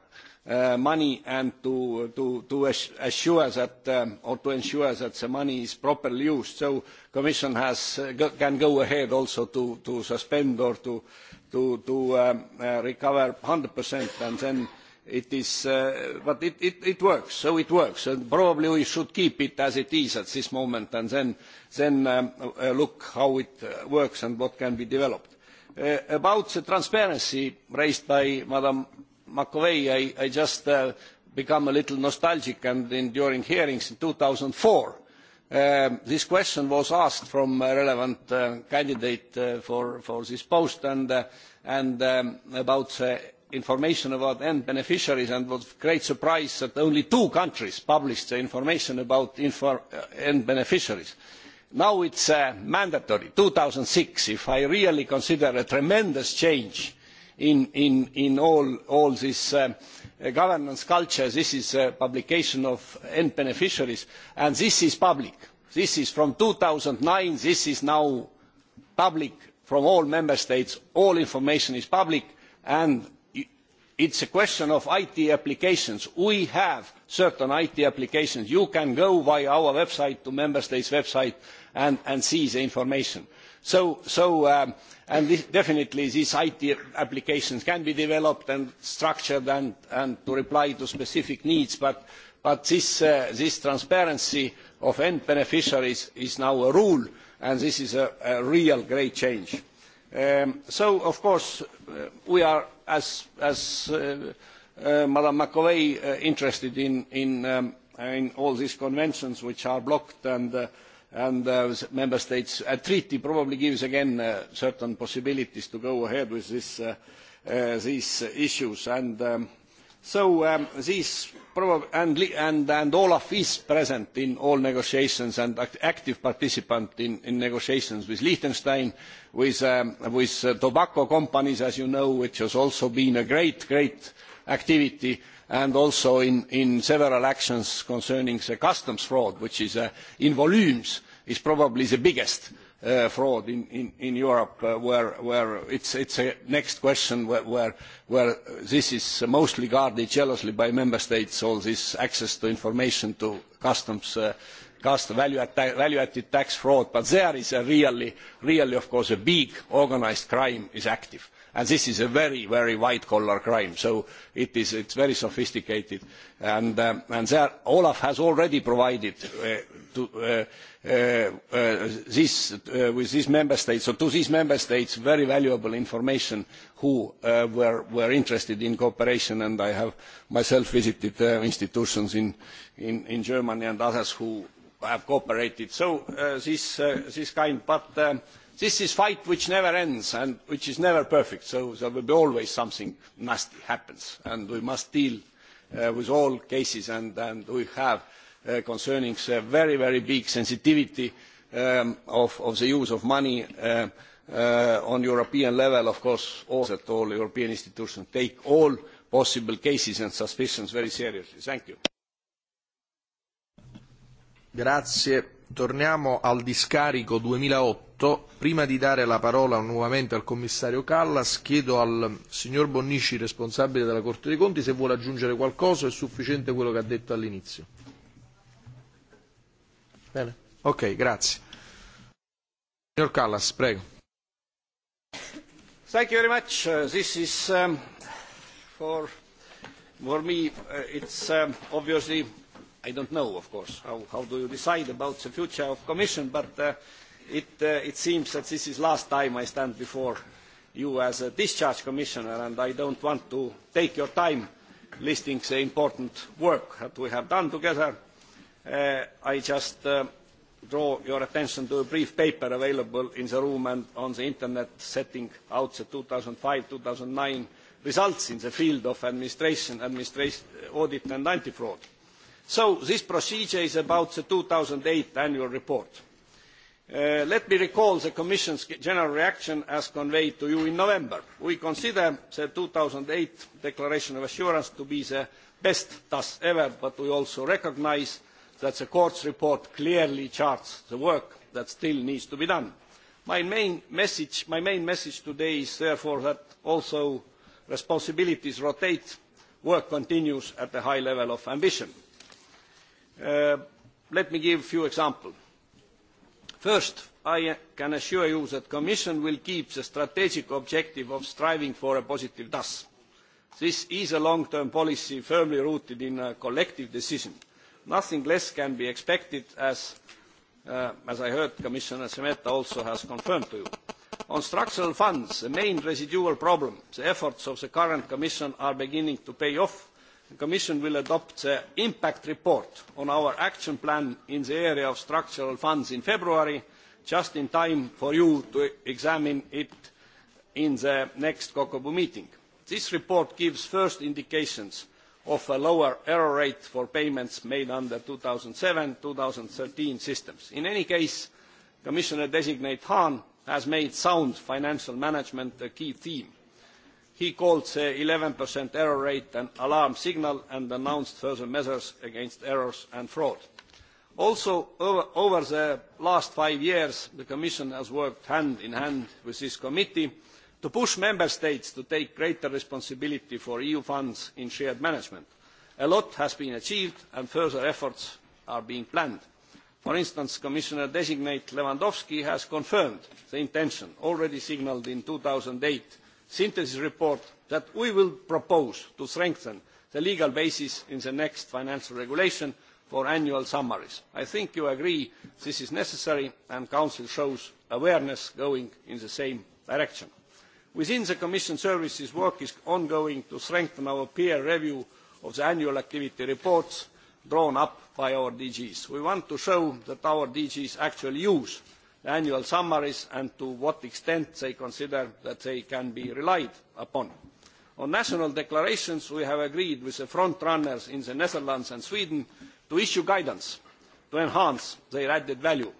uh, money and to, to, to assure that um, or to ensure that the money is properly used. So Commission has, uh, go, can go ahead also to, to suspend or to, to, to um, uh, recover 100 percent and then it is, uh, but it, it, it works, so it works. And probably we should keep it as it is at this moment and then, then um, uh, look how it uh, works and what can be developed. Uh, about the transparency raised by ms macovei i just uh, became a little nostalgic and during hearings in two thousand and four um, this question was asked from a relevant uh, candidate for this post um, about information about end beneficiaries and it was a great surprise that only two countries published information about end beneficiaries now it is uh, mandatory two thousand and six if i really consider a tremendous change in all this uh, governance culture this is a publication of end beneficiaries and this is public this is from two thousand and nine this is now public from all member states all information is public and it is a question of it applications. we have certain it applications you can go via our website to the member state's website and see the information. Um, definitely these it applications can be developed and structured and reply to specific needs but uh, this transparency of end beneficiaries is now a rule and this is a real great change. Um, so of course uh, we are as ms uh, uh, macovei interested um, in all these conventions which are blocked and the member states a treaty probably gives again certain possibilities to go ahead with these issues and um, so um, this and olaf is present in all negotiations and active participant in negotiations with liechtenstein with um, uh, tobacco companies as you know which has also been a great great activity and also in several actions concerning customs fraud which uh, in volumes is probably the biggest Uh, fraud in Europe, uh, where it's a next question where this is mostly guarded jealously by member states, all this access to information to customs, uh, cast value added tax fraud. But there is a really, really of course a big organised crime is active and this is a very very white collar crime so it is very sophisticated and um, olaf has already provided uh, uh, uh, these member states or to these member states very valuable information who were interested in cooperation and i have myself visited institutions in germany and others who have cooperated so this is kind but um, this is a fight which never ends and which is never perfect so there will always be something nasty happens and we must deal uh, with all cases and we have uh, concerning the uh, very very big sensitivity um, of the use of money on european level of course that all european institutions take all possible cases and suspicions very seriously. thank you. torniamo al discarico duemilaotto tutto, prima di dare la parola nuovamente al commissario Callas, chiedo al signor Bonnici, responsabile della Corte dei Conti, se vuole aggiungere qualcosa o è sufficiente quello che ha detto all'inizio. Bene. Ok, grazie. Signor Callas, prego. Thank you very much. Uh, this is um, for, for me, uh, it's um, obviously, I don't know, of course, how, how do you decide about the future of Commission, but uh, Uh, it seems that this is the last time I stand before you as a discharge commissioner and I don't want to take your time listing the important work that we have done together. Uh, I just uh, draw your attention to a brief paper available in the room and on the internet setting out the 2005-2009 results in the field of administration, administration audit and anti-fraud. So this procedure is about the 2008 annual report. Uh, let me recall the commission's general reaction as conveyed to you in november we consider the two thousand and eight declaration of assurance to be the best tass ever but we also recognise that the court's report clearly charts the work that still needs to be done. My main, message, my main message today is therefore that also responsibilities rotate, work continues at a high level of ambition. Uh, let me give a few examples first i can assure you that the commission will keep the strategic objective of striving for a positive das. this is a long term policy firmly rooted in a collective decision. nothing less can be expected as uh, as i heard commissioner semeta also has confirmed to you. on structural funds the main residual problem the efforts of the current commission are beginning to pay off the commission will adopt an impact report on our action plan in the area of structural funds in february just in time for you to examine it in the next cocobu meeting. this report gives first indications of a lower error rate for payments made under the two thousand and seven two thousand and thirteen systems. in any case commissioner designate hahn has made sound financial management a key theme. He called the 11% error rate an alarm signal and announced further measures against errors and fraud. Also, over, over the last five years, the Commission has worked hand in hand with this committee to push Member States to take greater responsibility for EU funds in shared management. A lot has been achieved and further efforts are being planned. For instance, Commissioner Designate Lewandowski has confirmed the intention already signalled in 2008 synthesis report that we will propose to strengthen the legal basis in the next financial regulation for annual summaries. i think you agree this is necessary and the council shows awareness going in the same direction. within the commission services work is ongoing to strengthen our peer review of the annual activity reports drawn up by our dgs. we want to show that our dgs actually use annual summaries and to what extent they consider that they can be relied upon. on national declarations we have agreed with the front runners in the netherlands and sweden to issue guidance to enhance their added value.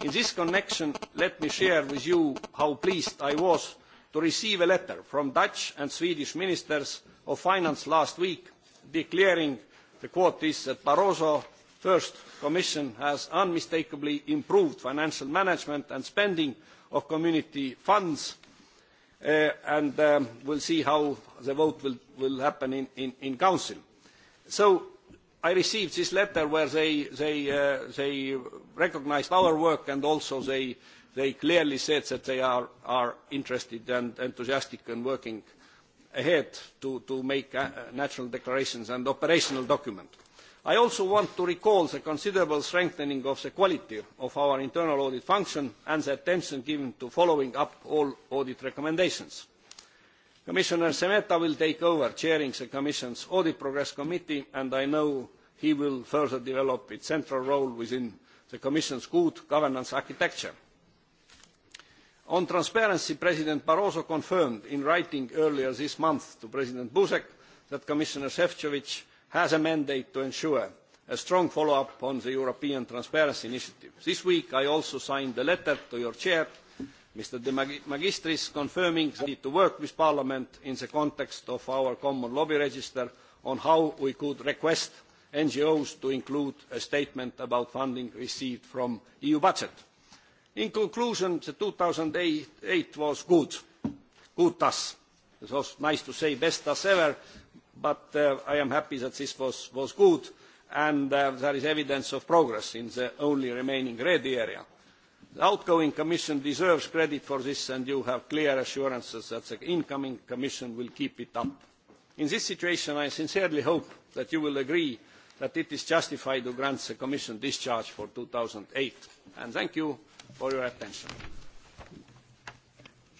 in this connection let me share with you how pleased i was to receive a letter from dutch and swedish ministers of finance last week declaring the quote is that barroso first commission has unmistakably improved financial management and spending of community funds uh, and um, we will see how the vote will happen in council. so i received this letter where they uh, recognised our work and also they clearly said that they are interested and enthusiastic in working ahead to make uh, national declarations an operational document i also want to recall the considerable strengthening of the quality of our internal audit function and the attention given to following up all audit recommendations. commissioner emeta will take over chairing the commission's audit progress committee and i know he will further develop its central role within the commission's good governance architecture. on transparency president barroso confirmed in writing earlier this month to president buzek that commissioner efovi has a mandate to ensure a strong follow up on the european transparency initiative. this week i also signed a letter to your chair mr de magistris confirming the need to work with parliament in the context of our common lobby register on how we could request ngos to include a statement about funding received from the eu budget. in conclusion two thousand and eight was good good thus. it was nice to say best thus ever' but uh, I am happy that this was, was good and uh, there is evidence of progress in the only remaining red area. The outgoing Commission deserves credit for this and you have clear assurances that the incoming Commission will keep it up. In this situation, I sincerely hope that you will agree that it is justified to grant the Commission discharge for 2008. And thank you for your attention.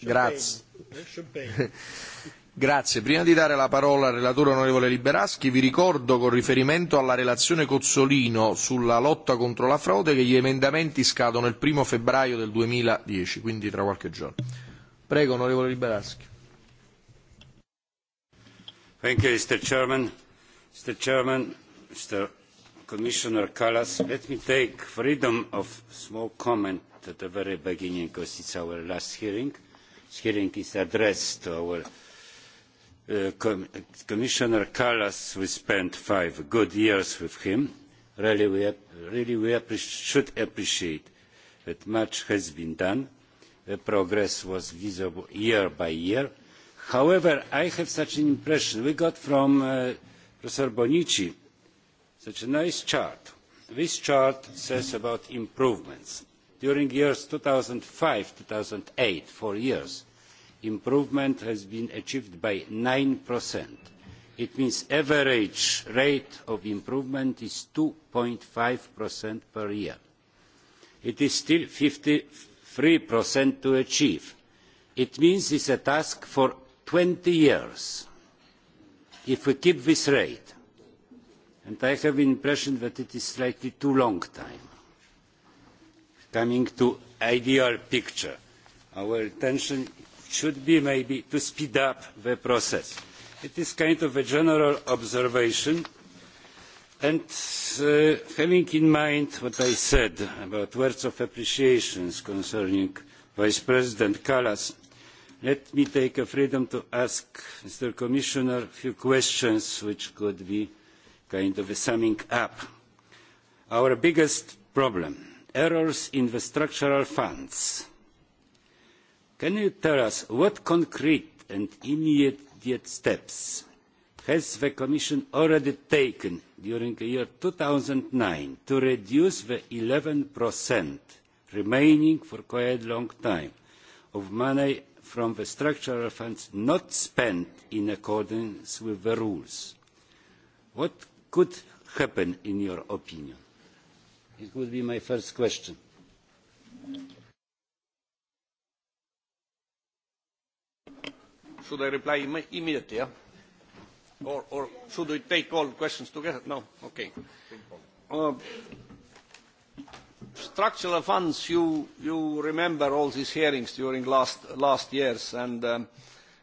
Champagne. Grazie. Champagne. Eh, Grazie. Prima di dare la parola al relatore onorevole Liberaschi, vi ricordo, con riferimento alla relazione Cozzolino sulla lotta contro la frode, che gli emendamenti scadono il primo febbraio del 2010, quindi tra qualche giorno. Prego, onorevole Liberaschi. Thank you, Mr. Chairman. Mr. Chairman, Mr. Commissioner Callas, let me take freedom of small comment at the very beginning, because it's our last hearing. This hearing is addressed to our... Uh, commissioner kallas we spent five good years with him really we should appreciate that much has been done that progress was visible year by year. however i have such an impression we got from uh, professor bonnici such a nice chart. this chart says about improvements during years two thousand and five two thousand and eight four years improvement has been achieved by. nine it means the average rate of improvement is. two five per year. it is still fifty three to achieve. it means it is a task for twenty years if we keep this rate and i have the impression that it is a slightly too long time. coming to the ideal picture our attention should be maybe to speed up the process. it is kind of a general observation and uh, having in mind what i said about words of appreciation concerning vice president kallas let me take the freedom to ask mr commissioner a few questions which could be kind of a summing up. our biggest problem errors in the structural funds can you tell us what concrete and immediate steps has the commission already taken during the year two thousand and nine to reduce the eleven percent remaining for quite a long time of money from the structural funds not spent in accordance with the rules? What could happen in your opinion? It would be my first question. Mr. should I reply Im immediately? Yeah? Or, or should we take all questions together? No? Okay. Uh, structural funds, you, you remember all these hearings during last, last years, and, um,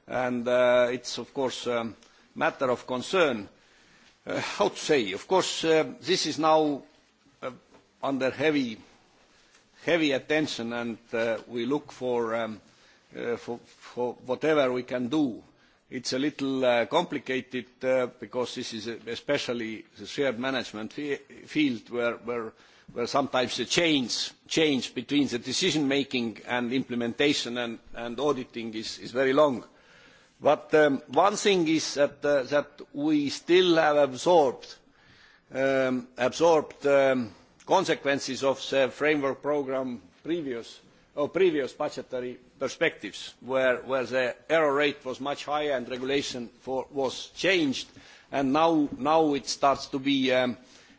and uh, it's, of course, a matter of concern. Uh, how to say? Of course, uh, this is now uh, under heavy, heavy attention, and uh, we look for um, Uh, for whatever we can do. it is a little uh, complicated uh, because this is especially the shared management field where sometimes the change between the decision making and implementation and auditing is very long. but um, one thing is that we still have absorbed um, um, consequences of the framework programme previous of oh, previous budgetary perspectives where, where the error rate was much higher and regulation for, was changed and now, now it starts to be um,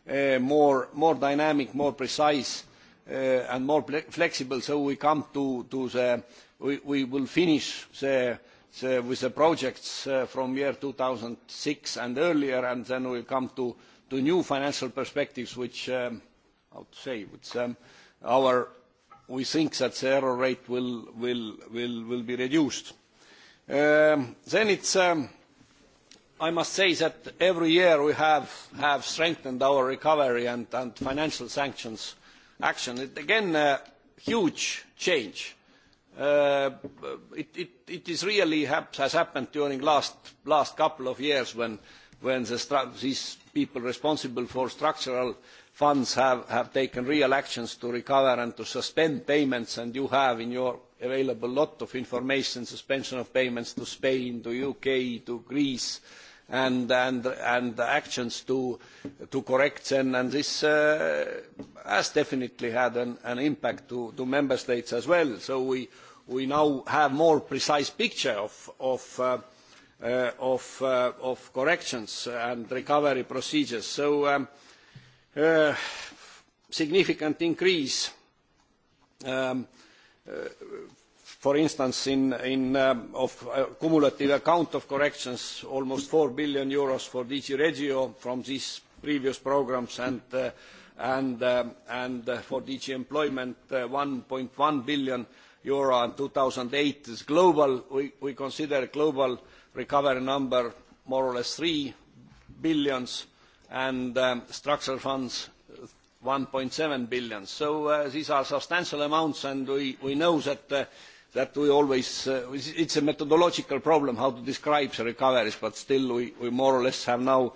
uh, more, more dynamic, more precise uh, and more flexible so we come to, to the, we, we will finish the, the, with the projects uh, from year 2006 and earlier and then we will come to, to new financial perspectives which, um, I would say, which, um, our, we think that the error rate will, will, will, will be reduced. Um, then it's, um, I must say that every year we have, have strengthened our recovery and, and financial sanctions action. It, again, a huge change. Uh, it, it, it is really hap has happened during last last couple of years when when the these people responsible for structural funds have taken real actions to recover and to suspend payments and you have in your available lot of information suspension of payments to Spain, to UK, to Greece and, and, and actions to, to correct them and this uh, has definitely had an, an impact to, to member states as well. So we, we now have more precise picture of, of, uh, uh, of, uh, of corrections and recovery procedures. So. Um, significant increase, um, uh, for instance, um, of uh, cumulative account of corrections, almost 4 billion euros for DG Regio from these previous programs and uh, um, for DG Employment, 1.1 billion euro in 2008. It's global. We consider global recovery number more or less 3 billion, and um, structural funds 1.7 uh, billion. Uh, these are substantial amounts, and we know uh, that we always. It's a methodological problem how to describe the recoveries, but still we more or less have now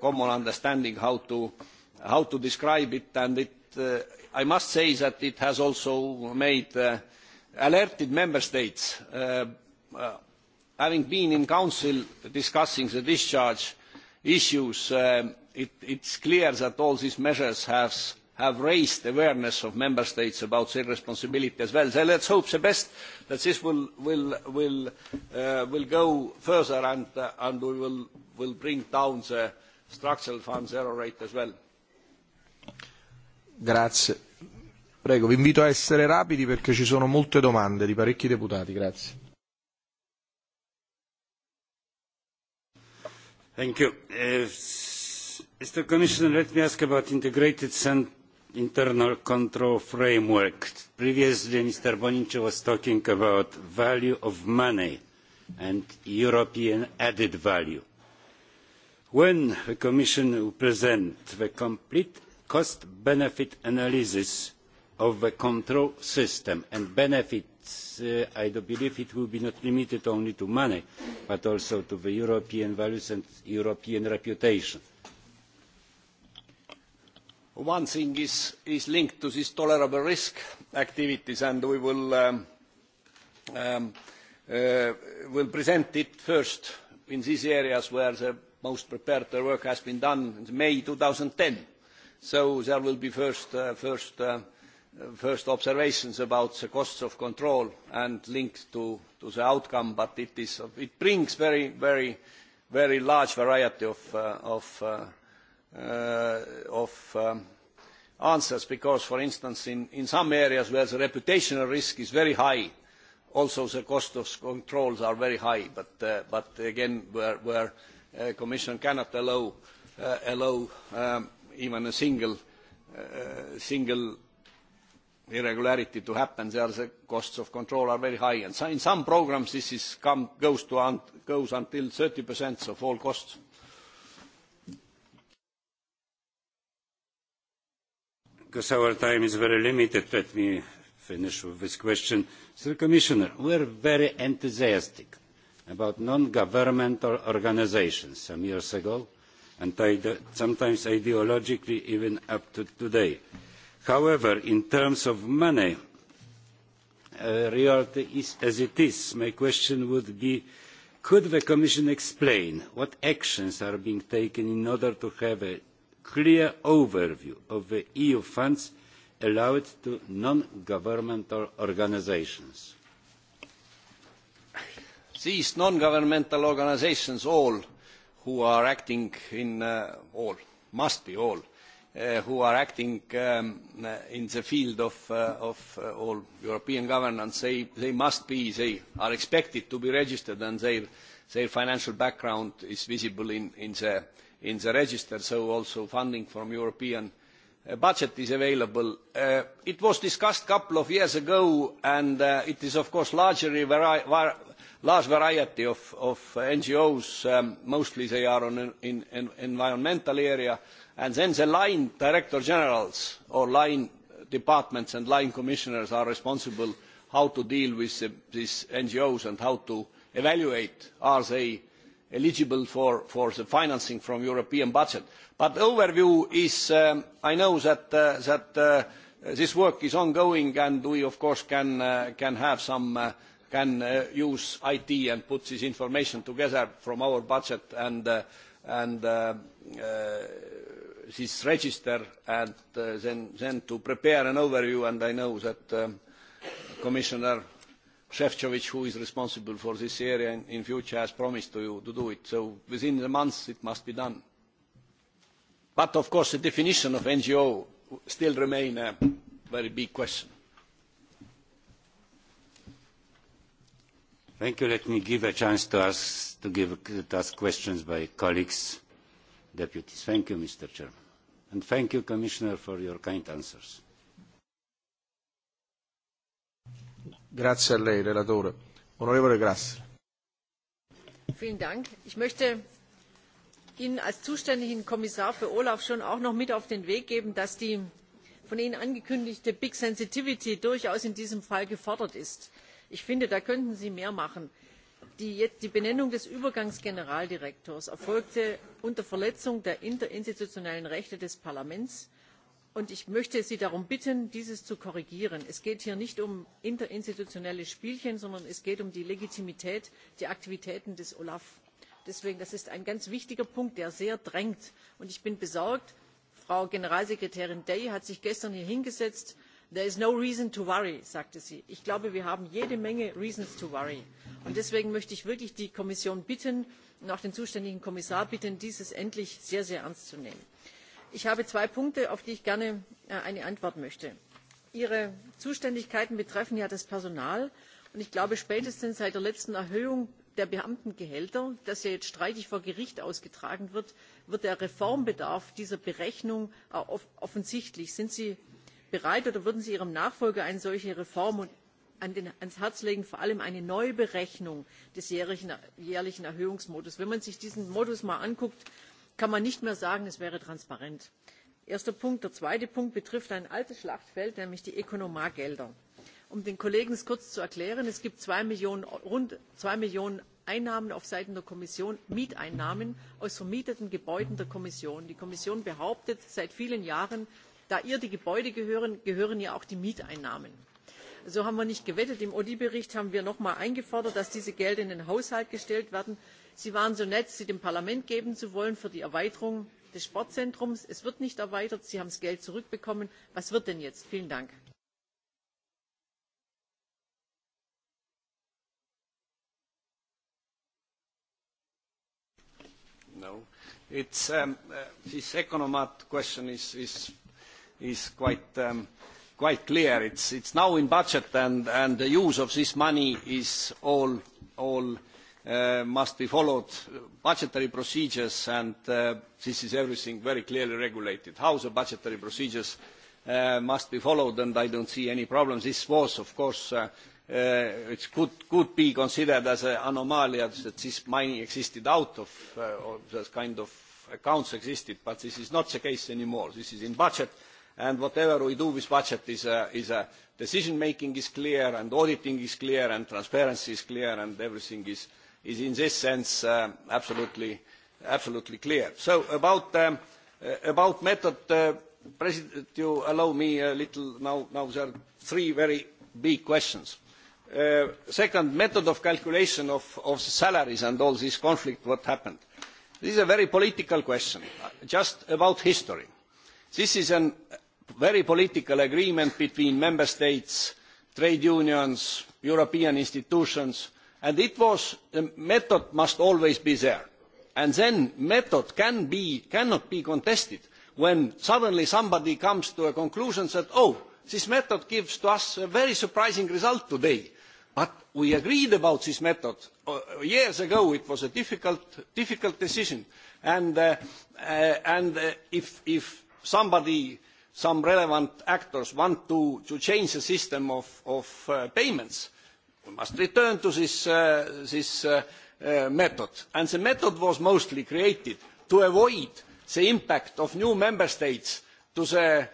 common understanding how to describe it. I must say that it has also made alerted member states. Having been in council discussing the discharge, issues um, it is clear that all these measures have raised awareness of member states about their responsibility as well. let us hope for the best that this will uh, go further and uh, will bring down the structural funds error rate as well. Uh, mr commissioner let me ask about the integrated internal control framework. previously mr bonnici was talking about the value of money and european added value. when the commission will present the complete cost benefit analysis of the control system and benefits uh, i believe it will be not limited only to money but also to the european values and european reputation. one thing is linked to these tolerable risk activities and we um, um, uh, will present it first in these areas where the most prepared work has been done in may two thousand and ten so there will be first uh, first observations about the costs of control and linked to the outcome but it, is, it brings very very very large variety of uh, of, uh, uh, of um, answers because for instance in, in some areas where the reputational risk is very high also the cost of controls are very high but uh, but again where, where uh, commission cannot allow uh, allow um, even a single uh, single irregularity to happen there the costs of control are very high and so in some programs this is come, goes to un, goes until 30% of all costs because our time is very limited let me finish with this question sir commissioner we're very enthusiastic about non-governmental organizations some years ago and sometimes ideologically even up to today however in terms of money uh, reality is as it is. my question would be could the commission explain what actions are being taken in order to have a clear overview of the eu funds allowed to non governmental organisations? these non governmental organisations all who are acting in uh, all must be all Uh, who are acting um, uh, in the field of, uh, of uh, all European governance, they, they must be, they are expected to be registered and their, their financial background is visible in, in, the, in the register, so also funding from European uh, budget is available. Uh, it was discussed a couple of years ago and uh, it is of course largely vari var large variety of, of NGOs, um, mostly they are on, in, in environmental area, then the line directorates general or line departments and line commissioners are responsible for how to deal with these ngos and how to evaluate whether they are eligible for the financing from the european budget. but the overview is um, i know that uh, uh, this work is ongoing and we of course can uh, have some can use it and put this information together from our budget and this register and uh, then, then to prepare an overview and I know that um, Commissioner Shevchovic, who is responsible for this area in, in future has promised to you to do it. So within the month it must be done. But of course the definition of NGO still remain a very big question. Thank you. Let me give a chance to ask, to give, to ask questions by colleagues deputies. Thank you, Mr. Chairman. And thank you, Commissioner, for your kind answers. Grazie a lei, relatore. Onorevole Grassi. Vielen Dank. Ich möchte Ihnen als zuständigen Kommissar für Olaf schon auch noch mit auf den Weg geben, dass die von Ihnen angekündigte Big Sensitivity durchaus in diesem Fall gefordert ist. Ich finde, da könnten Sie mehr machen die benennung des übergangs generaldirektors erfolgte unter verletzung der interinstitutionellen rechte des parlaments und ich möchte sie darum bitten dies zu korrigieren. es geht hier nicht um interinstitutionelle spielchen sondern es geht um die legitimität der aktivitäten des olaf. das ist ein ganz wichtiger punkt der sehr drängt und ich bin besorgt frau generalsekretärin day hat sich gestern hier hingesetzt there is no reason to worry sagte sie. ich glaube wir haben jede menge reasons to worry und deswegen möchte ich wirklich die kommission und auch den zuständigen kommissar bitten dies endlich sehr sehr ernst zu nehmen. ich habe zwei punkte auf die ich gerne äh, eine antwort möchte. ihre zuständigkeiten betreffen ja das personal und ich glaube spätestens seit der letzten erhöhung der beamtengehälter die ja jetzt streitig vor gericht ausgetragen wird wird der reformbedarf dieser berechnung äh, offensichtlich. sind bereit oder würden Sie Ihrem Nachfolger eine solche Reform an den, ans Herz legen, vor allem eine Neuberechnung des jährlichen, jährlichen Erhöhungsmodus? Wenn man sich diesen Modus mal anguckt, kann man nicht mehr sagen, es wäre transparent. Erster Punkt. Der zweite Punkt betrifft ein altes Schlachtfeld, nämlich die Ökonomagelder. Um den Kollegen es kurz zu erklären, es gibt zwei Millionen, rund 2 Millionen Einnahmen auf Seiten der Kommission, Mieteinnahmen aus vermieteten Gebäuden der Kommission. Die Kommission behauptet seit vielen Jahren, da ihr die gebäude gehören gehören ihr ja auch die mieteinnahmen. so haben wir nicht gewettet im bericht audy bericht haben wir noch einmal eingefordert dass diese gelder in den haushalt gestellt werden. sie waren so nett sie dem parlament geben zu wollen für die erweiterung des sportzentrums. es wird nicht erweitert sie haben das geld zurückbekommen. was wird denn jetzt? vielen dank! no is quite um, clear. It's now in budget, and the use of this money is all uh, must be followed budgetary procedures, and uh, this is everything very clearly regulated, how the budgetary procedures uh, must be followed, and I don't see any problems. This was, of course, it could be considered as an anomaly that this money existed out of those kind of accounts existed, but this is not the case anymore. This is in budget, and whatever we do with budget decision making is clear and auditing is clear and transparency is clear and everything is in this sense uh, absolutely clear. so about um, uh, method uh, president you allow me a little now there are three very big questions. second method of calculation of salaries and all this conflict what happened. this is a very political question just about history. this is very political agreement between member states trade unions and european institutions and the method must always be there. and then method cannot be contested when suddenly somebody comes to a conclusion that oh this method gives us a very surprising result today but we agreed about this method uh, years ago it was a difficult difficult decision and uh, uh, if somebody some relevant actors want to, to change the system of, of uh, payments, we must return to this, uh, this uh, uh, method. And the method was mostly created to avoid the impact of new member states to the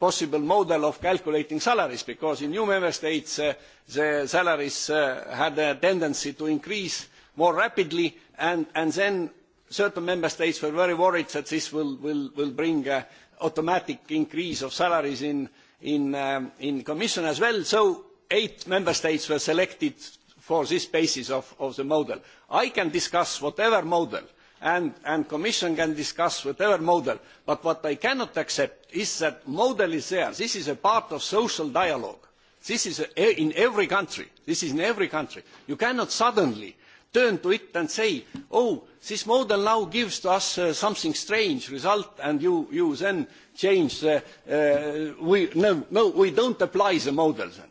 possible model of calculating salaries, because in new member states uh, the salaries uh, had a tendency to increase more rapidly, and, and then certain member states were very worried that this will, will, will bring uh, automatic increase of salaries in in um, in commission as well so eight member states were selected for this basis of of the model i can discuss whatever model and and commission can discuss whatever model but what i cannot accept is that model is there this is a part of social dialogue this is a, in every country this is in every country you cannot suddenly turn to it and say oh this model now gives to us uh, something strange result and you, you then change the, uh, we, no, no, we don't apply the model then.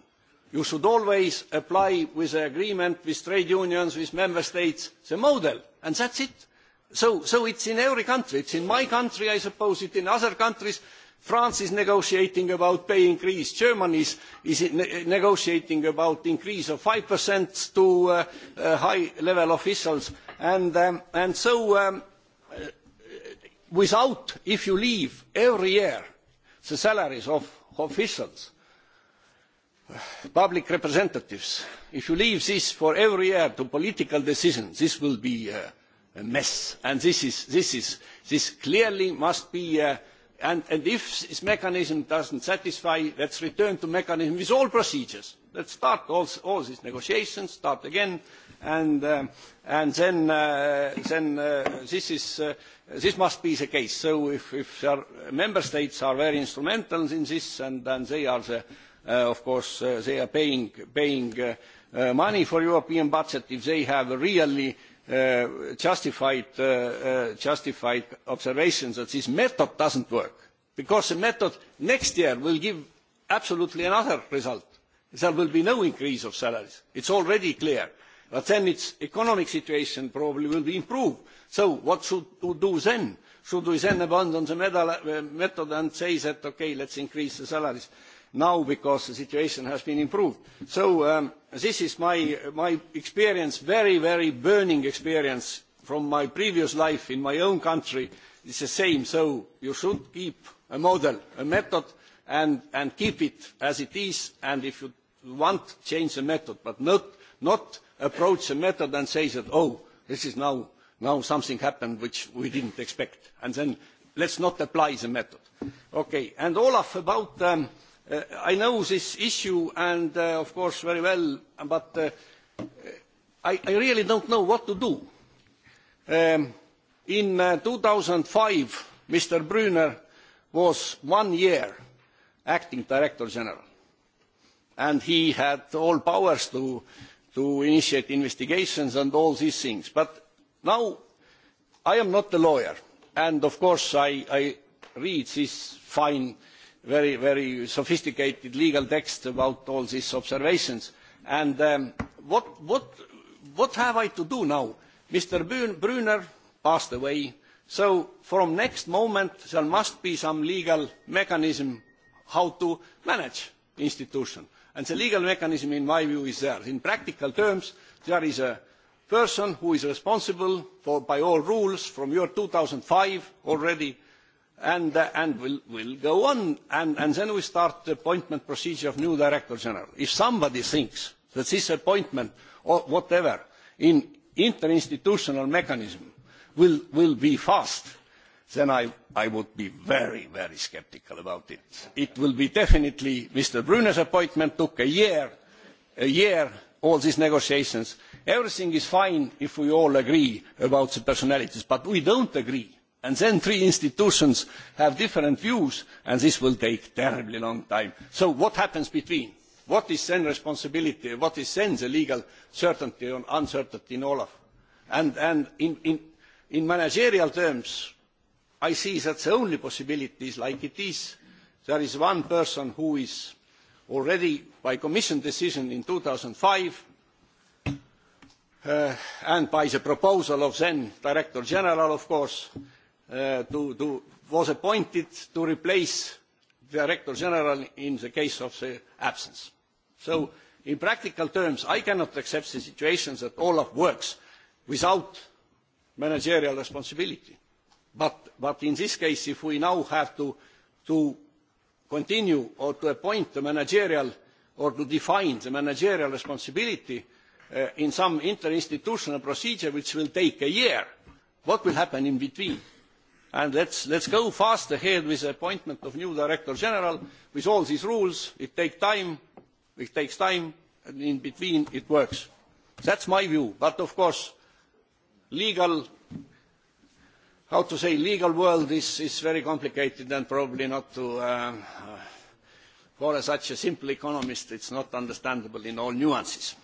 You should always apply with the agreement with trade unions, with member states, the model and that's it. So, so it's in every country. It's in my country, I suppose, it's in other countries france is negotiating about pay increase germany is negotiating about increase of five percent to uh, uh, high level officials and um, so um, uh, without if you leave every year the salaries of officials public representatives if you leave this for every year to political decisions this will be a mess and this is this clearly must be and, and if this mechanism doesn't satisfy, let's return to mechanism with all procedures. Let's start all, all these negotiations, start again, and, uh, and then, uh, then uh, this, is, uh, this must be the case. So if, if our member states are very instrumental in this, and, and they are, the, uh, of course, uh, they are paying, paying uh, uh, money for European budget, if they have a really uh, uh, justified, uh, uh, justified observations that this method doesn't work because the method next year will give absolutely another result. There will be no increase of salaries. It's already clear. But then its economic situation probably will be improved. So what should we do then? Should we then abandon the metal, uh, method and say that, okay, let's increase the salaries? Uh, now because the situation has been improved. so um, this is my experience a very very burning experience from my previous life in my own country it is the same so you should keep a model a method and keep it as it is and if you want change the method but not approach the method and say that oh this is now something happened which we didn't expect and then let's not apply the method. okay and olaf about um, Uh, I know this issue and uh, of course very well, but uh, I, I really don't know what to do. Um, in uh, 2005, Mr. Brunner was one year acting Director General and he had all powers to, to initiate investigations and all these things. But now I am not a lawyer and of course I, I read this fine uh, very sophisticated legal text about all these observations. And um, what, what, what have I to do now? Mr. Brunner passed away, so from next moment there must be some legal mechanism how to manage institution. And the legal mechanism, in my view, is there. In practical terms, there is a person who is responsible for, by all rules from your 2005 already and uh, will go on. Then we start the appointment procedure of new director general. If somebody thinks that this appointment or whatever in interinstitutional mechanism will, will be fast, then I, I would be very, very sceptical about it. It will be definitely Mr. Brunner's appointment took a year, a year, all these negotiations. Everything is fine if we all agree about the personalities, but we don't agree and then three institutions have different views and this will take terribly long time. So what happens between? What is then responsibility? What is then the legal certainty or uncertainty in Olaf? And, and in, in, in managerial terms, I see that the only possibility is like it is. There is one person who is already by commission decision in 2005 uh, and by the proposal of then director general, of course, Uh, was appointed to replace the director general in the case of the absence. so in practical terms i cannot accept the situation that olaf works without managerial responsibility but, but in this case if we now have to, to continue or to appoint the managerial or to define the managerial responsibility uh, in some interinstitutional procedure which will take a year what will happen in between? and let us go fast ahead with the appointment of new director general with all these rules. It takes time, it takes time, and in between it works. That is my view. But of course, legal how to say legal world is, is very complicated and probably not to uh, uh for a, such a simple economist it's not understandable in all nuances.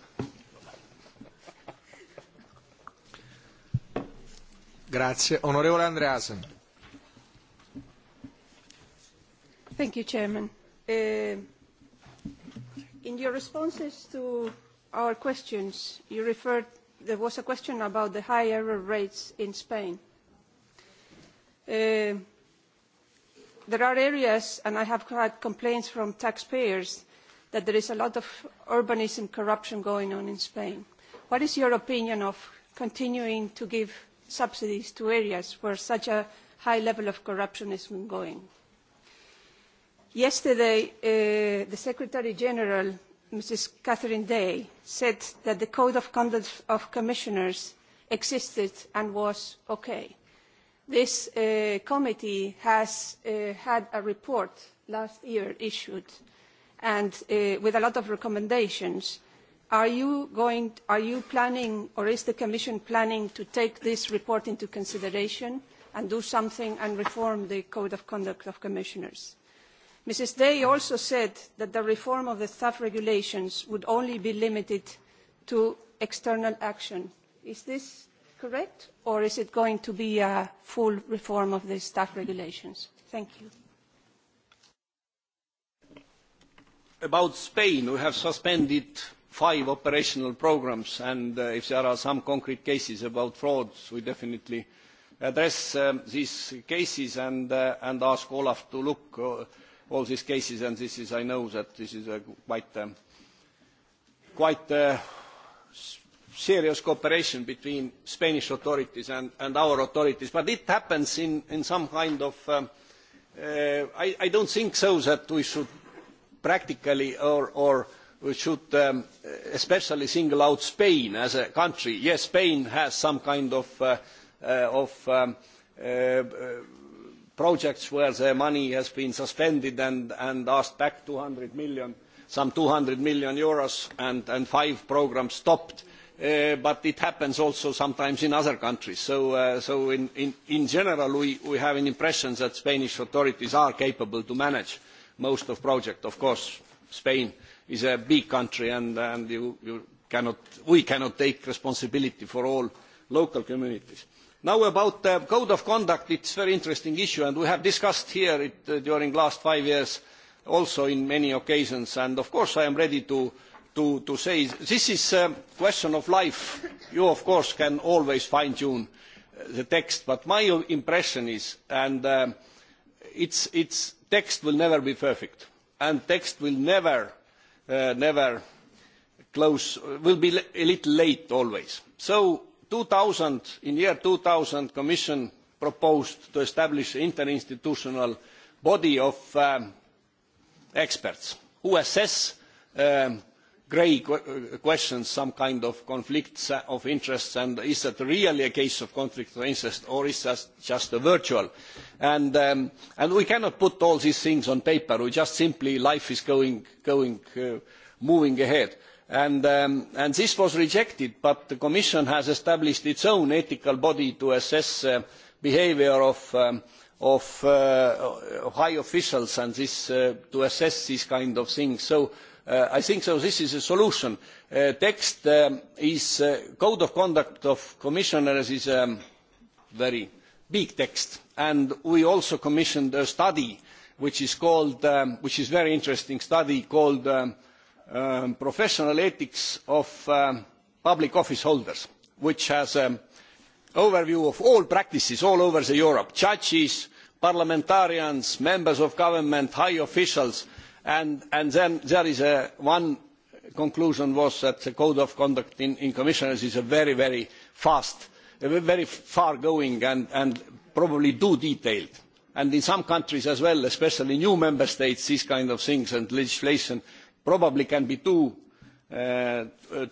Grazie. Onorevole Andreasen. Thank you, Chairman. Uh, in your responses to our questions, you referred there was a question about the high error rates in Spain. Uh, there are areas, and I have had complaints from taxpayers, that there is a lot of urbanism corruption going on in Spain. What is your opinion of continuing to give subsidies to areas where such a high level of corruption is ongoing? Yesterday, uh, the Secretary General, Mrs. Catherine Day, said that the Code of Conduct of Commissioners existed and was okay. This uh, committee has uh, had a report last year issued and uh, with a lot of recommendations. Are you, going, are you planning or is the Commission planning to take this report into consideration and do something and reform the Code of Conduct of Commissioners? ms day also said that the reform of the tef regulations would only be limited to external action. is this correct or is it going to be a full reform of the tef regulations? thank you. about spain, we have suspended five operational programs and uh, if there are some concrete cases about frauds, we definitely address um, these cases and, uh, and ask olaf to look uh, all these cases, and this is, I know that this is a quite, um, quite uh, serious cooperation between Spanish authorities and, and our authorities. But it happens in, in some kind of, um, uh, I, I don't think so that we should practically or, or we should um, especially single out Spain as a country. Yes, Spain has some kind of, uh, uh, of um, uh, uh, projects where the money has been suspended and, and asked back 200 million, some 200 million euros, and, and five programs stopped. Uh, but it happens also sometimes in other countries. So, uh, so in, in, in general, we, we have an impression that Spanish authorities are capable to manage most of projects. Of course, Spain is a big country, and, and you, you cannot, we cannot take responsibility for all local communities. Now about the code of conduct, it's a very interesting issue, and we have discussed here it uh, during the last five years also in many occasions, and of course I am ready to, to, to say this is a question of life. You, of course, can always fine-tune uh, the text, but my impression is, and uh, it's, it's text will never be perfect, and text will never, uh, never close, will be a little late always. So in the year two thousand the commission proposed to establish an interinstitutional body of um, experts who assess um, grey uh, questions some kind of conflicts uh, of interest and is it really a case of conflict of interest or is it just a virtual um, and we cannot put all these things on paper we just simply life is going uh, moving ahead. Um, and this was rejected but the commission has established its own ethical body to assess the uh, behaviour of um, uh, high officials and uh, to assess these kinds of things. so i think this is a solution. the um, code of conduct of commissioners is a very big text and we also commissioned a study which is a very interesting study called Um, professional ethics of um, public office holders which has an overview of all practices all over europe judges parliamentarians members of government high officials and then there is one conclusion that the code of conduct in commissioners is very very fast very far going and probably too detailed and in some countries as well especially new member states these kind of things and legislation probably can be too uh, uh, uh,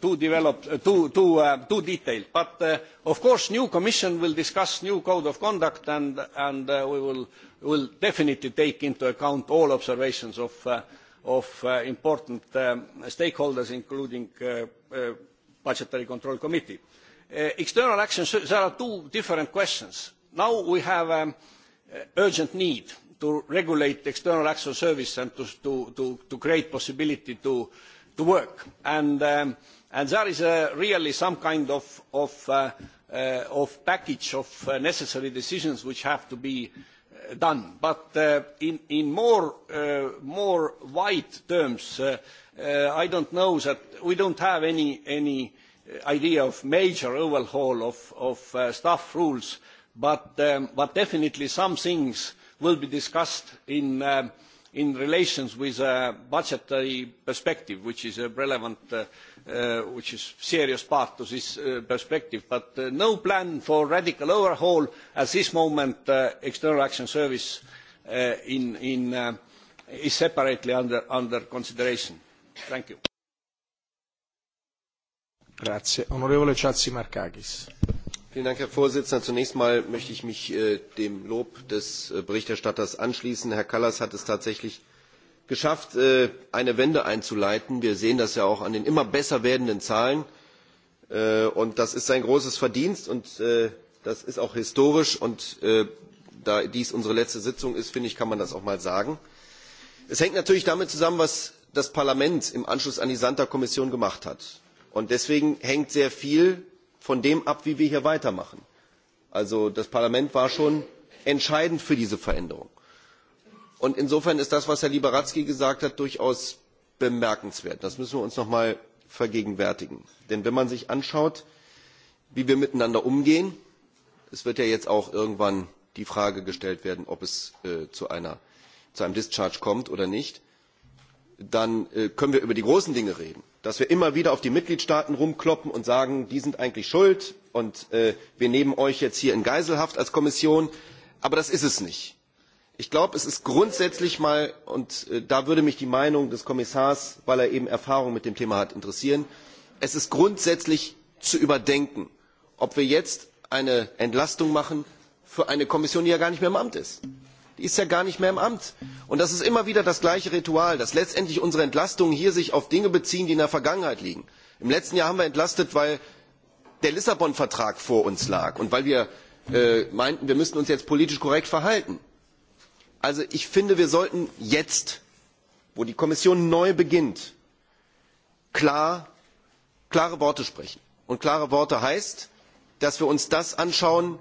detailed but of course the new commission will discuss the new code of conduct and we will definitely take into account all observations of important um, stakeholders including the budgetary control committee. external action there are two different questions. now we have an um, urgent need to regulate external access service and to, to, to, to create possibility to, to work. And, um, and there is a uh, really some kind of, of, uh, uh, of package of uh, necessary decisions which have to be uh, done. But uh, in, in more, uh, more wide terms, uh, uh, I don't know that we don't have any, any idea of major overhaul of, of uh, staff rules. But, um, but definitely some things will be discussed in, uh, in relation with a budgetary perspective, which is a relevant, uh, uh, which is serious part of this uh, perspective. But uh, no plan for radical overhaul at this moment, uh, External Action Service uh, in, in, uh, is separately under, under consideration. Thank you. Grazie. Onorevole Ciazzi Marcagis herr präsident! zunächst einmal möchte ich mich äh, dem lob des äh, berichterstatters anschließen. herr kallas hat es tatsächlich geschafft äh, eine wende einzuleiten. wir sehen das ja auch an den immer besser werdenden zahlen. das ist sein großes verdienst und das ist auch historisch. da dies unsere letzte sitzung ist kann man das auch einmal sagen. es hängt natürlich damit zusammen was das parlament im anschluss an die santer kommission gemacht hat. deswegen hängt sehr viel von dem ab wie wir hier weitermachen. also das parlament war schon entscheidend für diese veränderung. und insofern ist das was herr liberadzki gesagt hat durchaus bemerkenswert. das müssen wir uns noch einmal vergegenwärtigen. denn wenn man sich anschaut wie wir miteinander umgehen es wird ja jetzt auch irgendwann die frage gestellt werden ob es äh, zu, einer, zu einem discharge kommt oder nicht dann äh, können wir über die großen dinge reden dass wir immer wieder auf die mitgliedstaaten herumkloppen und sagen die sind eigentlich schuld und äh, wir nehmen euch jetzt hier in geiselhaft als kommission aber das ist es nicht. ich glaube es ist grundsätzlich mal und äh, da würde mich die meinung des kommissars weil er eben erfahrung mit dem thema hat interessieren es ist grundsätzlich zu überdenken ob wir jetzt eine entlastung machen für eine kommission die ja gar nicht mehr im amt ist die ist ja gar nicht mehr im amt. das ist immer wieder das gleiche ritual dass sich letztendlich unsere entlastungen hier auf dinge beziehen die in der vergangenheit liegen. im letzten jahr haben wir entlastet weil der lissabon vertrag vor uns lag und weil wir äh, meinten wir müssten uns jetzt politisch korrekt verhalten. also ich finde wir sollten jetzt wo die kommission neu beginnt klar, klare worte sprechen. und klare worte heißt dass wir uns das anschauen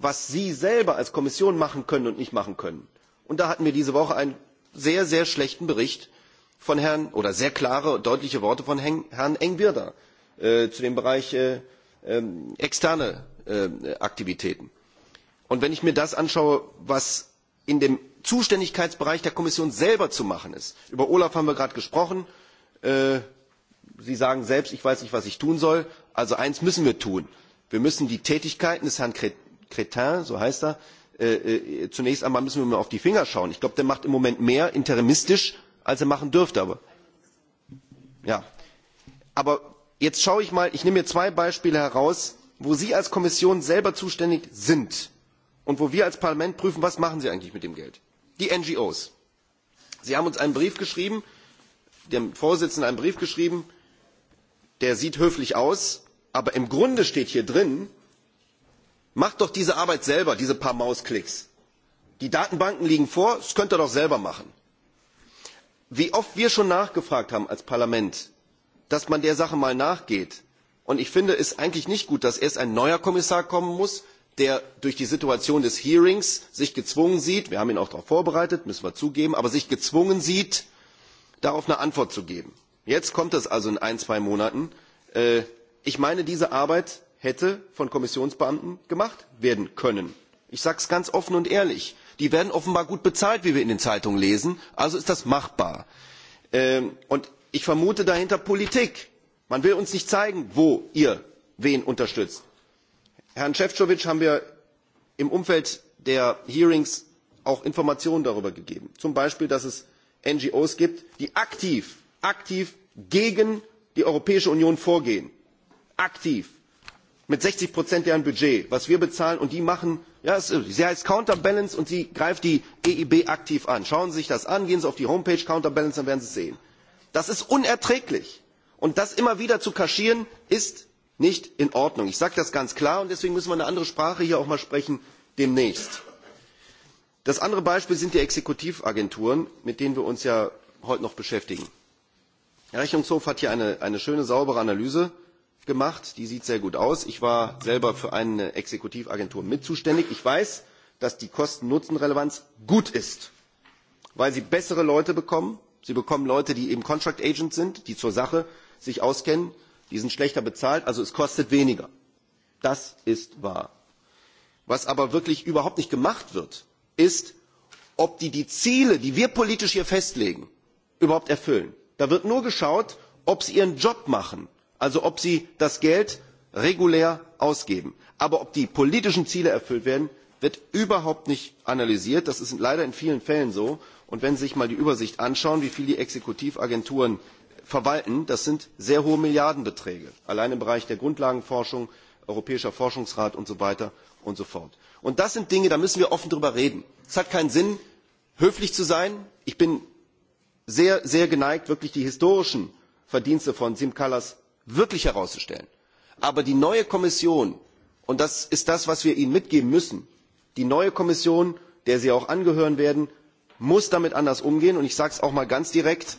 was sie selber als kommission machen können und nicht machen können. und da hatten wir diese woche einen sehr sehr schlechten bericht von herrn oder sehr klare und deutliche worte von herrn engbirda äh, zu dem bereich äh, ähm, externe äh, aktivitäten. und wenn ich mir das anschaue was in dem zuständigkeitsbereich der kommission selber zu machen ist über olaf haben wir gerade gesprochen sie sagen selbst ich weiß nicht was ich tun soll also eines müssen wir tun wir müssen die tätigkeiten des herrn Cretin, so heißt er, äh, äh, zunächst einmal müssen wir mal auf die Finger schauen. Ich glaube, der macht im Moment mehr interimistisch, als er machen dürfte. Aber, ja. aber jetzt schaue ich mal, ich nehme mir zwei Beispiele heraus, wo Sie als Kommission selber zuständig sind und wo wir als Parlament prüfen, was machen Sie eigentlich mit dem Geld. Die NGOs. Sie haben uns einen Brief geschrieben, dem Vorsitzenden einen Brief geschrieben, der sieht höflich aus, aber im Grunde steht hier drin, macht doch diese arbeit selber diese paar mausklicks! die datenbanken liegen vor das könnt ihr doch selber machen! wie oft wir schon nachgefragt haben als parlament dass man der sache mal nachgeht und ich finde es eigentlich nicht gut dass erst ein neuer kommissar kommen muss der sich durch die situation des hearings gezwungen sieht wir haben ihn auch darauf vorbereitet müssen wir zugeben aber sich gezwungen sieht darauf eine antwort zu geben. jetzt kommt es also in ein zwei monaten. Äh, ich meine diese arbeit hätte von kommissionsbeamten gemacht werden können. ich sage es ganz offen und ehrlich die werden offenbar gut bezahlt wie wir in den zeitungen lesen also ist das machbar. Ähm, ich vermute dahinter politik man will uns nicht zeigen wo ihr wen unterstützt. herrn efovi haben wir im umfeld der hearings auch informationen darüber gegeben zum beispiel dass es ngos gibt die aktiv gegen die europäische union vorgehen aktiv! mit sechzig deren budget was wir bezahlen und die machen ja, sie heißt counterbalance und sie greift die eib aktiv an. schauen sie sich das an gehen sie auf die homepage counterbalance dann werden sie es sehen. das ist unerträglich und das immer wieder zu kaschieren ist nicht in ordnung. ich sage das ganz klar und deswegen müssen wir eine andere sprache hier auch mal sprechen demnächst. das andere beispiel sind die exekutivagenturen mit denen wir uns ja heute noch beschäftigen. der rechnungshof hat hier eine, eine schöne saubere analyse gemacht. Die sieht sehr gut aus. Ich war selber für eine Exekutivagentur mit zuständig. Ich weiß, dass die Kosten-Nutzen-Relevanz gut ist, weil sie bessere Leute bekommen. Sie bekommen Leute, die eben Contract Agent sind, die zur Sache sich auskennen. Die sind schlechter bezahlt, also es kostet weniger. Das ist wahr. Was aber wirklich überhaupt nicht gemacht wird, ist, ob die die Ziele, die wir politisch hier festlegen, überhaupt erfüllen. Da wird nur geschaut, ob sie ihren Job machen also ob sie das geld regulär ausgeben aber ob die politischen ziele erfüllt werden wird überhaupt nicht analysiert. das ist leider in vielen fällen so und wenn sie sich mal die übersicht anschauen wie viel die exekutivagenturen verwalten das sind sehr hohe milliardenbeträge allein im bereich der grundlagenforschung europäischer forschungsrat und so weiter und so fort. das sind dinge da müssen wir offen darüber reden. es hat keinen sinn höflich zu sein ich bin sehr geneigt wirklich die historischen verdienste von siim kallas wirklich herauszustellen. aber die neue kommission und das ist das was wir ihnen mitgeben müssen die neue kommission der sie auch angehören werden muss damit anders umgehen und ich sage es auch mal ganz direkt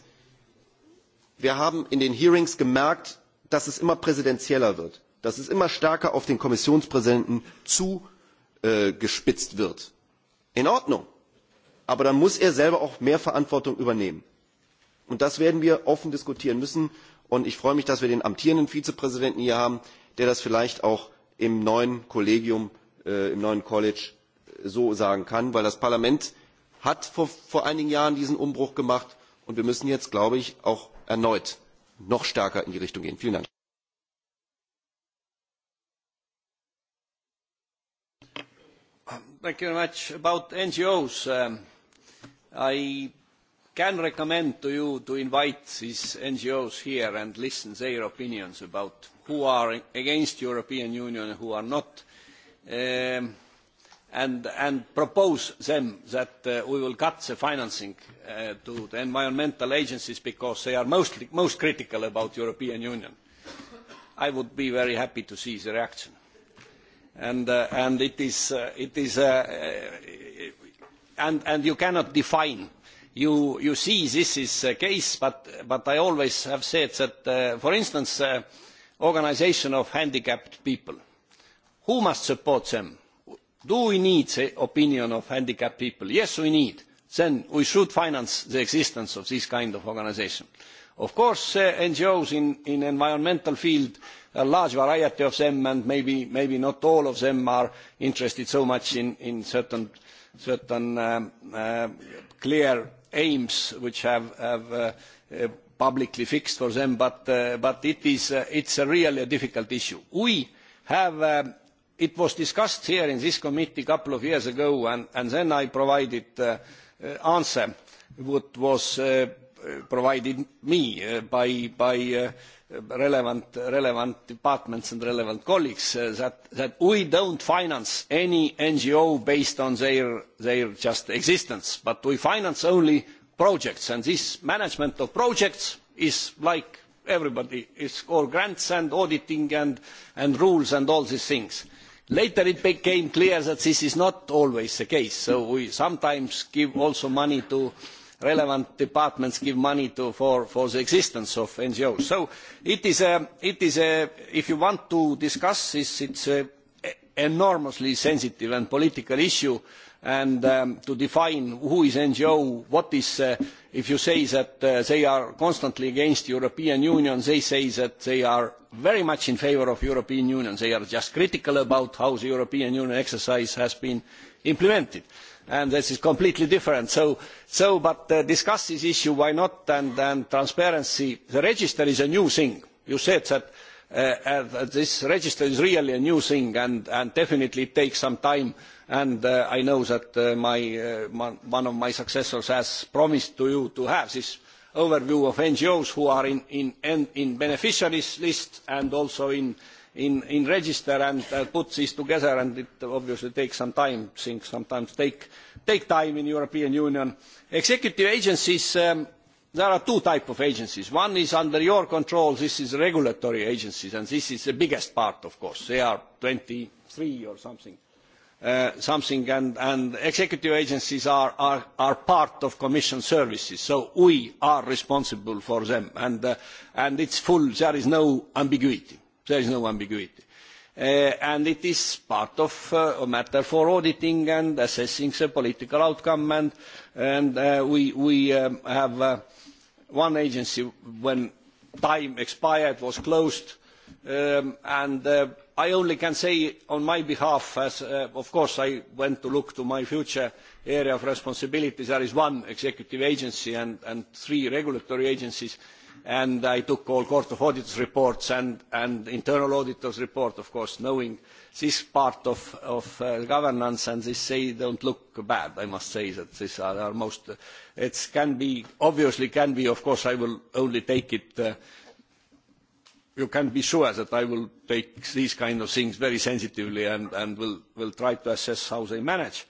wir haben in den hearings gemerkt dass es immer präsidentieller wird dass es immer stärker auf den kommissionspräsidenten zugespitzt äh, wird. in ordnung aber dann muss er selber auch mehr verantwortung übernehmen und das werden wir offen diskutieren müssen und ich freue mich dass wir den amtierenden vizepräsidenten hier haben der das vielleicht auch im neuen kollegium äh, im neuen college äh, so sagen kann weil das parlament hat vor einigen jahren diesen umbruch gemacht und wir müssen jetzt glaube ich auch erneut noch stärker in die richtung gehen. vielen dank! Thank you very much. About NGOs, um, I can recommend to you to invite these NGOs here and listen to their opinions about who are against European Union and who are not, um, and, and propose them that uh, we will cut the financing uh, to the environmental agencies because they are mostly, most critical about European Union. I would be very happy to see the reaction. And, uh, and, it is, uh, it is, uh, uh and, and you cannot define you see this is the case but i always have said that uh, for instance the uh, organisation of handicapped people who must support them? do we need the opinion of handicapped people? yes we need. then we should finance the existence of this kind of organisation. of course the uh, ngos in the environmental field a large variety of them and maybe, maybe not all of them are interested so much in, in certain, certain um, uh, clear aims which have uh, uh, publicly fixed for them but uh, it's a really difficult issue. We have um, it was discussed here in this committee a couple of years ago and then I provided answer what was provided me by relevant, relevant departments and relevant colleagues uh, that, that we don't finance any NGO based on their, their just existence, but we finance only projects. And this management of projects is like everybody. It's all grants and auditing and, and rules and all these things. Later it became clear that this is not always the case. So we sometimes give also money to, uh, relevant departments give money to, for, for the existence of NGOs. So it is, a, it is a, if you want to discuss this, it's an e, enormously sensitive and political issue and um, to define who is NGO, what is, uh, if you say that uh, they are constantly against European Union, they say that they are very much in favour of European Union. They are just critical about how the European Union exercise has been implemented and this is completely different. but uh, discuss this issue why not and transparency the register is a new thing. you said that uh, uh, this register is really a new thing and definitely it takes some time and i know that one of my successors has promised you to have this overview of ngos who are in the beneficiaries list and also in in register and uh, put these together and it obviously takes some time things sometimes take take time in european union executive agencies um, there are two types of agencies. One is under your control, this is regulatory agencies, and this is the biggest part, of course. They are 23 or something. Uh, something, and, and executive agencies are, are, are part of commission services, so we are responsible for them, and, uh, and it's full, there is no ambiguity. There is no ambiguity. Eh, it is part of uh, a matter for auditing and assessing the political outcome, and uh, we um, have uh, one agency when time expired was closed. Um, I only can say on my behalf as, of course, I went to look to my future area of responsibility, there is one executive agency and three regulatory agencies and i took all court of auditors reports and internal auditors reports of course knowing this part of uh, governance and they do not look bad i must say that these are most uh, it can be obviously can be of course i will only take it uh, you can be sure that i will take these kind of things very sensitively and will try to assess how they manage.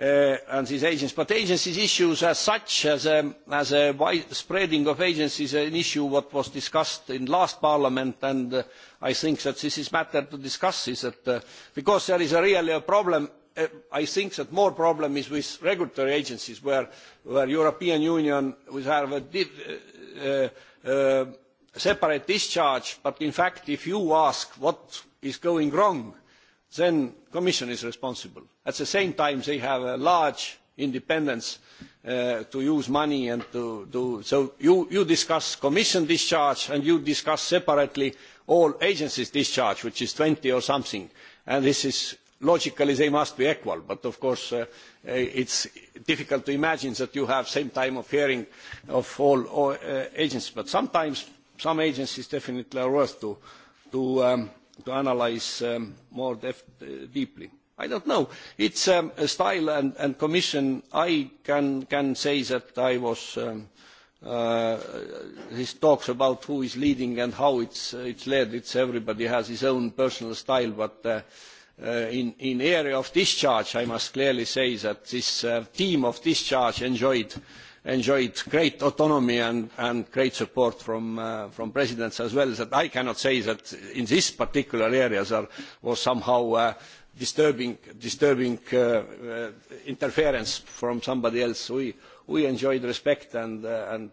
Uh, and these agencies. But agencies issues as such, as a, um, as a wide spreading of agencies, an issue what was discussed in last parliament, and uh, I think that this is matter to discuss, is that, uh, because there is a really a uh, problem, uh, I think that more problem is with regulatory agencies, where, where European Union would have a div, uh, uh, uh, separate discharge, but in fact, if you ask what is going wrong, then Commission is responsible at the same time they have a large independence uh, to use money and to, to so you, you discuss commission discharge and you discuss separately all agencies discharge which is 20 or something and this is logically they must be equal but of course uh, uh, it's difficult to imagine that you have same time of hearing of all, all uh, agencies but sometimes some agencies definitely are worth to, to, um, to analyze um, more def- uh, deeply i don't know it's um, a style and, and commission i can can say that i was um, uh, this talks about who is leading and how it's uh, it's led it's everybody has his own personal style but uh, uh, in in area of discharge i must clearly say that this uh, team of discharge enjoyed enjoyed great autonomy and, and great support from, uh, from presidents as well. That I cannot say that in this particular area there was somehow uh, disturbing, disturbing uh, uh, interference from somebody else. We, we enjoyed respect and, uh, and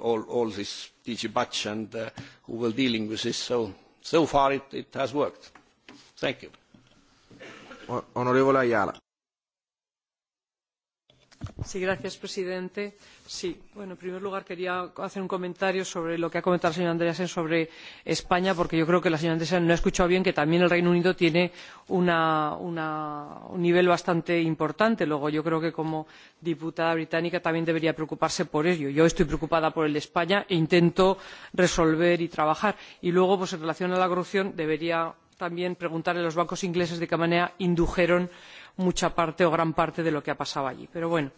all, all this DG Batch and uh, who were dealing with this. So, so far it, it has worked. Thank you. Honorable Ayala señor presidente en primer lugar quería hacer un comentario sobre lo que ha comentado la señora andreasen sobre españa porque yo creo que la señora andreasen no ha escuchado bien que también el reino unido tiene un nivel bastante importante. luego yo creo que como diputada británica también debería preocuparse por ello. yo estoy preocupada por el de españa e intento resolver y trabajar. y luego en relación con la corrupción debería también preguntarle a los bancos ingleses de qué manera indujeron mucha parte o gran parte de lo que ha pasado allí pero bueno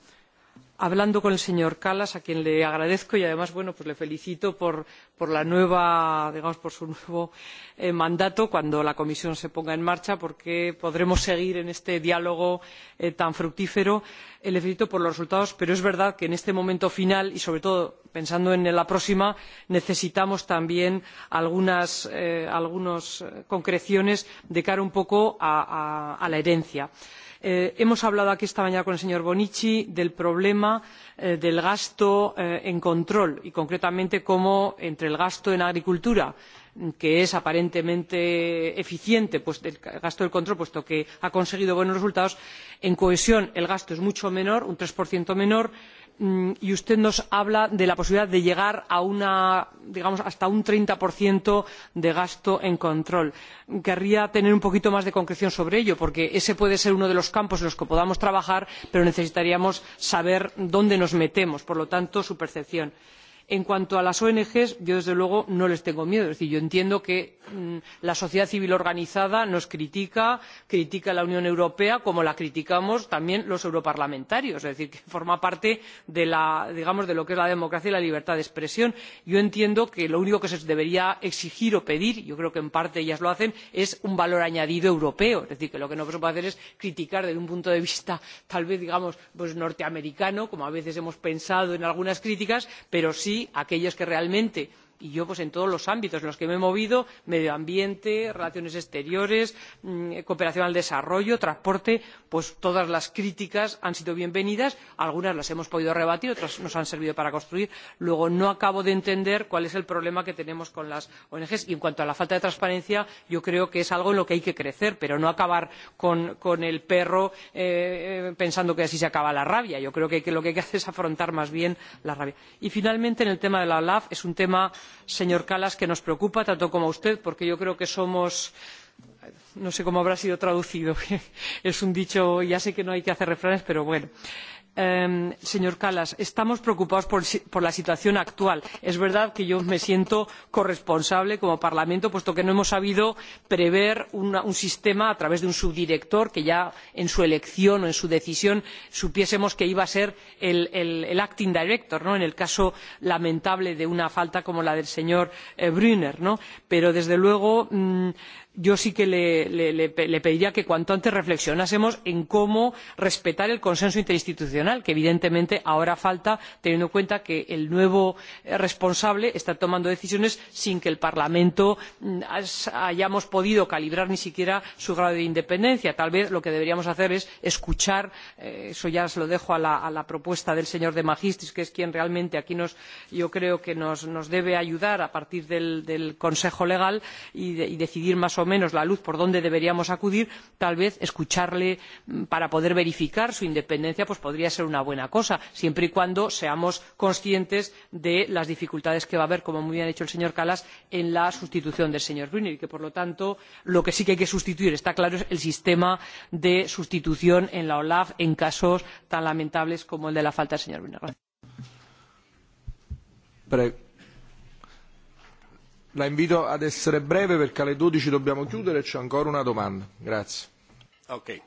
hablando con el señor kallas a quien le agradezco y además le felicito por su nuevo eh, mandato cuando la comisión se ponga en marcha porque podremos seguir en este diálogo eh, tan fructífero eh, le felicito por los resultados pero es verdad que en este momento final y sobre todo pensando en la próxima necesitamos también algunas concreciones de cara un poco a la herencia. Eh, hemos hablado aquí esta mañana con el señor bonici del problema eh, del gasto eh, en control y concretamente de cómo entre el gasto en agricultura que es aparentemente eficiente el gasto en control puesto que ha conseguido buenos resultados en cohesión el gasto es mucho menor un tres menor y Mm, y usted nos habla de la posibilidad de llegar hasta un treinta de gasto en control. querría tener un poquito más de concreción sobre ello porque ese puede ser uno de los campos en los que podamos trabajar pero necesitaríamos saber dónde nos metemos por lo tanto su percepción sobre ello en cuanto a las ong yo desde luego no les tengo miedo es decir yo entiendo que mm, la sociedad civil organizada nos critica critica a la unión europea como la criticamos también los europarlamentarios es decir que forma parte de lo que es la democracia y la libertad de expresión. yo entiendo que lo único que se debería exigir o pedir y yo creo que en parte ellas lo hacen es un valor añadido europeo es decir que lo que no se puede hacer es criticar desde un punto de vista tal vez digamos norteamericano como a veces hemos pensado en algunas críticas pero sí aquellos que realmente y yo en todos los ámbitos en los que me he movido medio ambiente relaciones exteriores mm, cooperación al desarrollo transporte todas las críticas han sido bienvenidas algunas las hemos podido rebatir otras nos han servido para construir. luego no acabo de entender cuál es el problema que tenemos con las ong y en cuanto a la falta de transparencia yo creo que es algo en lo que hay que crecer pero no acabar con el perro eh, eh, pensando que así se acaba la rabia yo creo que lo que hay que hacer es afrontar más bien la rabia. y finalmente en el tema de la olaf es un tema señor kallas que nos preocupa tanto como a usted porque yo creo que somos no sé cómo habrá sido traducido es un dicho ya sé que no hay que hacer refranes pero bueno señor kallas estamos preocupados por la situación actual. es verdad que yo me siento corresponsable como parlamento puesto que no hemos sabido prever un sistema a través de un subdirector que ya en su elección o en su decisión supiésemos que iba a ser el acting director ¿no? en el caso lamentable de una falta como la del señor eh, brunner. ¿no? pero desde luego mm, yo sí que le pediría que cuanto antes reflexionásemos en cómo respetar el consenso interinstitucional que evidentemente ahora falta teniendo en cuenta que el nuevo eh, responsable está tomando decisiones sin que en el parlamento mm, hayamos podido calibrar ni siquiera su grado de independencia. tal vez lo que deberíamos hacer es escuchar eh, eso ya se lo dejo a la propuesta del señor de magistris que es quien realmente aquí yo creo que nos debe ayudar a partir del consejo jurídico y decidir más o menos la luz por dónde deberíamos acudir tal vez escucharle mm, para poder verificar su independencia podría ser una buena cosa siempre y cuando seamos conscientes de las dificultades que va a haber como muy bien ha dicho el señor kallas en la sustitución del señor brunner y que por lo tanto lo que sí que hay que sustituir está claro es el sistema de sustitución en la olaf en casos tan lamentables como el de la falta del señor brunner. La invito ad essere breve perché alle 12 dobbiamo chiudere e c'è ancora una domanda. Grazie. Ok.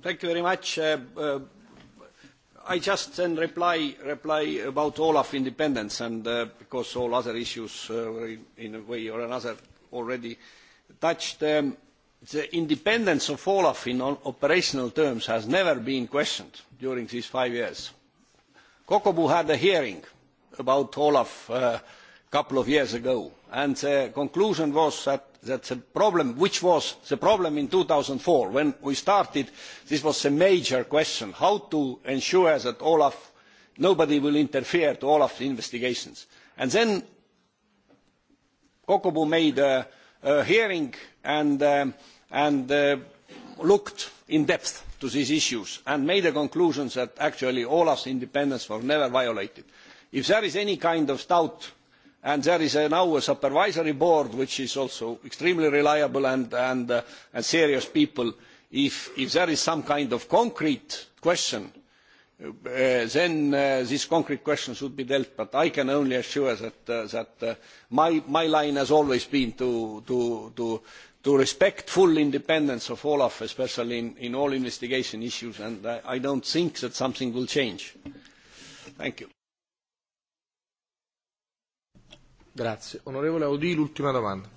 Thank you very much. Uh, uh, I just then reply, reply about Olaf independence and uh, because all other issues uh, in a way or another already touched. Um, the independence of Olaf in operational terms has never been questioned during these five years. Kokobu had a hearing about Olaf uh, couple of years ago and the conclusion was that the problem which was the problem in two thousand and four when we started this was a major question how to ensure that nobody will interfere in olaf's investigations. then kokobu made a hearing and um, uh, looked in depth into these issues and made a conclusion that actually olaf's independence was never violated. if there is any kind of doubt and there is now a supervisory board which is also extremely reliable and uh, serious people if there is some kind of concrete question uh, then uh, this concrete question should be dealt with. but i can only assure that my line has always been to respect the full independence of olaf especially in all investigation issues and i do not think that something will change. Grazie. Onorevole Audi, l'ultima domanda.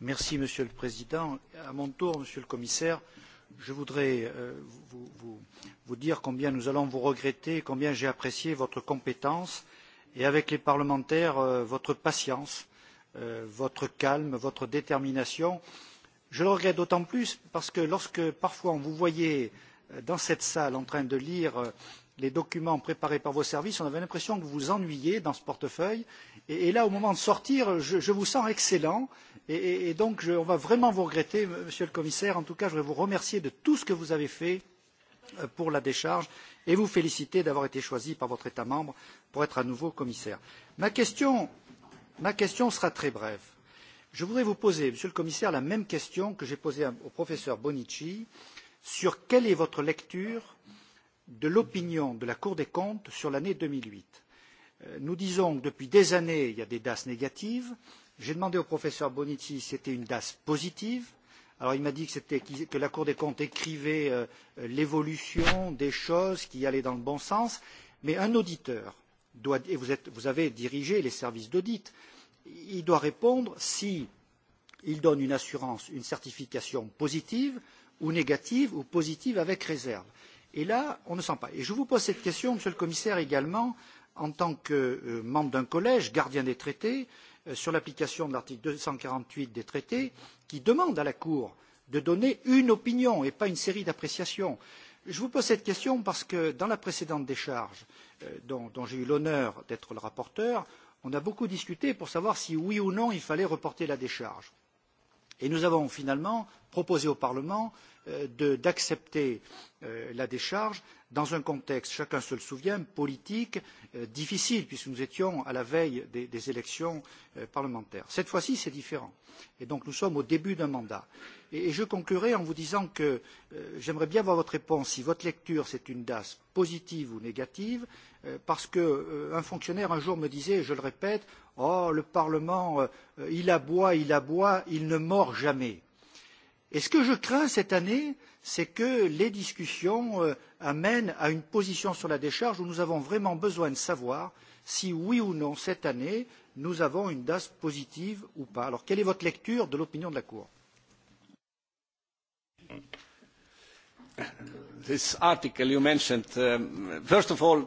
Merci Monsieur le Président. À mon tour, Monsieur le Commissaire, je voudrais euh, vous, vous, vous dire combien nous allons vous regretter, combien j'ai apprécié votre compétence et avec les parlementaires, euh, votre patience, euh, votre calme, votre détermination. Je le regrette d'autant plus parce que lorsque parfois on vous voyait euh, dans cette salle en train de lire euh, les documents préparés par vos services, on avait l'impression que vous vous ennuyiez dans ce portefeuille. Et, et là, au moment de sortir, je, je vous sens excellent. Et, et, et donc, je, on va vraiment vous regretter, monsieur le commissaire. En tout cas, je voudrais vous remercier de tout ce que vous avez fait euh, pour la décharge et vous féliciter d'avoir été choisi par votre État membre pour être à nouveau commissaire. Ma question, ma question sera très brève. Je voudrais vous poser, monsieur le commissaire, la même question que j'ai posée au professeur Bonici sur quelle est votre lecture euh, de l'opinion de la Cour des comptes sur l'année 2008. Euh, nous disons que depuis des années, il y a des DAS négatives. J'ai demandé au professeur Bonitti si c'était une DAS positive. Alors il m'a dit que, que la Cour des comptes écrivait euh, l'évolution des choses qui allaient dans le bon sens. Mais un auditeur, doit, et vous, êtes, vous avez dirigé les services d'audit, il doit répondre si il donne une assurance, une certification positive ou négative ou positive avec réserve. Et là, on ne sent pas. Et je vous pose cette question, Monsieur le Commissaire, également, en tant que euh, membre d'un collège, gardien des traités, euh, sur l'application de l'article 248 des traités, qui demande à la Cour de donner une opinion et pas une série d'appréciations. Je vous pose cette question parce que dans la précédente décharge, euh, dont, dont j'ai eu l'honneur d'être le rapporteur, on a beaucoup discuté pour savoir si oui ou non il fallait reporter la décharge. Et nous avons finalement proposé au Parlement euh, d'accepter euh, la décharge dans un contexte, chacun se le souvient, politique euh, difficile, puisque nous étions à la veille des, des élections euh, parlementaires. Cette fois-ci, c'est différent. Et donc, nous sommes au début d'un mandat. Et, et je conclurai en vous disant que euh, j'aimerais bien avoir votre réponse si votre lecture, c'est une DAS positive ou négative, euh, parce qu'un euh, fonctionnaire un jour me disait, je le répète, Oh, le Parlement, euh, il aboie, il aboie, il ne mord jamais. Et ce que je crains cette année, c'est que les discussions euh, amènent à une position sur la décharge où nous avons vraiment besoin de savoir si oui ou non, cette année, nous avons une DAS positive ou pas. Alors, quelle est votre lecture de l'opinion de la Cour This article you mentioned, um, first of all,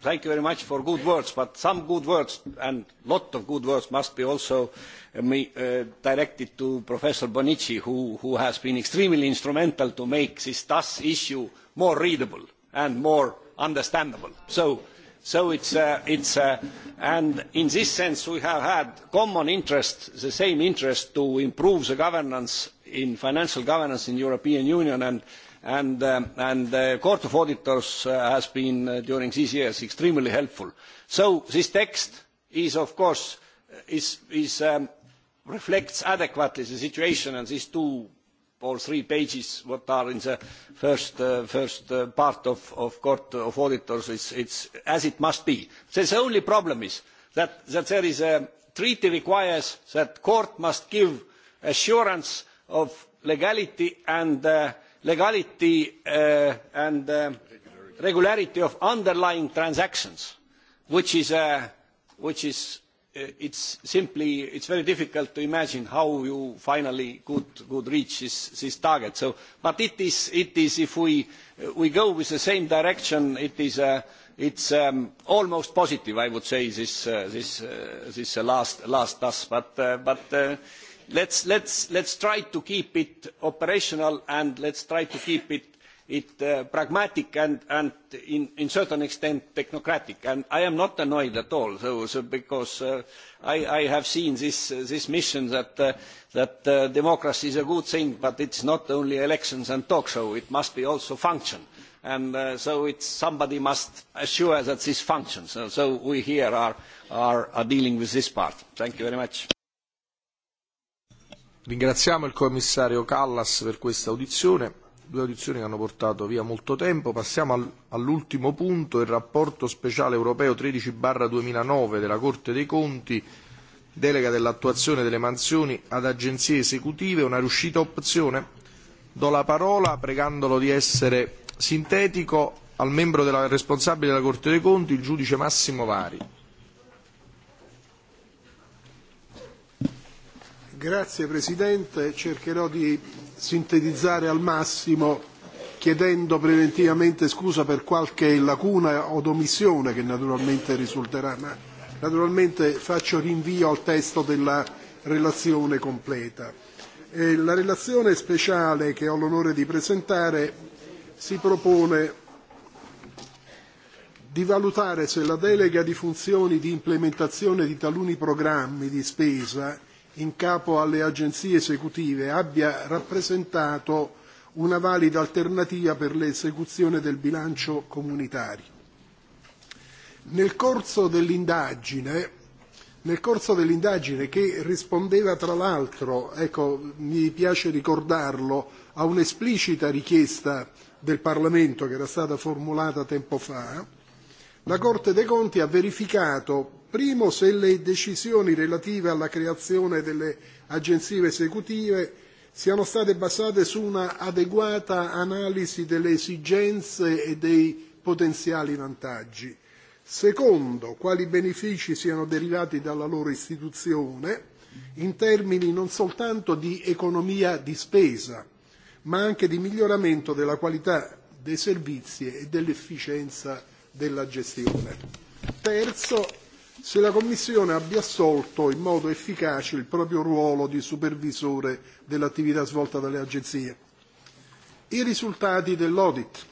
thank you very much for good words but some good words and a lot of good words must be also uh, uh, directed to professor bonici who, who has been extremely instrumental to make this das issue more readable and more understandable so so it's uh, it's uh, and in this sense we have had common interest the same interest to improve the governance in financial governance in european union and Um, and the court of auditors uh, has been uh, during these years extremely helpful. so this text of course uh, um, reflects adequately the situation and these two or three pages that are in the first part of the court of auditors it is as it must be. the only problem is that there is a treaty requires that the court must give assurance of legality and legality uh, and uh, regularity of underlying transactions which is a, uh, which is it's simply it's very difficult to imagine how you finally could could reach this this target so but it is it is if we we go with the same direction it is a, it's um, almost positive i would say this uh, this uh, this uh, last last us but uh, but uh, let's try to keep it operational and let's try to keep it, it uh, pragmatic and, and in, in certain extent technocratic. And I am not annoyed at all so, so because uh, I, I have seen this, uh, this mission that, uh, that uh, democracy is a good thing, but it's not only elections and talk show, it must be also function. And uh, so it's somebody must assure that this functions. So, so we here are, are, are dealing with this part. Thank you very much. Ringraziamo il commissario Callas per questa audizione. Due audizioni che hanno portato via molto tempo. Passiamo all'ultimo punto, il rapporto speciale europeo 13-2009 della Corte dei Conti, delega dell'attuazione delle mansioni ad agenzie esecutive, una riuscita opzione. Do la parola, pregandolo di essere sintetico, al membro della, responsabile della Corte dei Conti, il giudice Massimo Vari. Grazie Presidente, cercherò di sintetizzare al massimo chiedendo preventivamente scusa per qualche lacuna o omissione che naturalmente risulterà, ma naturalmente faccio rinvio al testo della relazione completa. E la relazione speciale che ho l'onore di presentare si propone di valutare se la delega di funzioni di implementazione di taluni programmi di spesa in capo alle agenzie esecutive abbia rappresentato una valida alternativa per l'esecuzione del bilancio comunitario. Nel corso dell'indagine, nel corso dell'indagine che rispondeva tra l'altro, ecco, mi piace ricordarlo, a un'esplicita richiesta del Parlamento che era stata formulata tempo fa, la Corte dei Conti ha verificato primo se le decisioni relative alla creazione delle agenzie esecutive siano state basate su una adeguata analisi delle esigenze e dei potenziali vantaggi. Secondo, quali benefici siano derivati dalla loro istituzione in termini non soltanto di economia di spesa, ma anche di miglioramento della qualità dei servizi e dell'efficienza della gestione. Terzo, se la Commissione abbia assolto in modo efficace il proprio ruolo di supervisore dell'attività svolta dalle agenzie. I risultati dell'audit.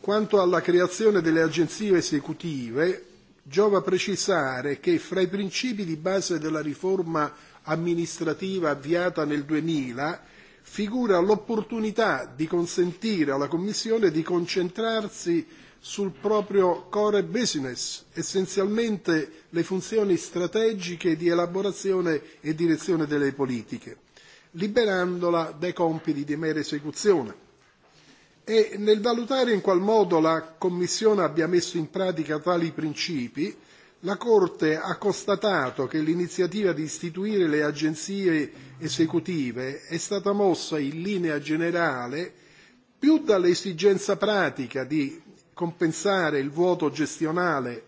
Quanto alla creazione delle agenzie esecutive, giova precisare che fra i principi di base della riforma amministrativa avviata nel 2000 figura l'opportunità di consentire alla Commissione di concentrarsi sul proprio core business, essenzialmente le funzioni strategiche di elaborazione e direzione delle politiche, liberandola dai compiti di mera esecuzione. E nel valutare in qual modo la Commissione abbia messo in pratica tali principi, la Corte ha constatato che l'iniziativa di istituire le agenzie esecutive è stata mossa in linea generale più dall'esigenza pratica di compensare il vuoto gestionale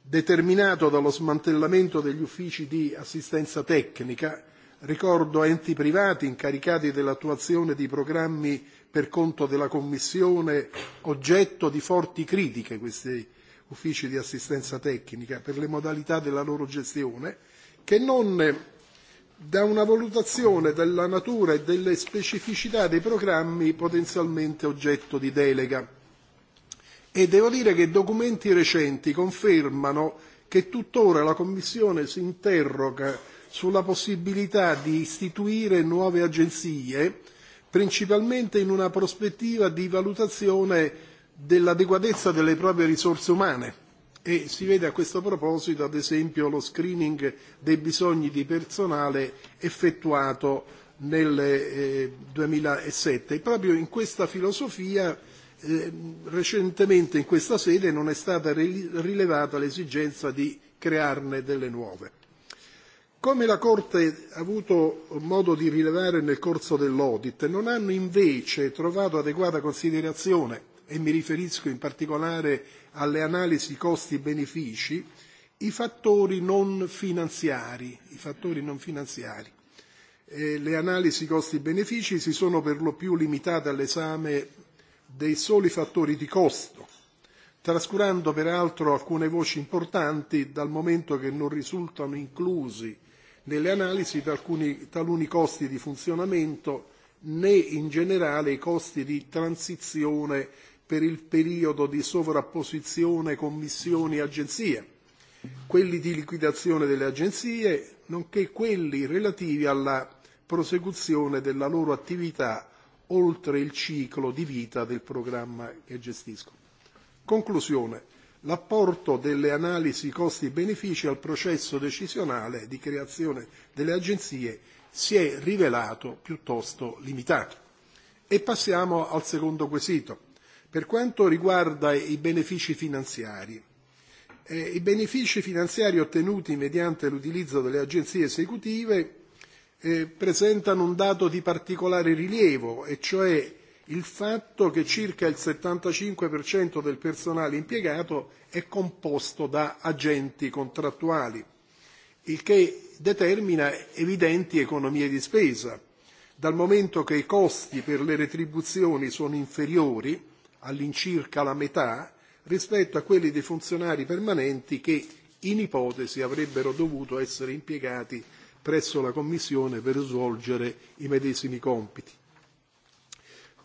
determinato dallo smantellamento degli uffici di assistenza tecnica, ricordo enti privati incaricati dell'attuazione di programmi per conto della Commissione oggetto di forti critiche questi uffici di assistenza tecnica per le modalità della loro gestione, che non da una valutazione della natura e delle specificità dei programmi potenzialmente oggetto di delega e devo dire che documenti recenti confermano che tuttora la Commissione si interroga sulla possibilità di istituire nuove agenzie, principalmente in una prospettiva di valutazione dell'adeguatezza delle proprie risorse umane. E si vede a questo proposito, ad esempio, lo screening dei bisogni di personale effettuato nel eh, 2007. E proprio in questa filosofia, Ehm, recentemente in questa sede non è stata rilevata l'esigenza di crearne delle nuove. Come la Corte ha avuto modo di rilevare nel corso dell'audit, non hanno invece trovato adeguata considerazione, e mi riferisco in particolare alle analisi costi-benefici, i fattori non finanziari. I fattori non finanziari. Eh, le analisi costi-benefici si sono per lo più limitate all'esame dei soli fattori di costo, trascurando peraltro alcune voci importanti dal momento che non risultano inclusi nelle analisi di alcuni, taluni costi di funzionamento né in generale i costi di transizione per il periodo di sovrapposizione commissioni-agenzie, e quelli di liquidazione delle agenzie, nonché quelli relativi alla prosecuzione della loro attività oltre il ciclo di vita del programma che gestisco. Conclusione. L'apporto delle analisi costi-benefici al processo decisionale di creazione delle agenzie si è rivelato piuttosto limitato. E passiamo al secondo quesito. Per quanto riguarda i benefici finanziari, eh, i benefici finanziari ottenuti mediante l'utilizzo delle agenzie esecutive eh, presentano un dato di particolare rilievo, e cioè il fatto che circa il 75% del personale impiegato è composto da agenti contrattuali, il che determina evidenti economie di spesa, dal momento che i costi per le retribuzioni sono inferiori all'incirca la metà rispetto a quelli dei funzionari permanenti che in ipotesi avrebbero dovuto essere impiegati presso la Commissione per svolgere i medesimi compiti.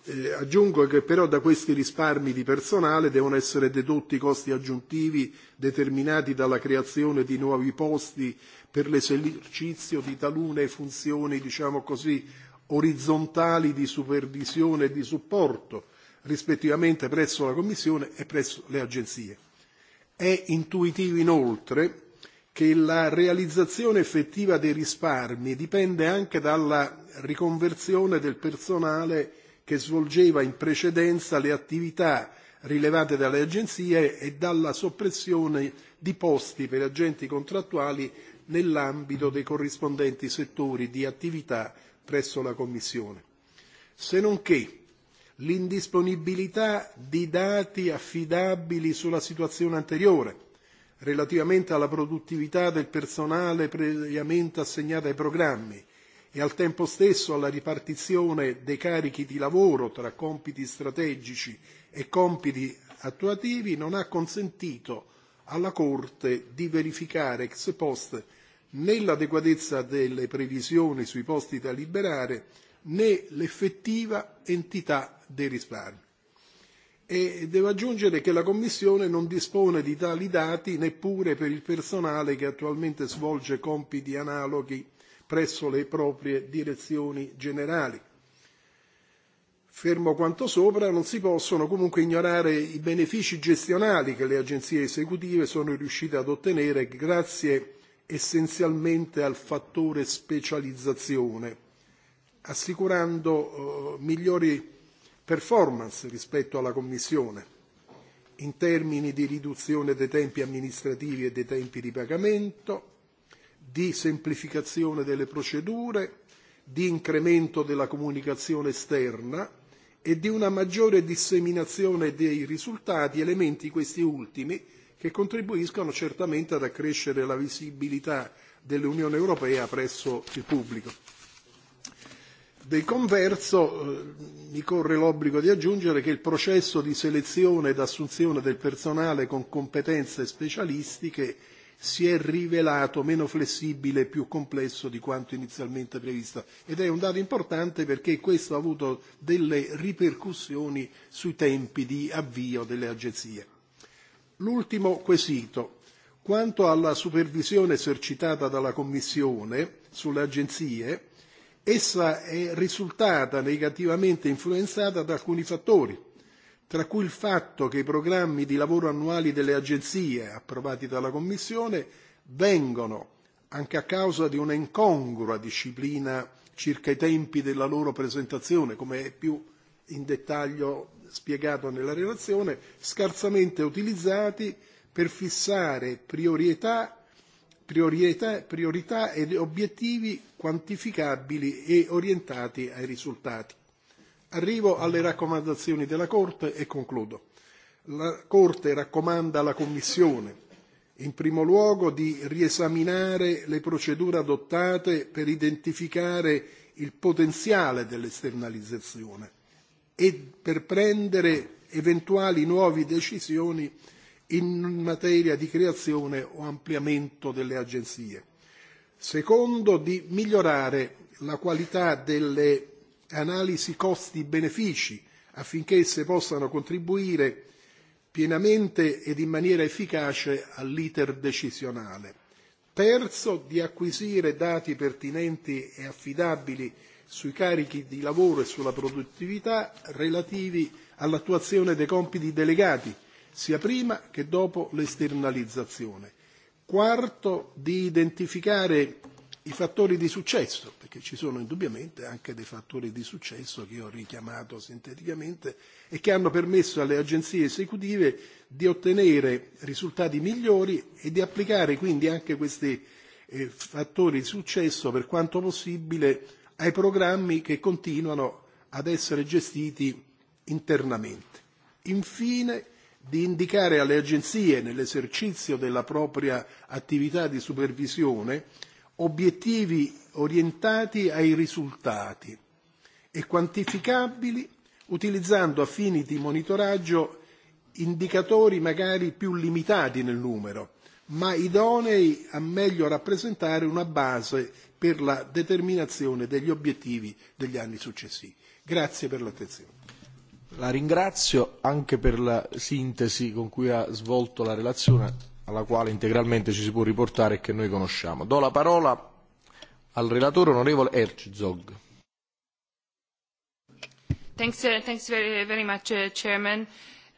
Eh, aggiungo che però da questi risparmi di personale devono essere dedotti i costi aggiuntivi determinati dalla creazione di nuovi posti per l'esercizio di talune funzioni, diciamo così, orizzontali di supervisione e di supporto rispettivamente presso la Commissione e presso le agenzie. È intuitivo inoltre che la realizzazione effettiva dei risparmi dipende anche dalla riconversione del personale che svolgeva in precedenza le attività rilevate dalle agenzie e dalla soppressione di posti per agenti contrattuali nell'ambito dei corrispondenti settori di attività presso la Commissione. Se non che l'indisponibilità di dati affidabili sulla situazione anteriore, relativamente alla produttività del personale previamente assegnato ai programmi e al tempo stesso alla ripartizione dei carichi di lavoro tra compiti strategici e compiti attuativi non ha consentito alla Corte di verificare ex post né l'adeguatezza delle previsioni sui posti da liberare né l'effettiva entità dei risparmi e devo aggiungere che la Commissione non dispone di tali dati neppure per il personale che attualmente svolge compiti analoghi presso le proprie direzioni generali. Fermo quanto sopra, non si possono comunque ignorare i benefici gestionali che le agenzie esecutive sono riuscite ad ottenere grazie essenzialmente al fattore specializzazione, assicurando eh, migliori risultati performance rispetto alla Commissione in termini di riduzione dei tempi amministrativi e dei tempi di pagamento, di semplificazione delle procedure, di incremento della comunicazione esterna e di una maggiore disseminazione dei risultati, elementi questi ultimi che contribuiscono certamente ad accrescere la visibilità dell'Unione Europea presso il pubblico dei converso eh, mi corre l'obbligo di aggiungere che il processo di selezione ed assunzione del personale con competenze specialistiche si è rivelato meno flessibile e più complesso di quanto inizialmente previsto ed è un dato importante perché questo ha avuto delle ripercussioni sui tempi di avvio delle agenzie. L'ultimo quesito. Quanto alla supervisione esercitata dalla Commissione sulle agenzie, essa è risultata negativamente influenzata da alcuni fattori, tra cui il fatto che i programmi di lavoro annuali delle agenzie approvati dalla Commissione vengono, anche a causa di una incongrua disciplina circa i tempi della loro presentazione, come è più in dettaglio spiegato nella relazione, scarsamente utilizzati per fissare priorità priorità, priorità ed obiettivi quantificabili e orientati ai risultati. Arrivo alle raccomandazioni della Corte e concludo. La Corte raccomanda alla Commissione, in primo luogo, di riesaminare le procedure adottate per identificare il potenziale dell'esternalizzazione e per prendere eventuali nuove decisioni in materia di creazione o ampliamento delle agenzie. Secondo, di migliorare la qualità delle analisi costi-benefici affinché esse possano contribuire pienamente ed in maniera efficace all'iter decisionale. Terzo, di acquisire dati pertinenti e affidabili sui carichi di lavoro e sulla produttività relativi all'attuazione dei compiti delegati sia prima che dopo l'esternalizzazione. Quarto, di identificare i fattori di successo, perché ci sono indubbiamente anche dei fattori di successo che io ho richiamato sinteticamente e che hanno permesso alle agenzie esecutive di ottenere risultati migliori e di applicare quindi anche questi eh, fattori di successo per quanto possibile ai programmi che continuano ad essere gestiti internamente. Infine, di indicare alle agenzie nell'esercizio della propria attività di supervisione obiettivi orientati ai risultati e quantificabili utilizzando a fini di monitoraggio indicatori magari più limitati nel numero, ma idonei a meglio rappresentare una base per la determinazione degli obiettivi degli anni successivi. Grazie per l'attenzione. La ringrazio anche per la sintesi con cui ha svolto la relazione alla quale integralmente ci si può riportare e che noi conosciamo. Do la parola al relatore onorevole Erzog. Thanks, uh, thanks very, very much, uh, Chairman.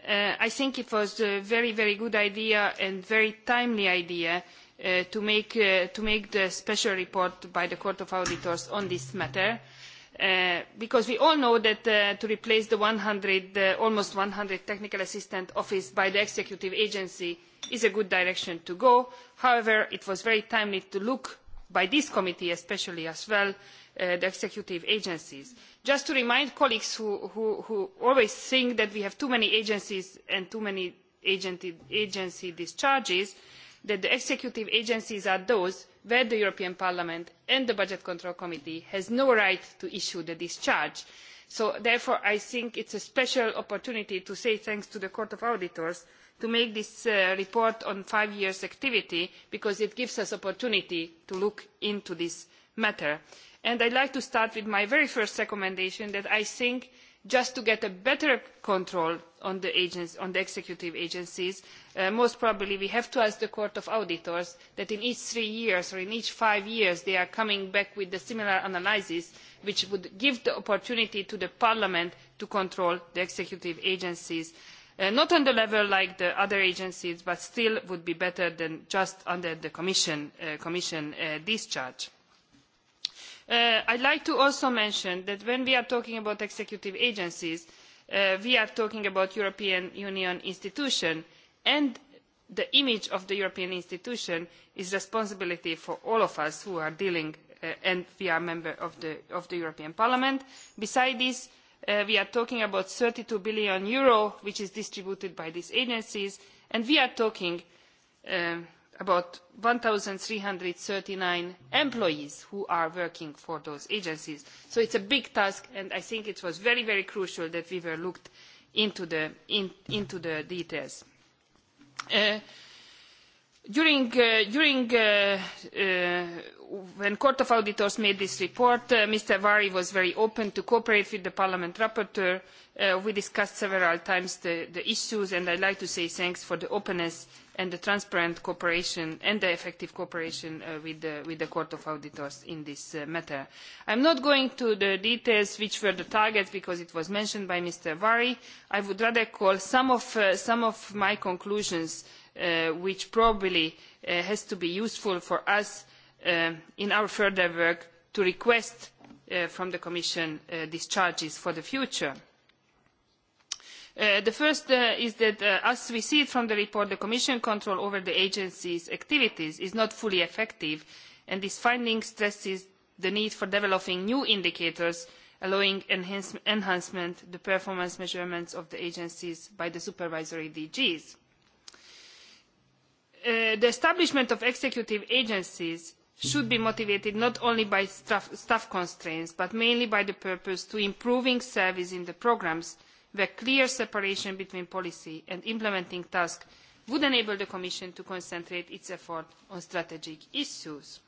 Uh, I think it was a very, very good idea and very timely idea uh, to, make, uh, to make the special report by the Court of Auditors on this matter. Uh, Uh, because we all know that uh, to replace the uh, almost one hundred technical assistance offices by the executive agency is a good direction to go. however it was very timely to look by this committee especially as well at the executive agencies. just to remind colleagues who always think that we have too many agencies and too many agency discharges that the executive agencies are those where the european parliament and the budget control committee have no right to issue the discharge. therefore i think it is a special opportunity to say thanks to the court of auditors for making this uh, report on five years' activity because it gives us an opportunity to look into this matter. i would like to start with my very first recommendation that i think just to get better control on the executive agencies Uh, most probably we have to ask the court of auditors that in each three years or in each five years they are coming back with a similar analysis which would give the opportunity to parliament to control the executive agencies uh, not on the level like the other agencies but still would be better than just under the commission uh, discharge. i would like to also mention that when we are talking about executive agencies we are talking about european union institutions and the image of the european institutions is a responsibility for all of us who are dealing with uh, and we are members of the european parliament. besides this uh, we are talking about eur thirty two billion which is distributed by these agencies and we are talking uh, about one three hundred and thirty nine employees who are working for those agencies. so it is a big task and i think it was very crucial that we looked into the details. Uh, uh, uh, when the court of auditors made this report mr vari was very open to cooperate with the parliament rapporteur. we discussed several times the issues and i would like to say thanks for the openness and candour with which he responded to our questions and the transparent cooperation and the effective cooperation uh, with, the, with the Court of Auditors in this uh, matter. I'm not going to the details which were the targets because it was mentioned by Mr. Vary. I would rather call some of, uh, some of my conclusions uh, which probably uh, has to be useful for us uh, in our further work to request uh, from the Commission uh, discharges for the future. Uh, the first uh, is that uh, as we see from the report the commission control over the agency's activities is not fully effective and this finding stresses the need for developing new indicators allowing enhancement of the performance measurements of the agencies by the supervisory dgs. the establishment of executive agencies should be motivated not only by staff constraints but mainly by the purpose of improving service in the programmes where clear separation between policy and implementing task would enable the commission to concentrate its efforts on strategic issues.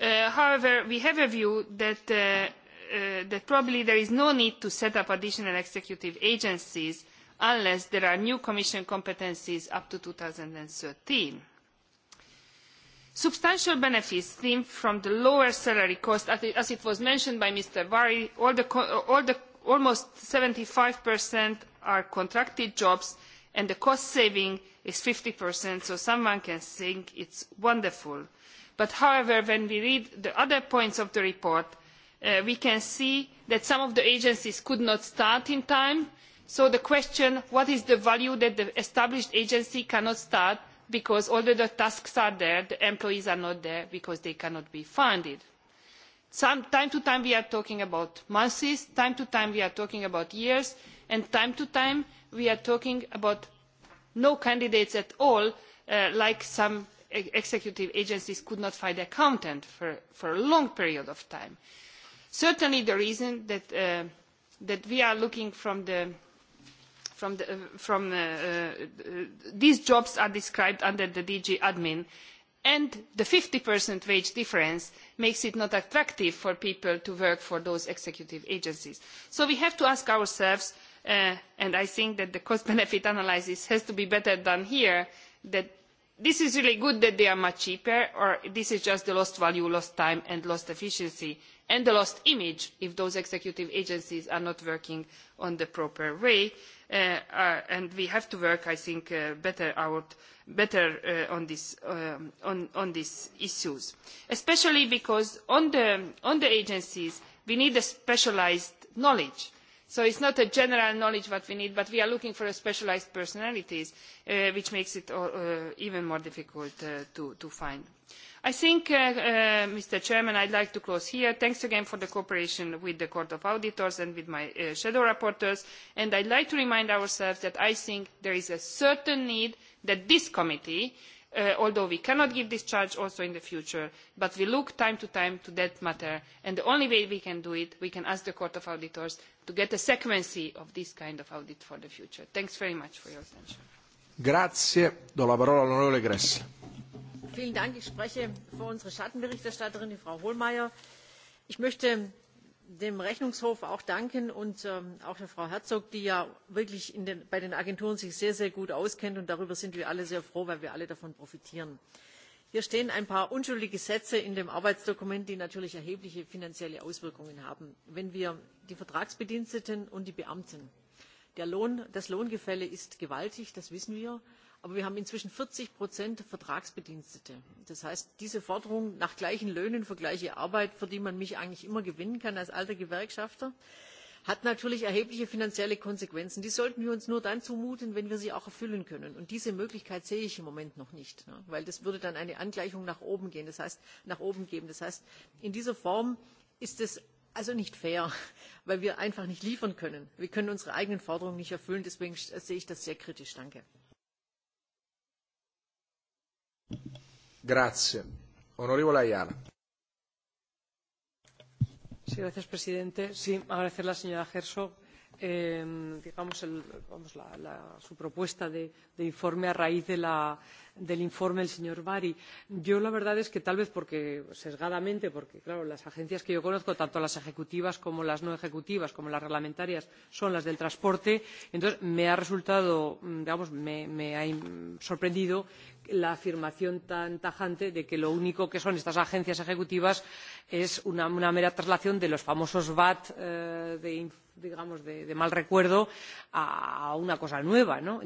Uh, however we have a view uh, uh, that probably there is no need to set up additional executive agencies unless there are new commission competences up to. two thousand and thirteen substantial benefits stem from the lower salary cost as was mentioned by mr vari. all the almost seventy five are contracted jobs and the cost saving is fifty so someone can think it is wonderful. however when we read the other points of the report uh, we can see that some of the agencies could not start in time so the question is what is the value that the established agency cannot start because all the tasks are there but the employees are not there because they cannot be funded from time to time we are talking about months from time to time we are talking about years and from time to time we are talking about no candidates at all uh, like some e, executive agencies could not find an accountant for a long period of time. certainly the reason that uh, we are looking for uh, these jobs is described under the dg admin and the fifty wage difference makes it not attractive for people to work for those executive agencies. so we have to ask ourselves uh, and i think that the cost benefit analysis has to be better done here whether it is really good that they are much cheaper or if this is just lost value lost time and lost efficiency and a lost image if those executive agencies are not working in the proper way. Uh, uh, and we have to work, I think, uh, better out, better uh, on this um, on on these issues, especially because on the on the agencies we need a specialised knowledge. So it's not a general knowledge what we need, but we are looking for a specialised personalities, uh, which makes it uh, even more difficult uh, to to find. Uh, i think mr president i would like to close here. thanks again for the cooperation with the court of auditors and with my uh, shadow rapporteurs and i would like to remind ourselves that i think there is a certain need that this committee uh, although we cannot give discharge also in the future will look from time to time at that matter and the only way we can do it is to ask the court of auditors to get a sequence of this kind of audit for the future. thanks very much for your attention. Vielen Dank. Ich spreche für unsere Schattenberichterstatterin, die Frau Hohlmeier. Ich möchte dem Rechnungshof auch danken und ähm, auch der Frau Herzog, die ja wirklich in den, bei den Agenturen sich sehr, sehr gut auskennt. Und darüber sind wir alle sehr froh, weil wir alle davon profitieren. Hier stehen ein paar unschuldige Sätze in dem Arbeitsdokument, die natürlich erhebliche finanzielle Auswirkungen haben. Wenn wir die Vertragsbediensteten und die Beamten, der Lohn, das Lohngefälle ist gewaltig, das wissen wir aber wir haben inzwischen vierzig vertragsbedienstete das heißt diese forderung nach gleichen löhnen für gleiche arbeit für die man mich eigentlich immer gewinnen kann als alter gewerkschafter hat natürlich erhebliche finanzielle konsequenzen. die sollten wir uns nur dann zumuten wenn wir sie auch erfüllen können und diese möglichkeit sehe ich im moment noch nicht weil das würde dann eine angleichung nach oben geben. das heißt in dieser form ist es also nicht fair weil wir einfach nicht liefern können. wir können unsere eigenen forderungen nicht erfüllen deswegen sehe ich das sehr kritisch señor presidente quiero agradecer a la señora herczog eh, su propuesta de informe a raíz del informe del señor bari. yo la verdad es que tal vez sesgadamente porque claro las agencias que yo conozco tanto las ejecutivas como las no ejecutivas como las reglamentarias son las del transporte me ha mm, sorprendido que la afirmación tan tajante de que lo único que son estas agencias ejecutivas es una mera traslación de los famosos vat eh, de mal recuerdo a una cosa nueva. ¿no?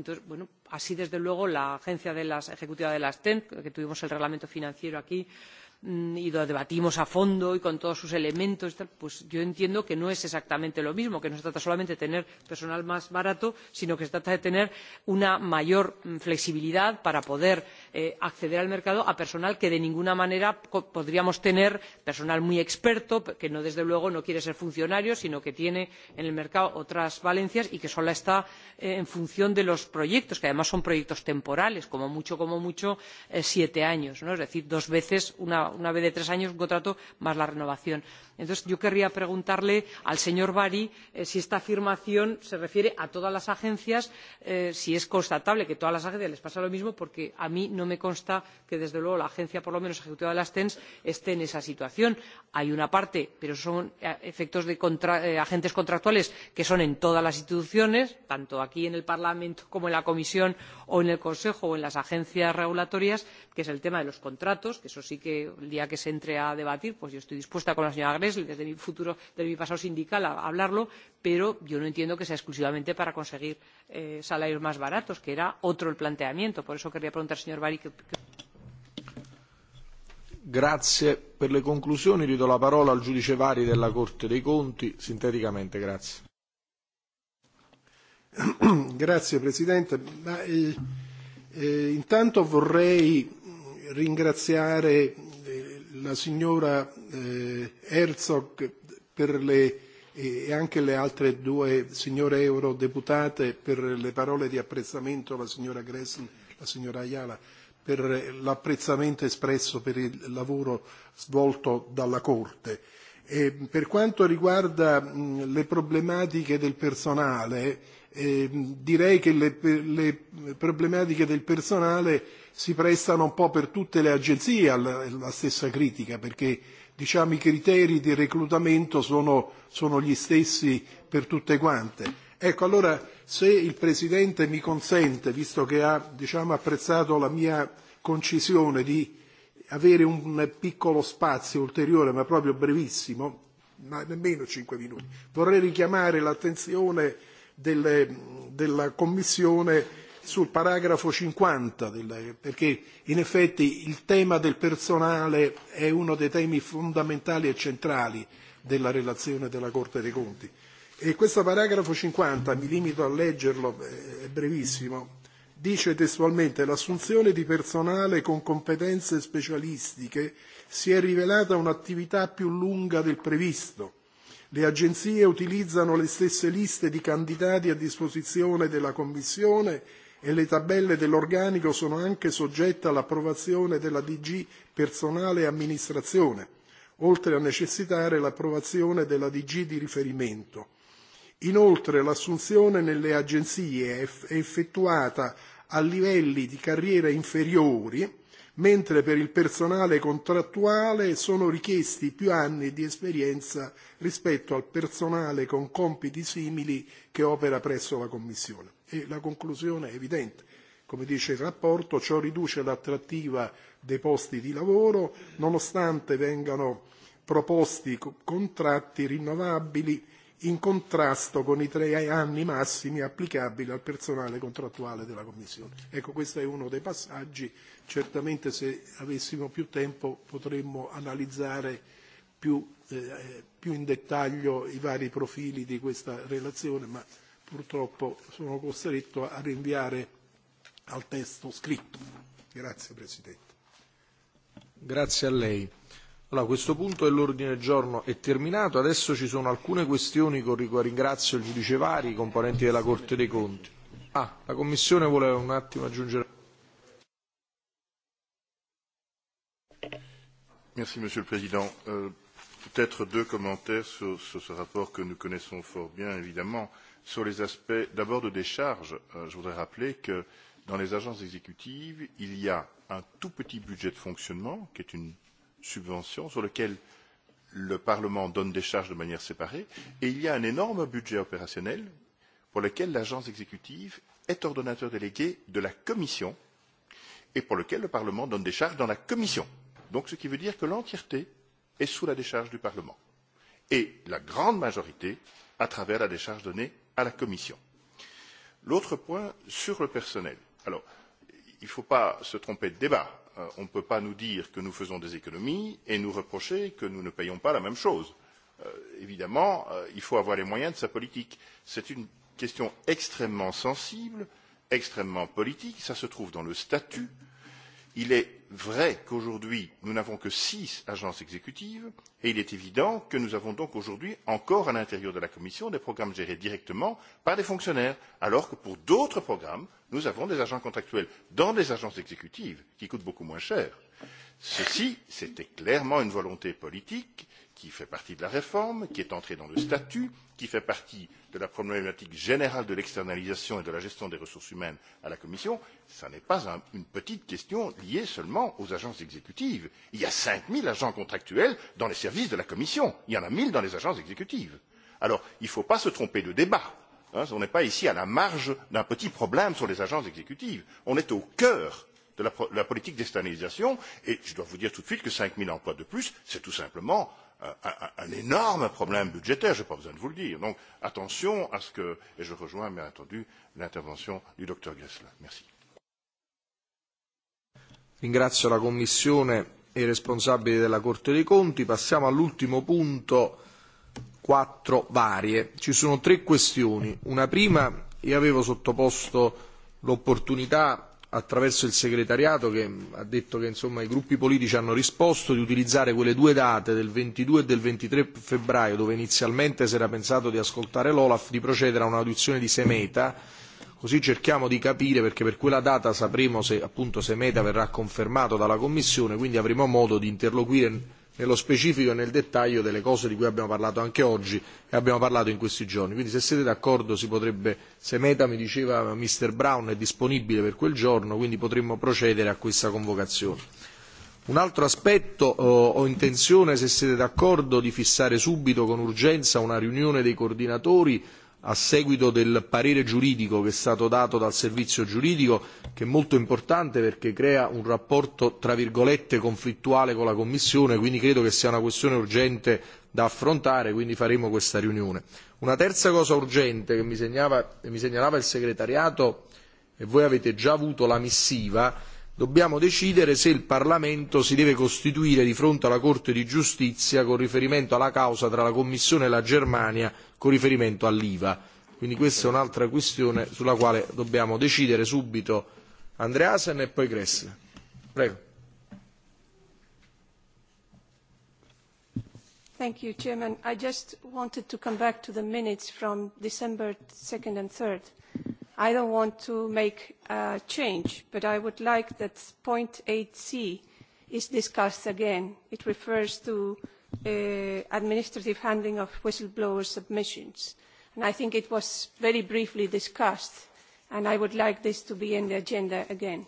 así desde luego la agencia ejecutiva de las tec que tuvimos el reglamento financiero aquí en el pleno Mm, y lo debatimos a fondo y con todos sus elementos pues yo entiendo que no es exactamente lo mismo que no se trata solamente de tener personal más barato sino que se trata de tener una mayor mm, flexibilidad para poder Eh, acceder al mercado a personal que de ninguna manera podríamos tener personal muy experto que no, desde luego no quiere ser funcionario sino que tiene en el mercado otras valencias y que solo está eh, en función de los proyectos que además son proyectos temporales como mucho como mucho eh, siete años ¿no? es decir dos veces una vez de tres años un contrato más la renovación entonces yo querría preguntarle al señor bari eh, si esta afirmación se refiere a todas las agencias eh, si es constatable que a todas las agencias les pasa lo mismo porque a mí no me consta que desde luego la agencia por lo menos ejecutora de las tac esté en esa situación. hay una parte pero son eh, efectos de agentes contractuales que son en todas las instituciones tanto aquí en el parlamento como en la comisión o en el consejo o en las agencias regulatorias que es el tema de los contratos que eso sí que el día que se entre a debatir pues yo estoy dispuesta con la sra nestlé de mi futuro de mi pasado sindical a hablarlo pero yo no entiendo que sea exclusivamente para conseguir eh, salarios más baratos que era otro el planteamiento por eso quería preguntar al señor bari Grazie. Per le conclusioni ridò la parola al giudice Vari della Corte dei Conti, sinteticamente. Grazie. Grazie Presidente. Ma, eh, eh, intanto vorrei ringraziare la signora eh, Herzog per le, eh, e anche le altre due signore eurodeputate per le parole di apprezzamento, la signora Gressen e la signora Ayala, per l'apprezzamento espresso per il lavoro svolto dalla Corte. E per quanto riguarda mh, le problematiche del personale, eh, direi che le, le problematiche del personale si prestano un po' per tutte le agenzie alla stessa critica, perché diciamo, i criteri di reclutamento sono, sono gli stessi per tutte quante. Ecco, allora, se il Presidente mi consente, visto che ha diciamo, apprezzato la mia concisione di avere un piccolo spazio ulteriore, ma proprio brevissimo, ma nemmeno cinque minuti, vorrei richiamare l'attenzione delle, della Commissione sul paragrafo 50, del, perché in effetti il tema del personale è uno dei temi fondamentali e centrali della relazione della Corte dei Conti. E questo paragrafo 50, mi limito a leggerlo, eh, è brevissimo, dice testualmente l'assunzione di personale con competenze specialistiche si è rivelata un'attività più lunga del previsto. Le agenzie utilizzano le stesse liste di candidati a disposizione della Commissione e le tabelle dell'organico sono anche soggette all'approvazione della DG personale e amministrazione, oltre a necessitare l'approvazione della DG di riferimento. Inoltre l'assunzione nelle agenzie è effettuata a livelli di carriera inferiori, mentre per il personale contrattuale sono richiesti più anni di esperienza rispetto al personale con compiti simili che opera presso la Commissione e la conclusione è evidente. Come dice il rapporto, ciò riduce l'attrattiva dei posti di lavoro, nonostante vengano proposti contratti rinnovabili in contrasto con i tre anni massimi applicabili al personale contrattuale della Commissione. Ecco, questo è uno dei passaggi. Certamente se avessimo più tempo potremmo analizzare più, eh, più in dettaglio i vari profili di questa relazione. Ma purtroppo sono costretto a rinviare al testo scritto. Grazie Presidente. Grazie a lei. Allora, a questo punto dell'ordine del giorno è terminato, adesso ci sono alcune questioni con cui ringrazio il giudice Vari, i componenti della Corte dei Conti. Ah, la Commissione vuole un attimo aggiungere. Merci Monsieur le Président. Euh, Peut-être deux commentaires sur, sur ce rapport que nous connaissons fort bien, évidemment. Euh, sur les aspects d'abord de décharge, euh, je voudrais rappeler que dans les agences exécutives, il y a un tout petit budget de fonctionnement qui est une subvention sur lequel le Parlement donne des charges de manière séparée et il y a un énorme budget opérationnel pour lequel l'agence exécutive est ordonnateur délégué de la Commission et pour lequel le Parlement donne des charges dans la Commission. Donc ce qui veut dire que l'entièreté est sous la décharge du Parlement et la grande majorité à travers la décharge donnée à la commission. l'autre point sur le personnel alors il ne faut pas se tromper de débat euh, on ne peut pas nous dire que nous faisons des économies et nous reprocher que nous ne payons pas la même chose. Euh, évidemment euh, il faut avoir les moyens de sa politique. c'est une question extrêmement sensible extrêmement politique ça se trouve dans le statut euh, il est vrai qu'aujourd'hui nous n'avons que six agences exécutives et il est évident que nous avons donc aujourd'hui encore à l'intérieur de la commission des programmes gérés directement par des fonctionnaires alors que pour d'autres programmes nous avons des agents contractuels dans des agences exécutives qui coûtent beaucoup moins cher. ceci c'était clairement une volonté politique qui fait partie de la réforme, qui est entré dans le statut, qui fait partie de la problématique générale de l'externalisation et de la gestion des ressources humaines à la Commission, ce n'est pas un, une petite question liée seulement aux agences exécutives. Il y a 5000 agents contractuels dans les services de la Commission. Il y en a 1000 dans les agences exécutives. Alors, il ne faut pas se tromper de débat. Hein, on n'est pas ici à la marge d'un petit problème sur les agences exécutives. On est au cœur de la, de la politique d'externalisation. Et je dois vous dire tout de suite que 5000 emplois de plus, c'est tout simplement un énorme problème budgétaire, je n'ai pas besoin de vous le dire. Donc attention à ce que, et je rejoins bien entendu l'intervention du docteur Gessler. Merci. Ringrazio la Commissione e i responsabili della Corte dei Conti. Passiamo all'ultimo punto, quattro varie. Ci sono tre questioni. Una prima, io avevo sottoposto l'opportunità attraverso il segretariato che ha detto che insomma, i gruppi politici hanno risposto di utilizzare quelle due date del 22 e del 23 febbraio dove inizialmente si era pensato di ascoltare l'Olaf di procedere a un'audizione di Semeta così cerchiamo di capire perché per quella data sapremo se appunto Semeta verrà confermato dalla Commissione quindi avremo modo di interloquire nello specifico e nel dettaglio delle cose di cui abbiamo parlato anche oggi e abbiamo parlato in questi giorni. Quindi se siete d'accordo si potrebbe, se Meta mi diceva Mr. Brown è disponibile per quel giorno, quindi potremmo procedere a questa convocazione. Un altro aspetto, eh, ho intenzione, se siete d'accordo, di fissare subito con urgenza una riunione dei coordinatori a seguito del parere giuridico che è stato dato dal servizio giuridico che è molto importante perché crea un rapporto tra virgolette conflittuale con la commissione quindi credo che sia una questione urgente da affrontare quindi faremo questa riunione. Una terza cosa urgente che mi segnalava il segretariato e voi avete già avuto la missiva dobbiamo decidere se il parlamento si deve costituire di fronte alla corte di giustizia con riferimento alla causa tra la commissione e la germania con riferimento all'iva quindi questa è un'altra questione sulla quale dobbiamo decidere subito andreasen e poi gressle prego thank you chairman i just wanted to come back to the minutes from december 2nd and 3rd. I don't want to make a change, but I would like that point 8c is discussed again. It refers to uh, administrative handling of whistleblower submissions. And I think it was very briefly discussed, and I would like this to be in the agenda again.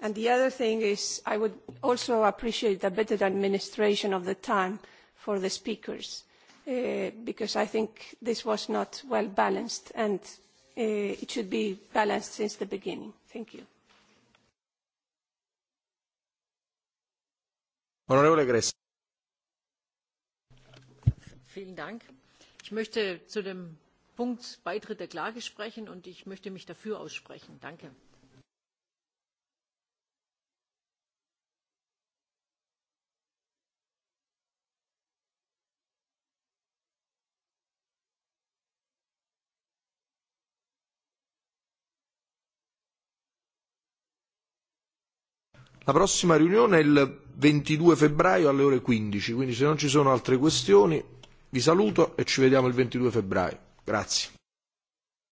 And the other thing is I would also appreciate a better administration of the time for the speakers, uh, because I think this was not well balanced. And Uh, it should be balanced since the beginning. Thank you. Honourable Gress. Vielen Dank. Ich möchte zu dem Punkt Beitritt der Klage sprechen und ich möchte mich dafür aussprechen. Danke. La prossima riunione è il 22 febbraio alle ore 15, quindi se non ci sono altre questioni vi saluto e ci vediamo il 22 febbraio. Grazie.